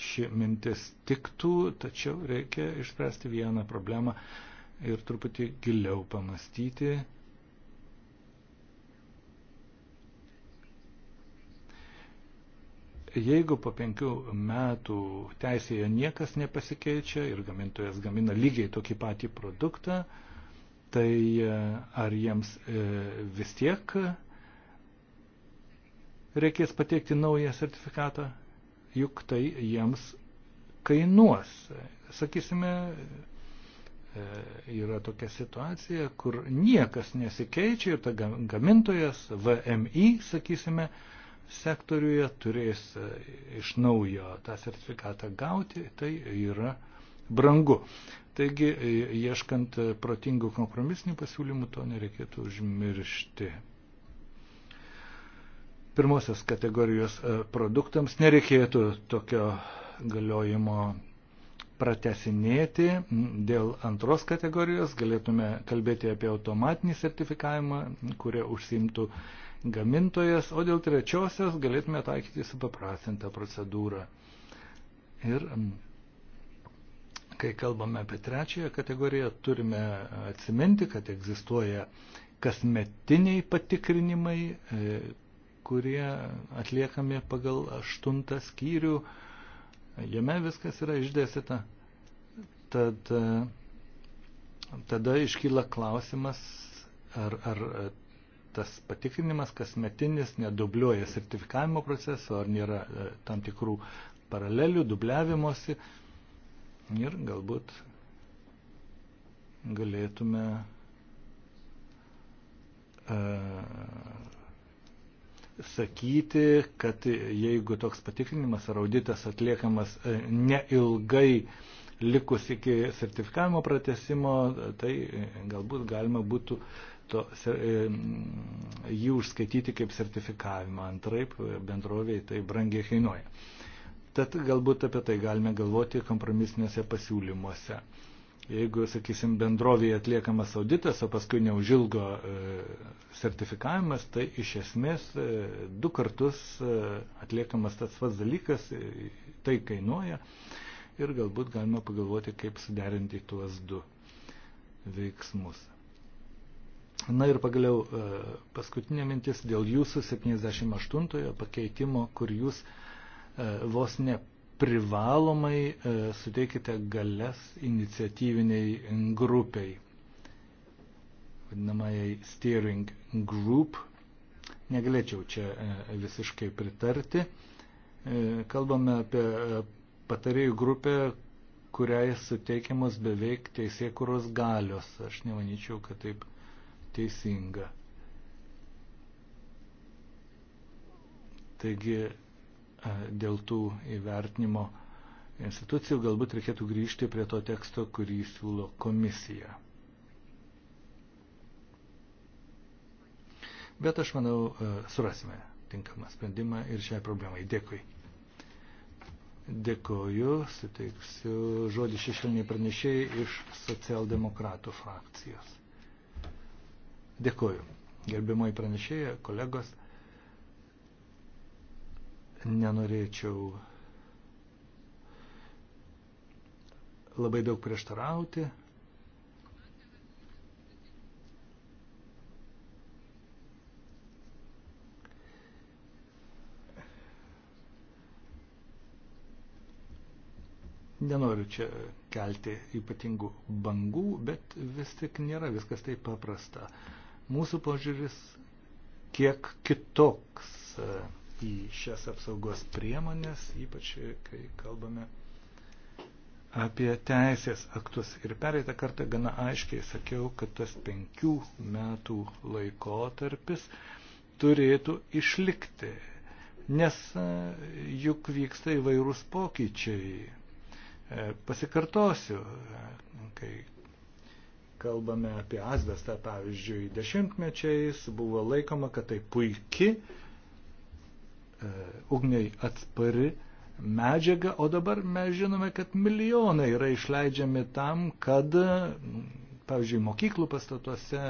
ši mintis tiktų, tačiau reikia išspręsti vieną problemą ir truputį giliau pamastyti. Jeigu po penkių metų teisėje niekas nepasikeičia ir gamintojas gamina lygiai tokį patį produktą, tai e, ar jiems e, vis tiek reikės pateikti naują sertifikatą, juk tai jiems kainuos. Sakysime, e, yra tokia situacija, kur niekas nesikeičia ir ta gamintojas VMI, sakysime, sektoriuje turės e, iš naujo tą sertifikatą gauti, tai yra brangu. Taigi, e, ieškant protingų kompromisinių pasiūlymų, to nereikėtų užmiršti pirmosios kategorijos e, produktams nereikėtų tokio galiojimo pratesinėti. Dėl antros kategorijos galėtume kalbėti apie automatinį sertifikavimą, kurie užsimtų gamintojas, o dėl trečiosios galėtume taikyti supaprastintą procedūrą. Ir kai kalbame apie trečiąją kategoriją, turime atsiminti, kad egzistuoja kasmetiniai patikrinimai, e, kurie atliekami pagal aštuntą skyrių. Jame viskas yra išdėsita. Tad e, tada iškyla klausimas, ar, ar e, tas patikrinimas kasmetinis nedubliuoja sertifikavimo proceso, ar nėra e, tam tikrų paralelių, dubliavimosi. Ir galbūt galėtume uh, sakyti, kad jeigu toks patikrinimas ar auditas atliekamas e, neilgai likus iki sertifikavimo pratesimo, tai e, galbūt galima būtų to, e, jį užskaityti kaip sertifikavimą, antraip bendroviai tai brangiai kainuoja. Tad galbūt apie tai galime galvoti kompromisiniuose pasiūlymuose. Jeigu, sakysim, bendrovėje atliekamas auditas, o paskui neužilgo e, sertifikavimas, tai iš esmės e, du kartus e, atliekamas tas pats dalykas, tai kainuoja ir galbūt galima pagalvoti, kaip suderinti tuos du veiksmus. Na ir pagaliau paskutinė mintis dėl jūsų 78 pakeitimo, kur jūs vos ne privalomai e, suteikite galės iniciatyviniai grupiai, vadinamai steering group. Negalėčiau čia e, visiškai pritarti. E, kalbame apie patarėjų grupę, kuriai suteikiamos beveik teisėkuros galios. Aš nemanyčiau, kad taip teisinga. Taigi dėl tų įvertinimo institucijų, galbūt reikėtų grįžti prie to teksto, kurį siūlo komisija. Bet aš manau, surasime tinkamą sprendimą ir šiai problemai. Dėkui. Dėkoju, suteiksiu žodį šešėliniai pranešėjai iš socialdemokratų frakcijos. Dėkoju. Gerbimoji pranešėja, kolegos, nenorėčiau labai daug prieštarauti. Nenoriu čia kelti ypatingų bangų, bet vis tik nėra viskas taip paprasta. Mūsų požiūris kiek kitoks. Uh, į šias apsaugos priemonės, ypač kai kalbame apie teisės aktus. Ir pereitą kartą gana aiškiai sakiau, kad tas penkių metų laikotarpis turėtų išlikti, nes e, juk vyksta įvairūs pokyčiai. E, pasikartosiu, e, kai kalbame apie asbestą, pavyzdžiui, dešimtmečiais buvo laikoma, kad tai puiki E, ugniai atspari medžiaga, o dabar mes žinome, kad milijonai yra išleidžiami tam, kad, pavyzdžiui, mokyklų pastatuose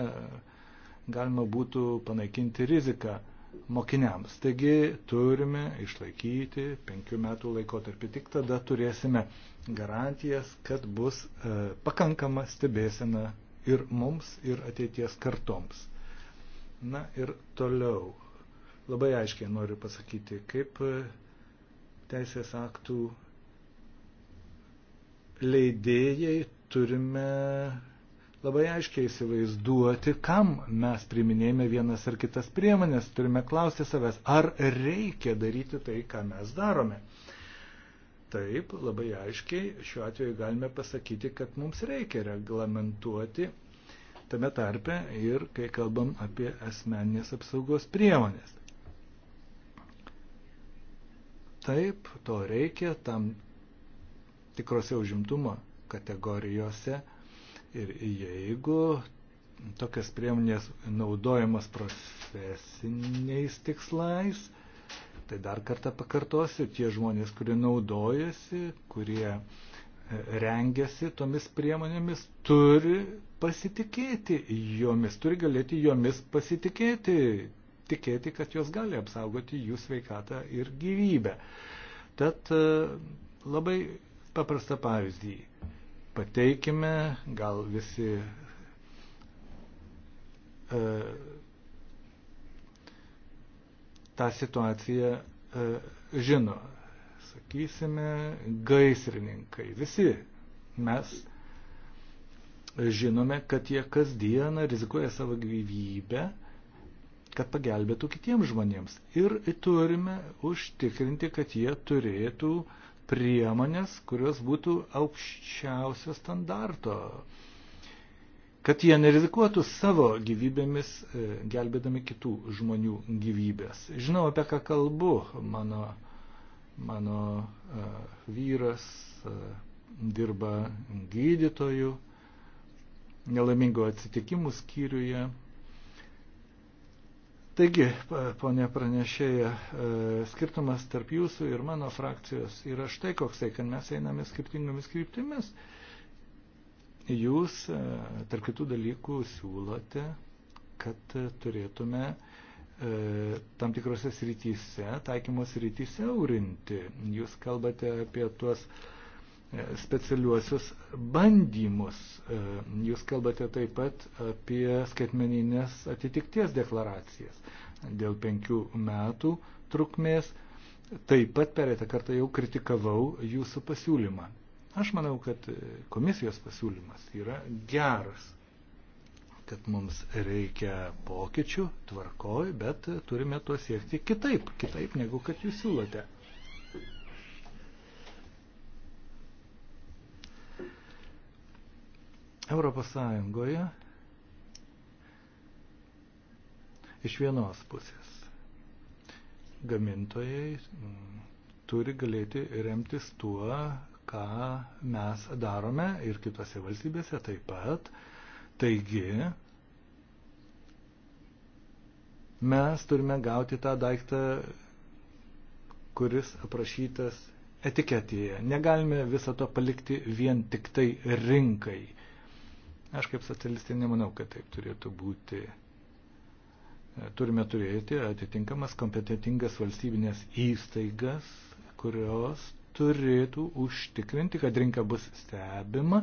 galima būtų panaikinti riziką mokiniams. Taigi turime išlaikyti penkių metų laikotarpį. Tik tada turėsime garantijas, kad bus e, pakankama stebėsena ir mums, ir ateities kartoms. Na ir toliau. Labai aiškiai noriu pasakyti, kaip e, teisės aktų leidėjai turime labai aiškiai įsivaizduoti, kam mes priminėjame vienas ar kitas priemonės. Turime klausti savęs, ar reikia daryti tai, ką mes darome. Taip, labai aiškiai šiuo atveju galime pasakyti, kad mums reikia reglamentuoti tame tarpe ir kai kalbam apie asmeninės apsaugos priemonės. Taip, to reikia tam tikrose užimtumo kategorijose ir jeigu tokias priemonės naudojamas profesiniais tikslais, tai dar kartą pakartosiu, tie žmonės, kurie naudojasi, kurie e, rengiasi tomis priemonėmis, turi pasitikėti jomis, turi galėti jomis pasitikėti, tikėti, kad jos gali apsaugoti jų sveikatą ir gyvybę. Tad e, labai paprastą pavyzdį pateikime, gal visi e, tą situaciją e, žino. Sakysime, gaisrininkai, visi mes žinome, kad jie kasdieną rizikuoja savo gyvybę, kad pagelbėtų kitiems žmonėms. Ir turime užtikrinti, kad jie turėtų priemonės, kurios būtų aukščiausio standarto kad jie nerizikuotų savo gyvybėmis, e, gelbėdami kitų žmonių gyvybės. Žinau, apie ką kalbu. Mano, mano uh, vyras uh, dirba gydytoju nelaimingo atsitikimų skyriuje. Taigi, ponė pranešėja, e, skirtumas tarp jūsų ir mano frakcijos yra štai koksai, kad mes einame skirtingomis kryptimis. Jūs, e, tarp kitų dalykų, siūlote, kad turėtume e, tam tikrose srityse, taikymo srityse aurinti. Jūs kalbate apie tuos uh, E, specialiuosius bandymus. E, jūs kalbate taip pat apie skaitmeninės atitikties deklaracijas dėl penkių metų trukmės. Taip pat pereitą kartą jau kritikavau jūsų pasiūlymą. Aš manau, kad komisijos pasiūlymas yra geras, kad mums reikia pokyčių, tvarkoj, bet turime to siekti kitaip, kitaip negu kad jūs siūlote. Europos Sąjungoje iš vienos pusės gamintojai mm, turi galėti remtis tuo, ką mes darome ir kitose valstybėse taip pat. Taigi, mes turime gauti tą daiktą, kuris aprašytas etiketėje. Negalime viso to palikti vien tik tai rinkai. Aš kaip socialistė nemanau, kad taip turėtų būti. E, turime turėti atitinkamas kompetitingas valstybinės įstaigas, kurios turėtų užtikrinti, kad rinka bus stebima.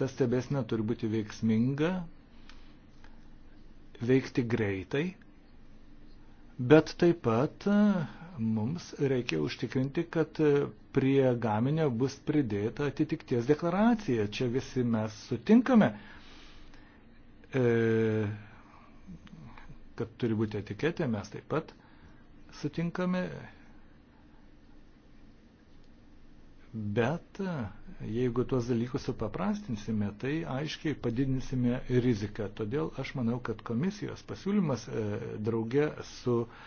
Tas stebėsina turi būti veiksminga, veikti greitai, bet taip pat e, mums reikia užtikrinti, kad prie gaminio bus pridėta atitikties deklaracija. Čia visi mes sutinkame, e, kad turi būti etiketė, mes taip pat sutinkame. Bet jeigu tuos dalykus supaprastinsime, tai aiškiai padidinsime riziką. Todėl aš manau, kad komisijos pasiūlymas e, drauge su e,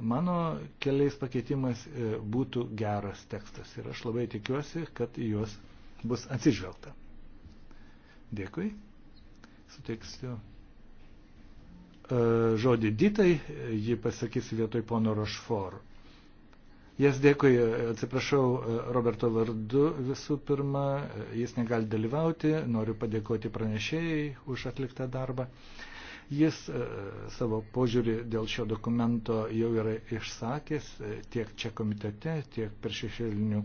Mano keliais pakeitimais e, būtų geras tekstas ir aš labai tikiuosi, kad į juos bus atsižvelgta. Dėkui. Suteiksiu e, žodį Ditai, ji pasakys vietoj pono Rošfor. Jas dėkui, e, atsiprašau Roberto vardu visų pirma, jis negali dalyvauti, noriu padėkoti pranešėjai už atliktą darbą. Uh, Jis e, savo požiūrį dėl šio dokumento jau yra išsakęs e, tiek čia komitete, tiek per šešėlinių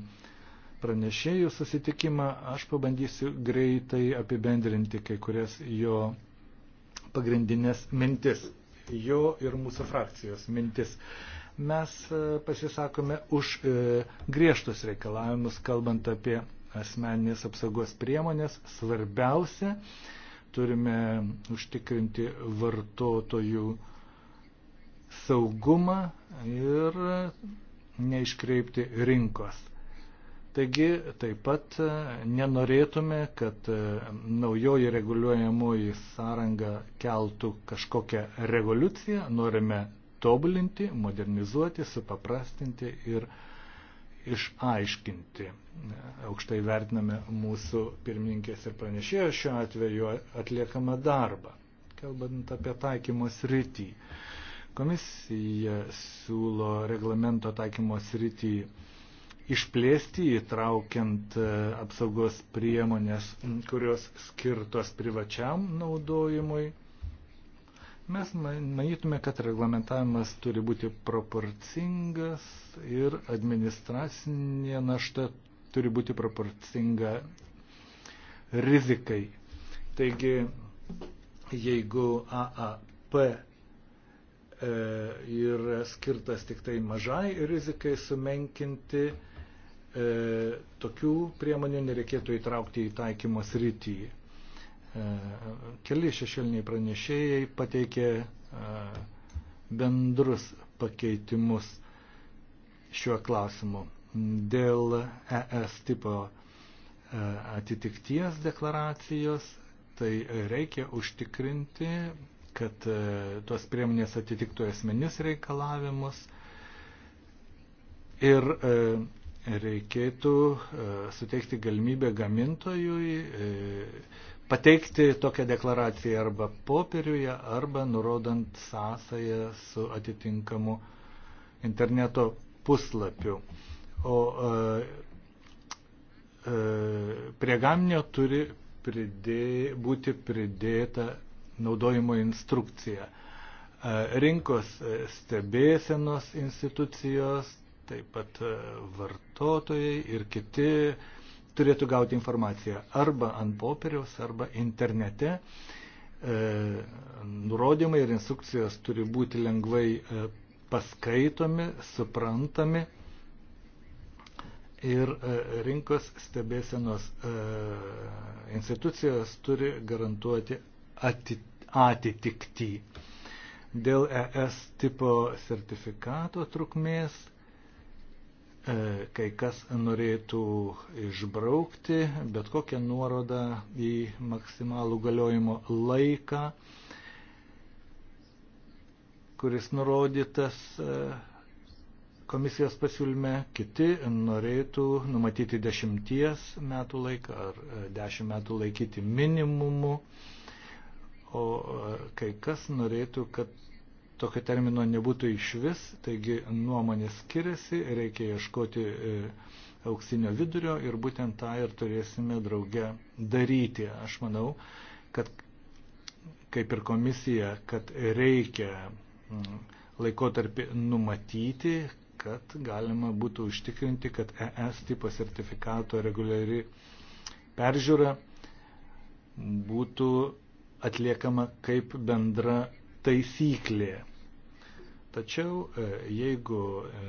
pranešėjų susitikimą. Aš pabandysiu greitai apibendrinti kai kurias jo pagrindinės mintis, jo ir mūsų frakcijos mintis mes e, pasisakome už griežtus reikalavimus, kalbant apie asmeninės apsaugos priemonės. Svarbiausia, Turime užtikrinti vartotojų saugumą ir neiškreipti rinkos. Taigi taip pat e, nenorėtume, kad e, naujoji reguliuojamoji sąranga keltų kažkokią revoliuciją, norime tobulinti, modernizuoti, supaprastinti ir išaiškinti. Aukštai vertiname mūsų pirmininkės ir pranešėjo šiuo atveju atliekamą darbą. Kalbant apie taikymo sritį. Komisija siūlo reglamento taikymo sritį išplėsti, įtraukiant e, apsaugos priemonės, kurios skirtos privačiam naudojimui Mes manytume, kad reglamentavimas turi būti proporcingas ir administracinė našta turi būti proporcinga rizikai. Taigi, jeigu AAP e, yra skirtas tik tai mažai rizikai sumenkinti, e, tokių priemonių nereikėtų įtraukti į taikymo srityje. E, keli šešėliniai pranešėjai pateikė e, bendrus pakeitimus šiuo klausimu. Dėl ES tipo e, atitikties deklaracijos, tai reikia užtikrinti, kad tuos priemonės atitiktų esmenis reikalavimus ir reikėtų suteikti galimybę gamintojui pateikti tokią deklaraciją arba popieriuje, arba nurodant sąsąją su atitinkamu interneto puslapiu. O e, e, prie gaminio turi pridė, būti pridėta naudojimo instrukcija. E, rinkos e, stebėsenos institucijos, taip pat e, vartotojai ir kiti e, turėtų gauti informaciją arba ant popieriaus, arba internete. E, nurodymai ir instrukcijos turi būti lengvai e, paskaitomi, suprantami ir e, rinkos stebėsenos e, institucijos turi garantuoti ati, atitikti. Dėl ES tipo sertifikato trukmės E, kai kas norėtų išbraukti bet kokią nuorodą į maksimalų galiojimo laiką, kuris nurodytas e, komisijos pasiūlyme, kiti norėtų numatyti dešimties metų laiką ar e, dešimt metų laikyti minimumu, o kai kas norėtų, kad tokio termino nebūtų iš vis, taigi nuomonės skiriasi, reikia ieškoti e, auksinio vidurio ir būtent tą ir turėsime drauge daryti. Aš manau, kad kaip ir komisija, kad reikia mm, laikotarpį numatyti, kad galima būtų užtikrinti, kad ES tipo sertifikato reguliari peržiūra būtų atliekama kaip bendra taisyklė. Tačiau e, jeigu, e,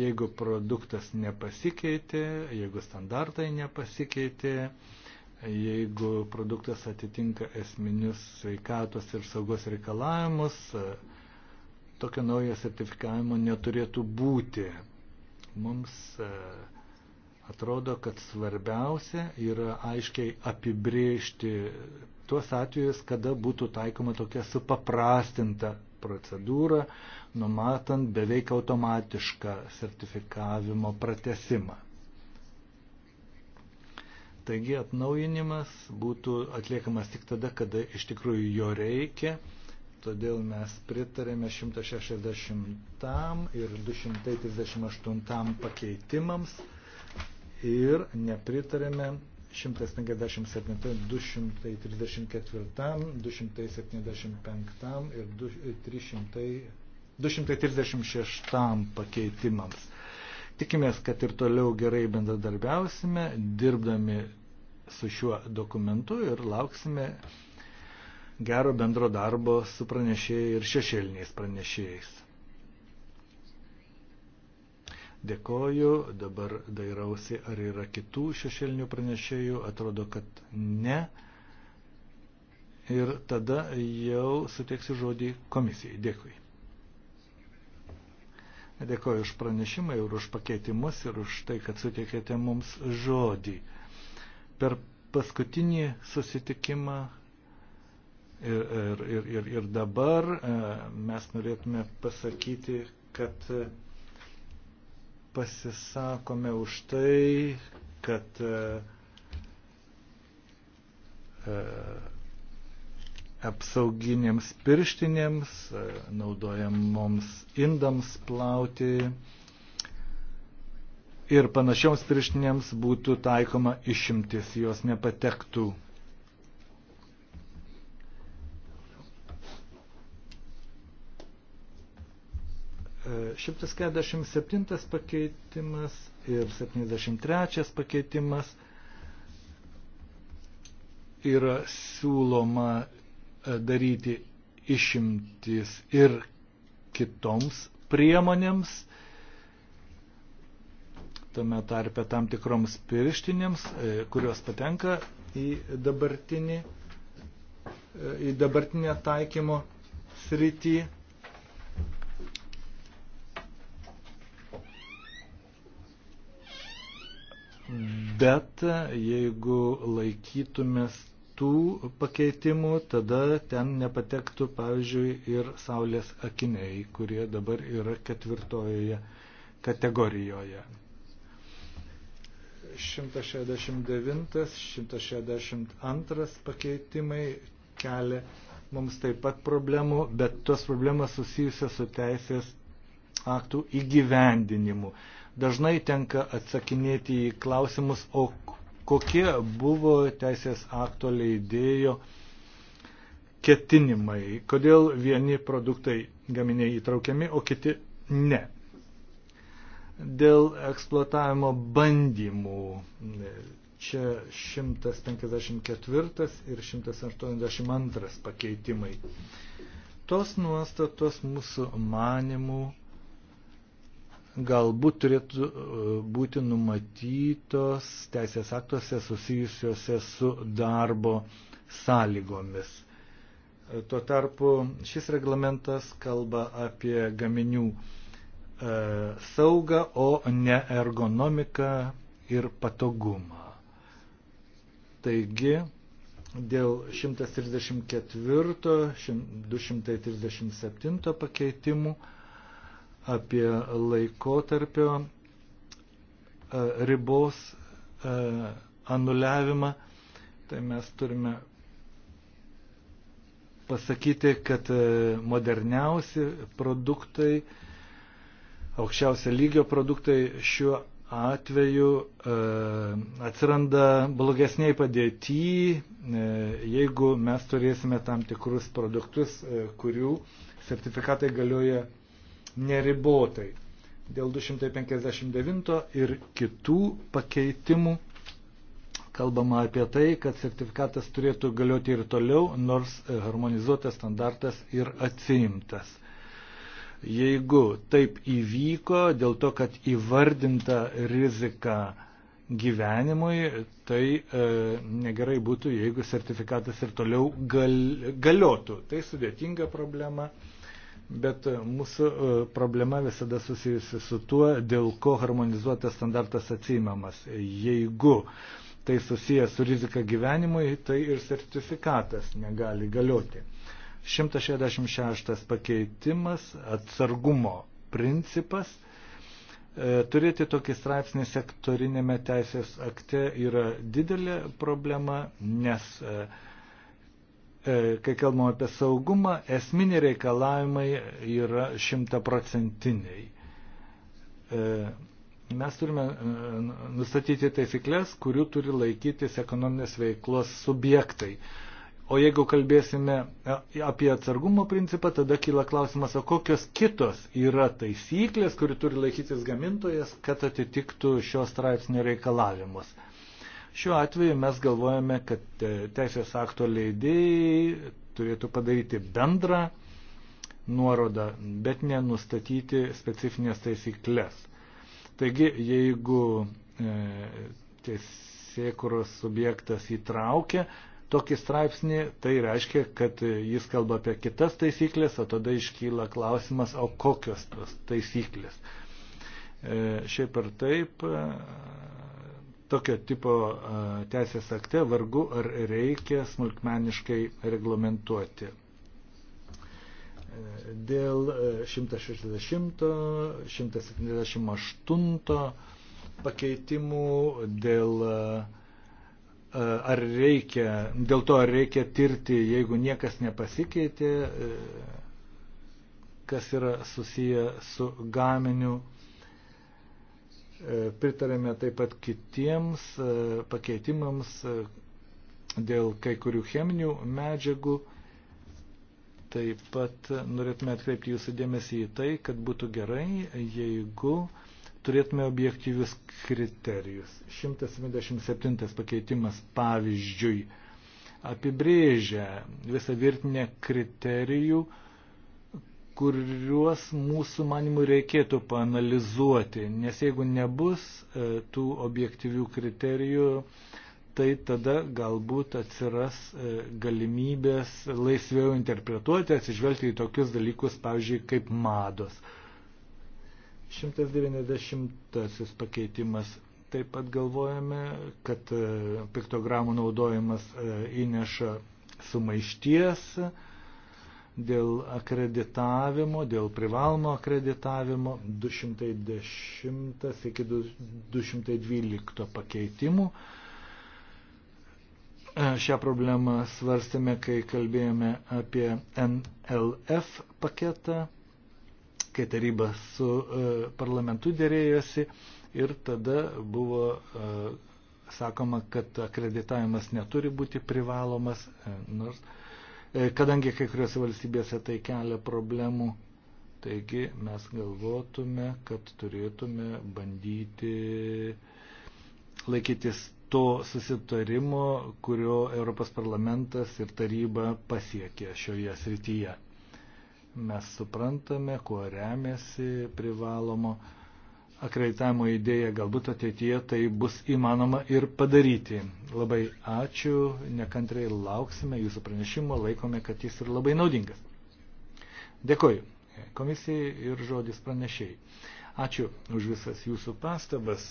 jeigu produktas nepasikeitė, jeigu standartai nepasikeitė, jeigu produktas atitinka esminius sveikatos ir saugos reikalavimus, e, tokio naujo sertifikavimo neturėtų būti. Mums atrodo, kad svarbiausia yra aiškiai apibriežti tuos atvejus, kada būtų taikoma tokia supaprastinta procedūra, numatant beveik automatišką sertifikavimo pratesimą. Taigi atnaujinimas būtų atliekamas tik tada, kada iš tikrųjų jo reikia. Todėl mes pritarėme 160 ir 238 pakeitimams ir nepritarėme 157, 234, 275 ir 300, 236 e, pakeitimams. Tikimės, kad ir toliau gerai bendradarbiausime, dirbdami su šiuo dokumentu ir lauksime gero bendro darbo su pranešėjai ir šešėliniais pranešėjais. Dėkoju, dabar dairausi, ar yra kitų šešėlinių pranešėjų, atrodo, kad ne. Ir tada jau suteiksiu žodį komisijai. Dėkui. Dėkoju už pranešimą ir už pakeitimus ir už tai, kad suteikėte mums žodį. Per paskutinį susitikimą ir, ir, ir, ir dabar e, mes norėtume pasakyti, kad pasisakome už tai, kad e, e, apsauginėms pirštinėms, e, naudojamoms indams plauti ir panašioms pirštinėms būtų taikoma išimtis, jos nepatektų 147 pakeitimas ir 73 pakeitimas yra siūloma e, daryti išimtis ir kitoms priemonėms, tame tarpe tam tikroms pirštinėms, e, kurios patenka į dabartinį, e, į dabartinę taikymo srityje. bet e, jeigu laikytumės tų pakeitimų, tada ten nepatektų, pavyzdžiui, ir saulės akiniai, kurie dabar yra ketvirtojoje kategorijoje. 169, 162 pakeitimai kelia mums taip pat problemų, bet tos problemas susijusios su teisės aktų įgyvendinimu dažnai tenka atsakinėti į klausimus, o kokie buvo teisės akto leidėjo ketinimai, kodėl vieni produktai gaminiai įtraukiami, o kiti ne. Dėl eksploatavimo bandymų čia 154 ir 182 pakeitimai. Tos nuostatos mūsų manimų galbūt turėtų e, būti numatytos teisės aktuose susijusiuose su darbo sąlygomis. E, tuo tarpu šis reglamentas kalba apie gaminių e, saugą, o ne ergonomiką ir patogumą. Taigi, dėl 134, 237 pakeitimų apie laikotarpio e, ribos e, anuliavimą, tai mes turime pasakyti, kad e, moderniausi produktai, aukščiausia lygio produktai šiuo atveju e, atsiranda blogesniai padėty, e, jeigu mes turėsime tam tikrus produktus, e, kurių sertifikatai galioja neribotai. Dėl 259 ir kitų pakeitimų kalbama apie tai, kad sertifikatas turėtų galioti ir toliau, nors harmonizuotas standartas ir atsiimtas. Jeigu taip įvyko dėl to, kad įvardinta rizika gyvenimui, tai e, negerai būtų, jeigu sertifikatas ir toliau gal, galiotų. Tai sudėtinga problema. E, bet e, mūsų e, problema visada susijusi su tuo, dėl ko harmonizuotas standartas atsimamas. Jeigu tai susijęs su rizika gyvenimui, tai ir sertifikatas negali galioti. 166 pakeitimas atsargumo principas. E, turėti tokį straipsnį sektorinėme teisės akte yra didelė problema, nes E, kai kalbam apie saugumą, esminiai reikalavimai yra šimtaprocentiniai. E, mes turime e, nustatyti taisyklės, kurių turi laikytis ekonominės veiklos subjektai. O jeigu kalbėsime apie atsargumo principą, tada kyla klausimas, o kokios kitos yra taisyklės, kurių turi laikytis gamintojas, kad atitiktų šios straipsnio reikalavimus. Šiuo atveju mes galvojame, kad teisės akto leidėjai turėtų padaryti bendrą nuorodą, bet nenustatyti specifinės taisyklės. Taigi, jeigu e, teisėkuros subjektas įtraukia tokį straipsnį, tai reiškia, kad jis kalba apie kitas taisyklės, o tada iškyla klausimas, o kokios tos taisyklės. E, šiaip ar taip, tokio tipo teisės akte vargu ar reikia smulkmeniškai reglamentuoti. E, dėl 160, e, 178 pakeitimų, dėl, ar reikia, dėl to ar reikia tirti, jeigu niekas nepasikeitė, e, kas yra susiję su gaminiu Pritarėme taip pat kitiems e, pakeitimams e, dėl kai kurių cheminių medžiagų. Taip pat norėtume atkreipti jūsų dėmesį į tai, kad būtų gerai, jeigu turėtume objektyvius kriterijus. 177 pakeitimas pavyzdžiui apibrėžia visą virtinę kriterijų, kuriuos mūsų manimų reikėtų panalizuoti, nes jeigu nebus e, tų objektyvių kriterijų, tai tada galbūt atsiras e, galimybės laisviau interpretuoti, atsižvelgti į tokius dalykus, pavyzdžiui, kaip mados. 190 pakeitimas. Taip pat galvojame, kad e, piktogramų naudojimas įneša sumaišties, dėl akreditavimo, dėl privalomo akreditavimo 210 iki 212 pakeitimų. E, šią problemą svarstėme, kai kalbėjome apie NLF paketą, kai taryba su e, parlamentu dėrėjosi ir tada buvo e, sakoma, kad akreditavimas neturi būti privalomas, nors E, kadangi kai kuriuose valstybėse tai kelia problemų. Taigi mes galvotume, kad turėtume bandyti laikytis to susitarimo, kurio Europos parlamentas ir taryba pasiekė šioje srityje. Mes suprantame, kuo remiasi privalomo akreditavimo idėją, galbūt ateityje tai bus įmanoma ir padaryti. Labai ačiū, nekantrai lauksime jūsų pranešimo, laikome, kad jis yra labai naudingas. Dėkoju komisijai ir žodis pranešėjai. Ačiū už visas jūsų pastabas.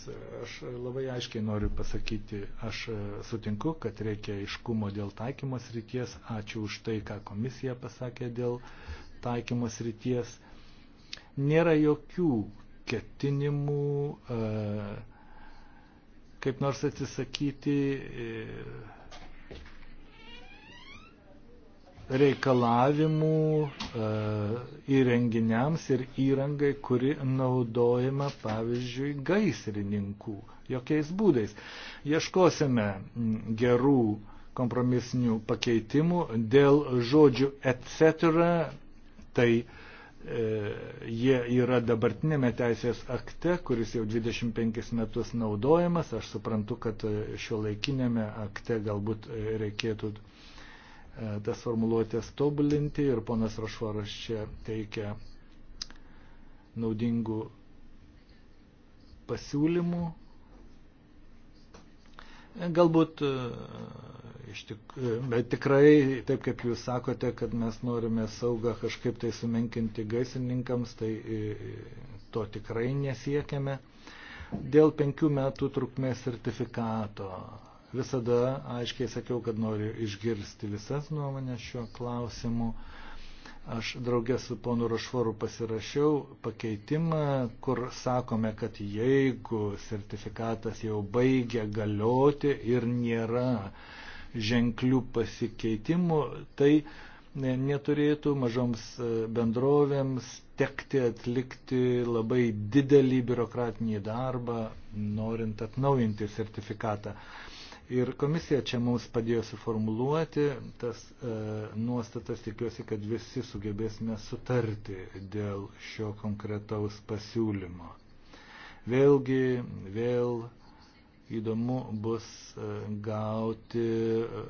Aš labai aiškiai noriu pasakyti, aš sutinku, kad reikia iškumo dėl taikymos ryties. Ačiū už tai, ką komisija pasakė dėl taikymos ryties. Nėra jokių ketinimų e, kaip nors atsisakyti e, reikalavimų e, įrenginiams ir įrangai, kuri naudojama, pavyzdžiui, gaisrininkų. Jokiais būdais. Ieškosime gerų kompromisinių pakeitimų dėl žodžių etc. Tai uh, E, jie yra dabartinėme teisės akte, kuris jau 25 metus naudojamas. Aš suprantu, kad e, šio laikinėme akte galbūt e, reikėtų tas formuluotės tobulinti ir ponas Rošvaras čia teikia naudingų pasiūlymų. Galbūt Iš tik, bet tikrai, taip kaip jūs sakote, kad mes norime saugą kažkaip tai sumenkinti gaisininkams, tai e, to tikrai nesiekiame. Dėl penkių metų trukmės sertifikato visada aiškiai sakiau, kad noriu išgirsti visas nuomonės šiuo klausimu. Aš draugė su ponu Rošvoru pasirašiau pakeitimą, kur sakome, kad jeigu sertifikatas jau baigia galioti ir nėra ženklių pasikeitimų, tai e, neturėtų mažoms e, bendrovėms tekti atlikti labai didelį biurokratinį darbą, norint atnaujinti sertifikatą. Ir komisija čia mums padėjo suformuluoti tas e, nuostatas, tikiuosi, kad visi sugebėsime sutarti dėl šio konkretaus pasiūlymo. Vėlgi, vėl e, Įdomu bus e, gauti, e,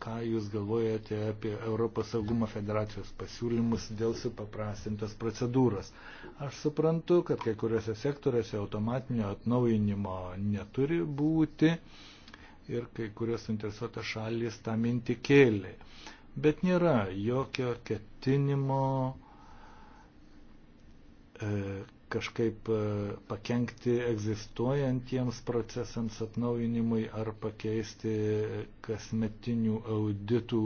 ką Jūs galvojate apie Europos saugumo federacijos pasiūlymus dėl supaprastintas procedūros. Aš suprantu, kad kai kuriuose sektoriuose automatinio atnaujinimo neturi būti ir kai kurios interesuotas šalis tą mintį kėlė. Bet nėra jokio ketinimo uh, E, kažkaip e, pakengti egzistuojantiems procesams atnaujinimui ar pakeisti kasmetinių auditų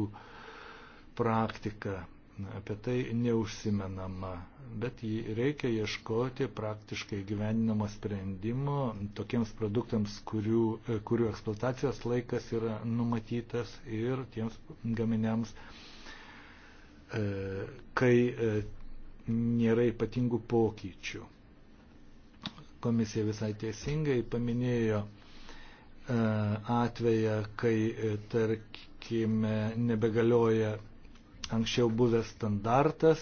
praktiką. Apie tai neužsimenama, bet reikia ieškoti praktiškai gyveninamo sprendimo tokiems produktams, kurių, e, kurių eksploatacijos laikas yra numatytas ir tiems gaminiams, kai nėra ypatingų pokyčių. Komisija visai teisingai paminėjo e, atveją, kai, e, tarkime, nebegalioja anksčiau buvęs standartas,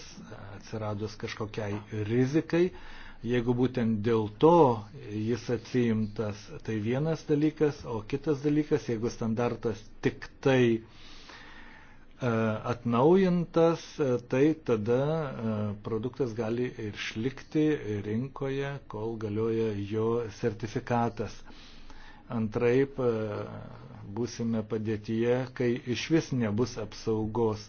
atsiradus kažkokiai rizikai. Jeigu būtent dėl to jis atsiimtas, tai vienas dalykas, o kitas dalykas, jeigu standartas tik tai uh, E, atnaujintas, e, tai tada e, produktas gali išlikti rinkoje, kol galioja jo sertifikatas. Antraip būsime padėtyje, kai iš vis nebus apsaugos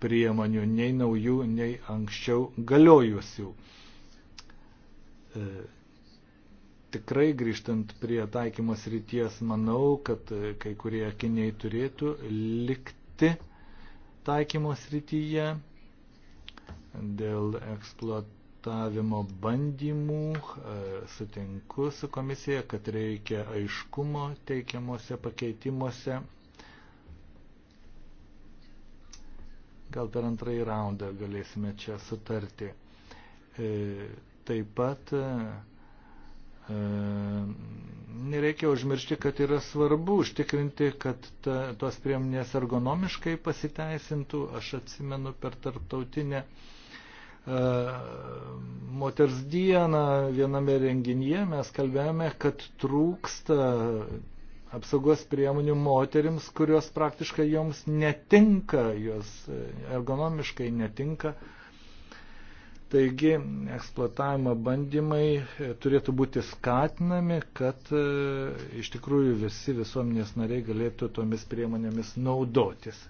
priemonių nei naujų, nei anksčiau galiojusių. Tikrai grįžtant prie taikymos ryties, manau, kad kai kurie akiniai turėtų likti dirbti taikymo srityje, dėl eksploatavimo bandymų e, sutinku su komisija, kad reikia aiškumo teikiamuose pakeitimuose. Gal per antrąjį raundą galėsime čia sutarti. E, taip pat e, nereikia užmiršti, kad yra svarbu užtikrinti, kad ta, tos priemonės ergonomiškai pasiteisintų. Aš atsimenu per tarptautinę e, moters dieną viename renginyje mes kalbėjome, kad trūksta apsaugos priemonių moterims, kurios praktiškai joms netinka, jos e, ergonomiškai netinka. Uh, Taigi eksploatavimo bandymai e, turėtų būti skatinami, kad e, iš tikrųjų visi visuomenės nariai galėtų tomis priemonėmis naudotis.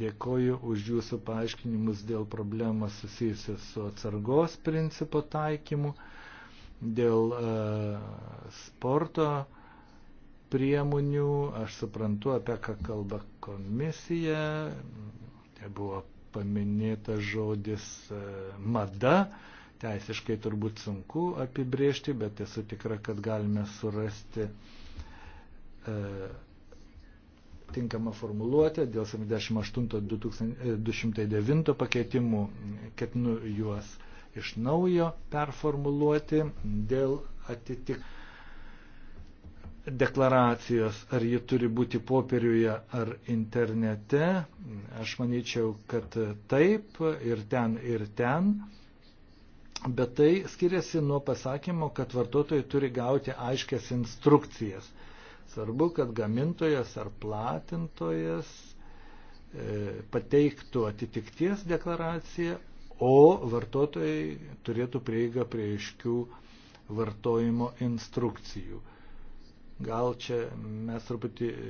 Dėkoju už jūsų paaiškinimus dėl problemas susijusios su atsargos principo taikymu, dėl e, sporto priemonių. Aš suprantu, apie ką kalba komisija. Tai buvo paminėta žodis e, mada. Teisiškai turbūt sunku apibriežti, bet esu tikra, kad galime surasti e, tinkamą formuluotę dėl 78-209 e, pakeitimų, ketinu juos iš naujo performuluoti dėl atitikimų deklaracijos, ar ji turi būti popieriuje ar internete. Aš manyčiau, kad taip ir ten, ir ten. Bet tai skiriasi nuo pasakymo, kad vartotojai turi gauti aiškias instrukcijas. Svarbu, kad gamintojas ar platintojas e, pateiktų atitikties deklaraciją, o vartotojai turėtų prieigą prie aiškių vartojimo instrukcijų. Gal čia mes truputį e,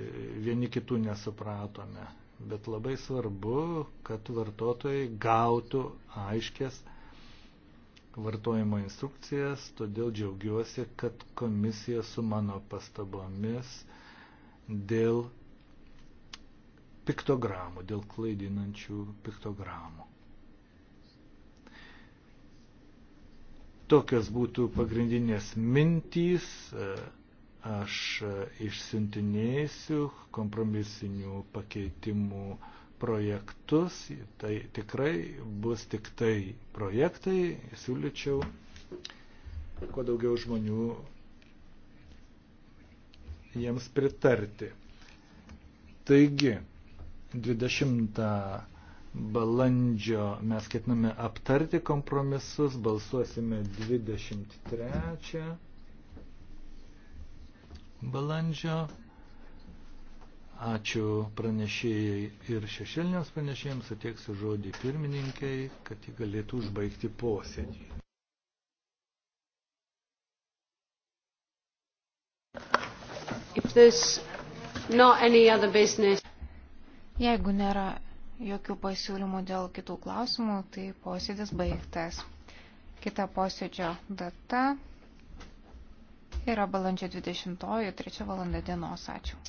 vieni kitų nesupratome, bet labai svarbu, kad vartotojai gautų aiškės vartojimo instrukcijas, todėl džiaugiuosi, kad komisija su mano pastabomis dėl piktogramų, dėl klaidinančių piktogramų. Tokios būtų pagrindinės mintys. E, Aš išsintinėsiu kompromisinių pakeitimų projektus. Tai tikrai bus tik tai projektai. Siūlyčiau kuo daugiau žmonių jiems pritarti. Taigi, 20 balandžio mes ketiname aptarti kompromisus, balsuosime 23 balandžio. Ačiū pranešėjai ir šešėliniams pranešėjams, suteiksiu žodį pirmininkiai, kad jį galėtų užbaigti posėdį. Jeigu nėra jokių pasiūlymų dėl kitų klausimų, tai posėdis baigtas. Kita posėdžio data yra balandžio 20-oji, 3 valanda dienos. Ačiū.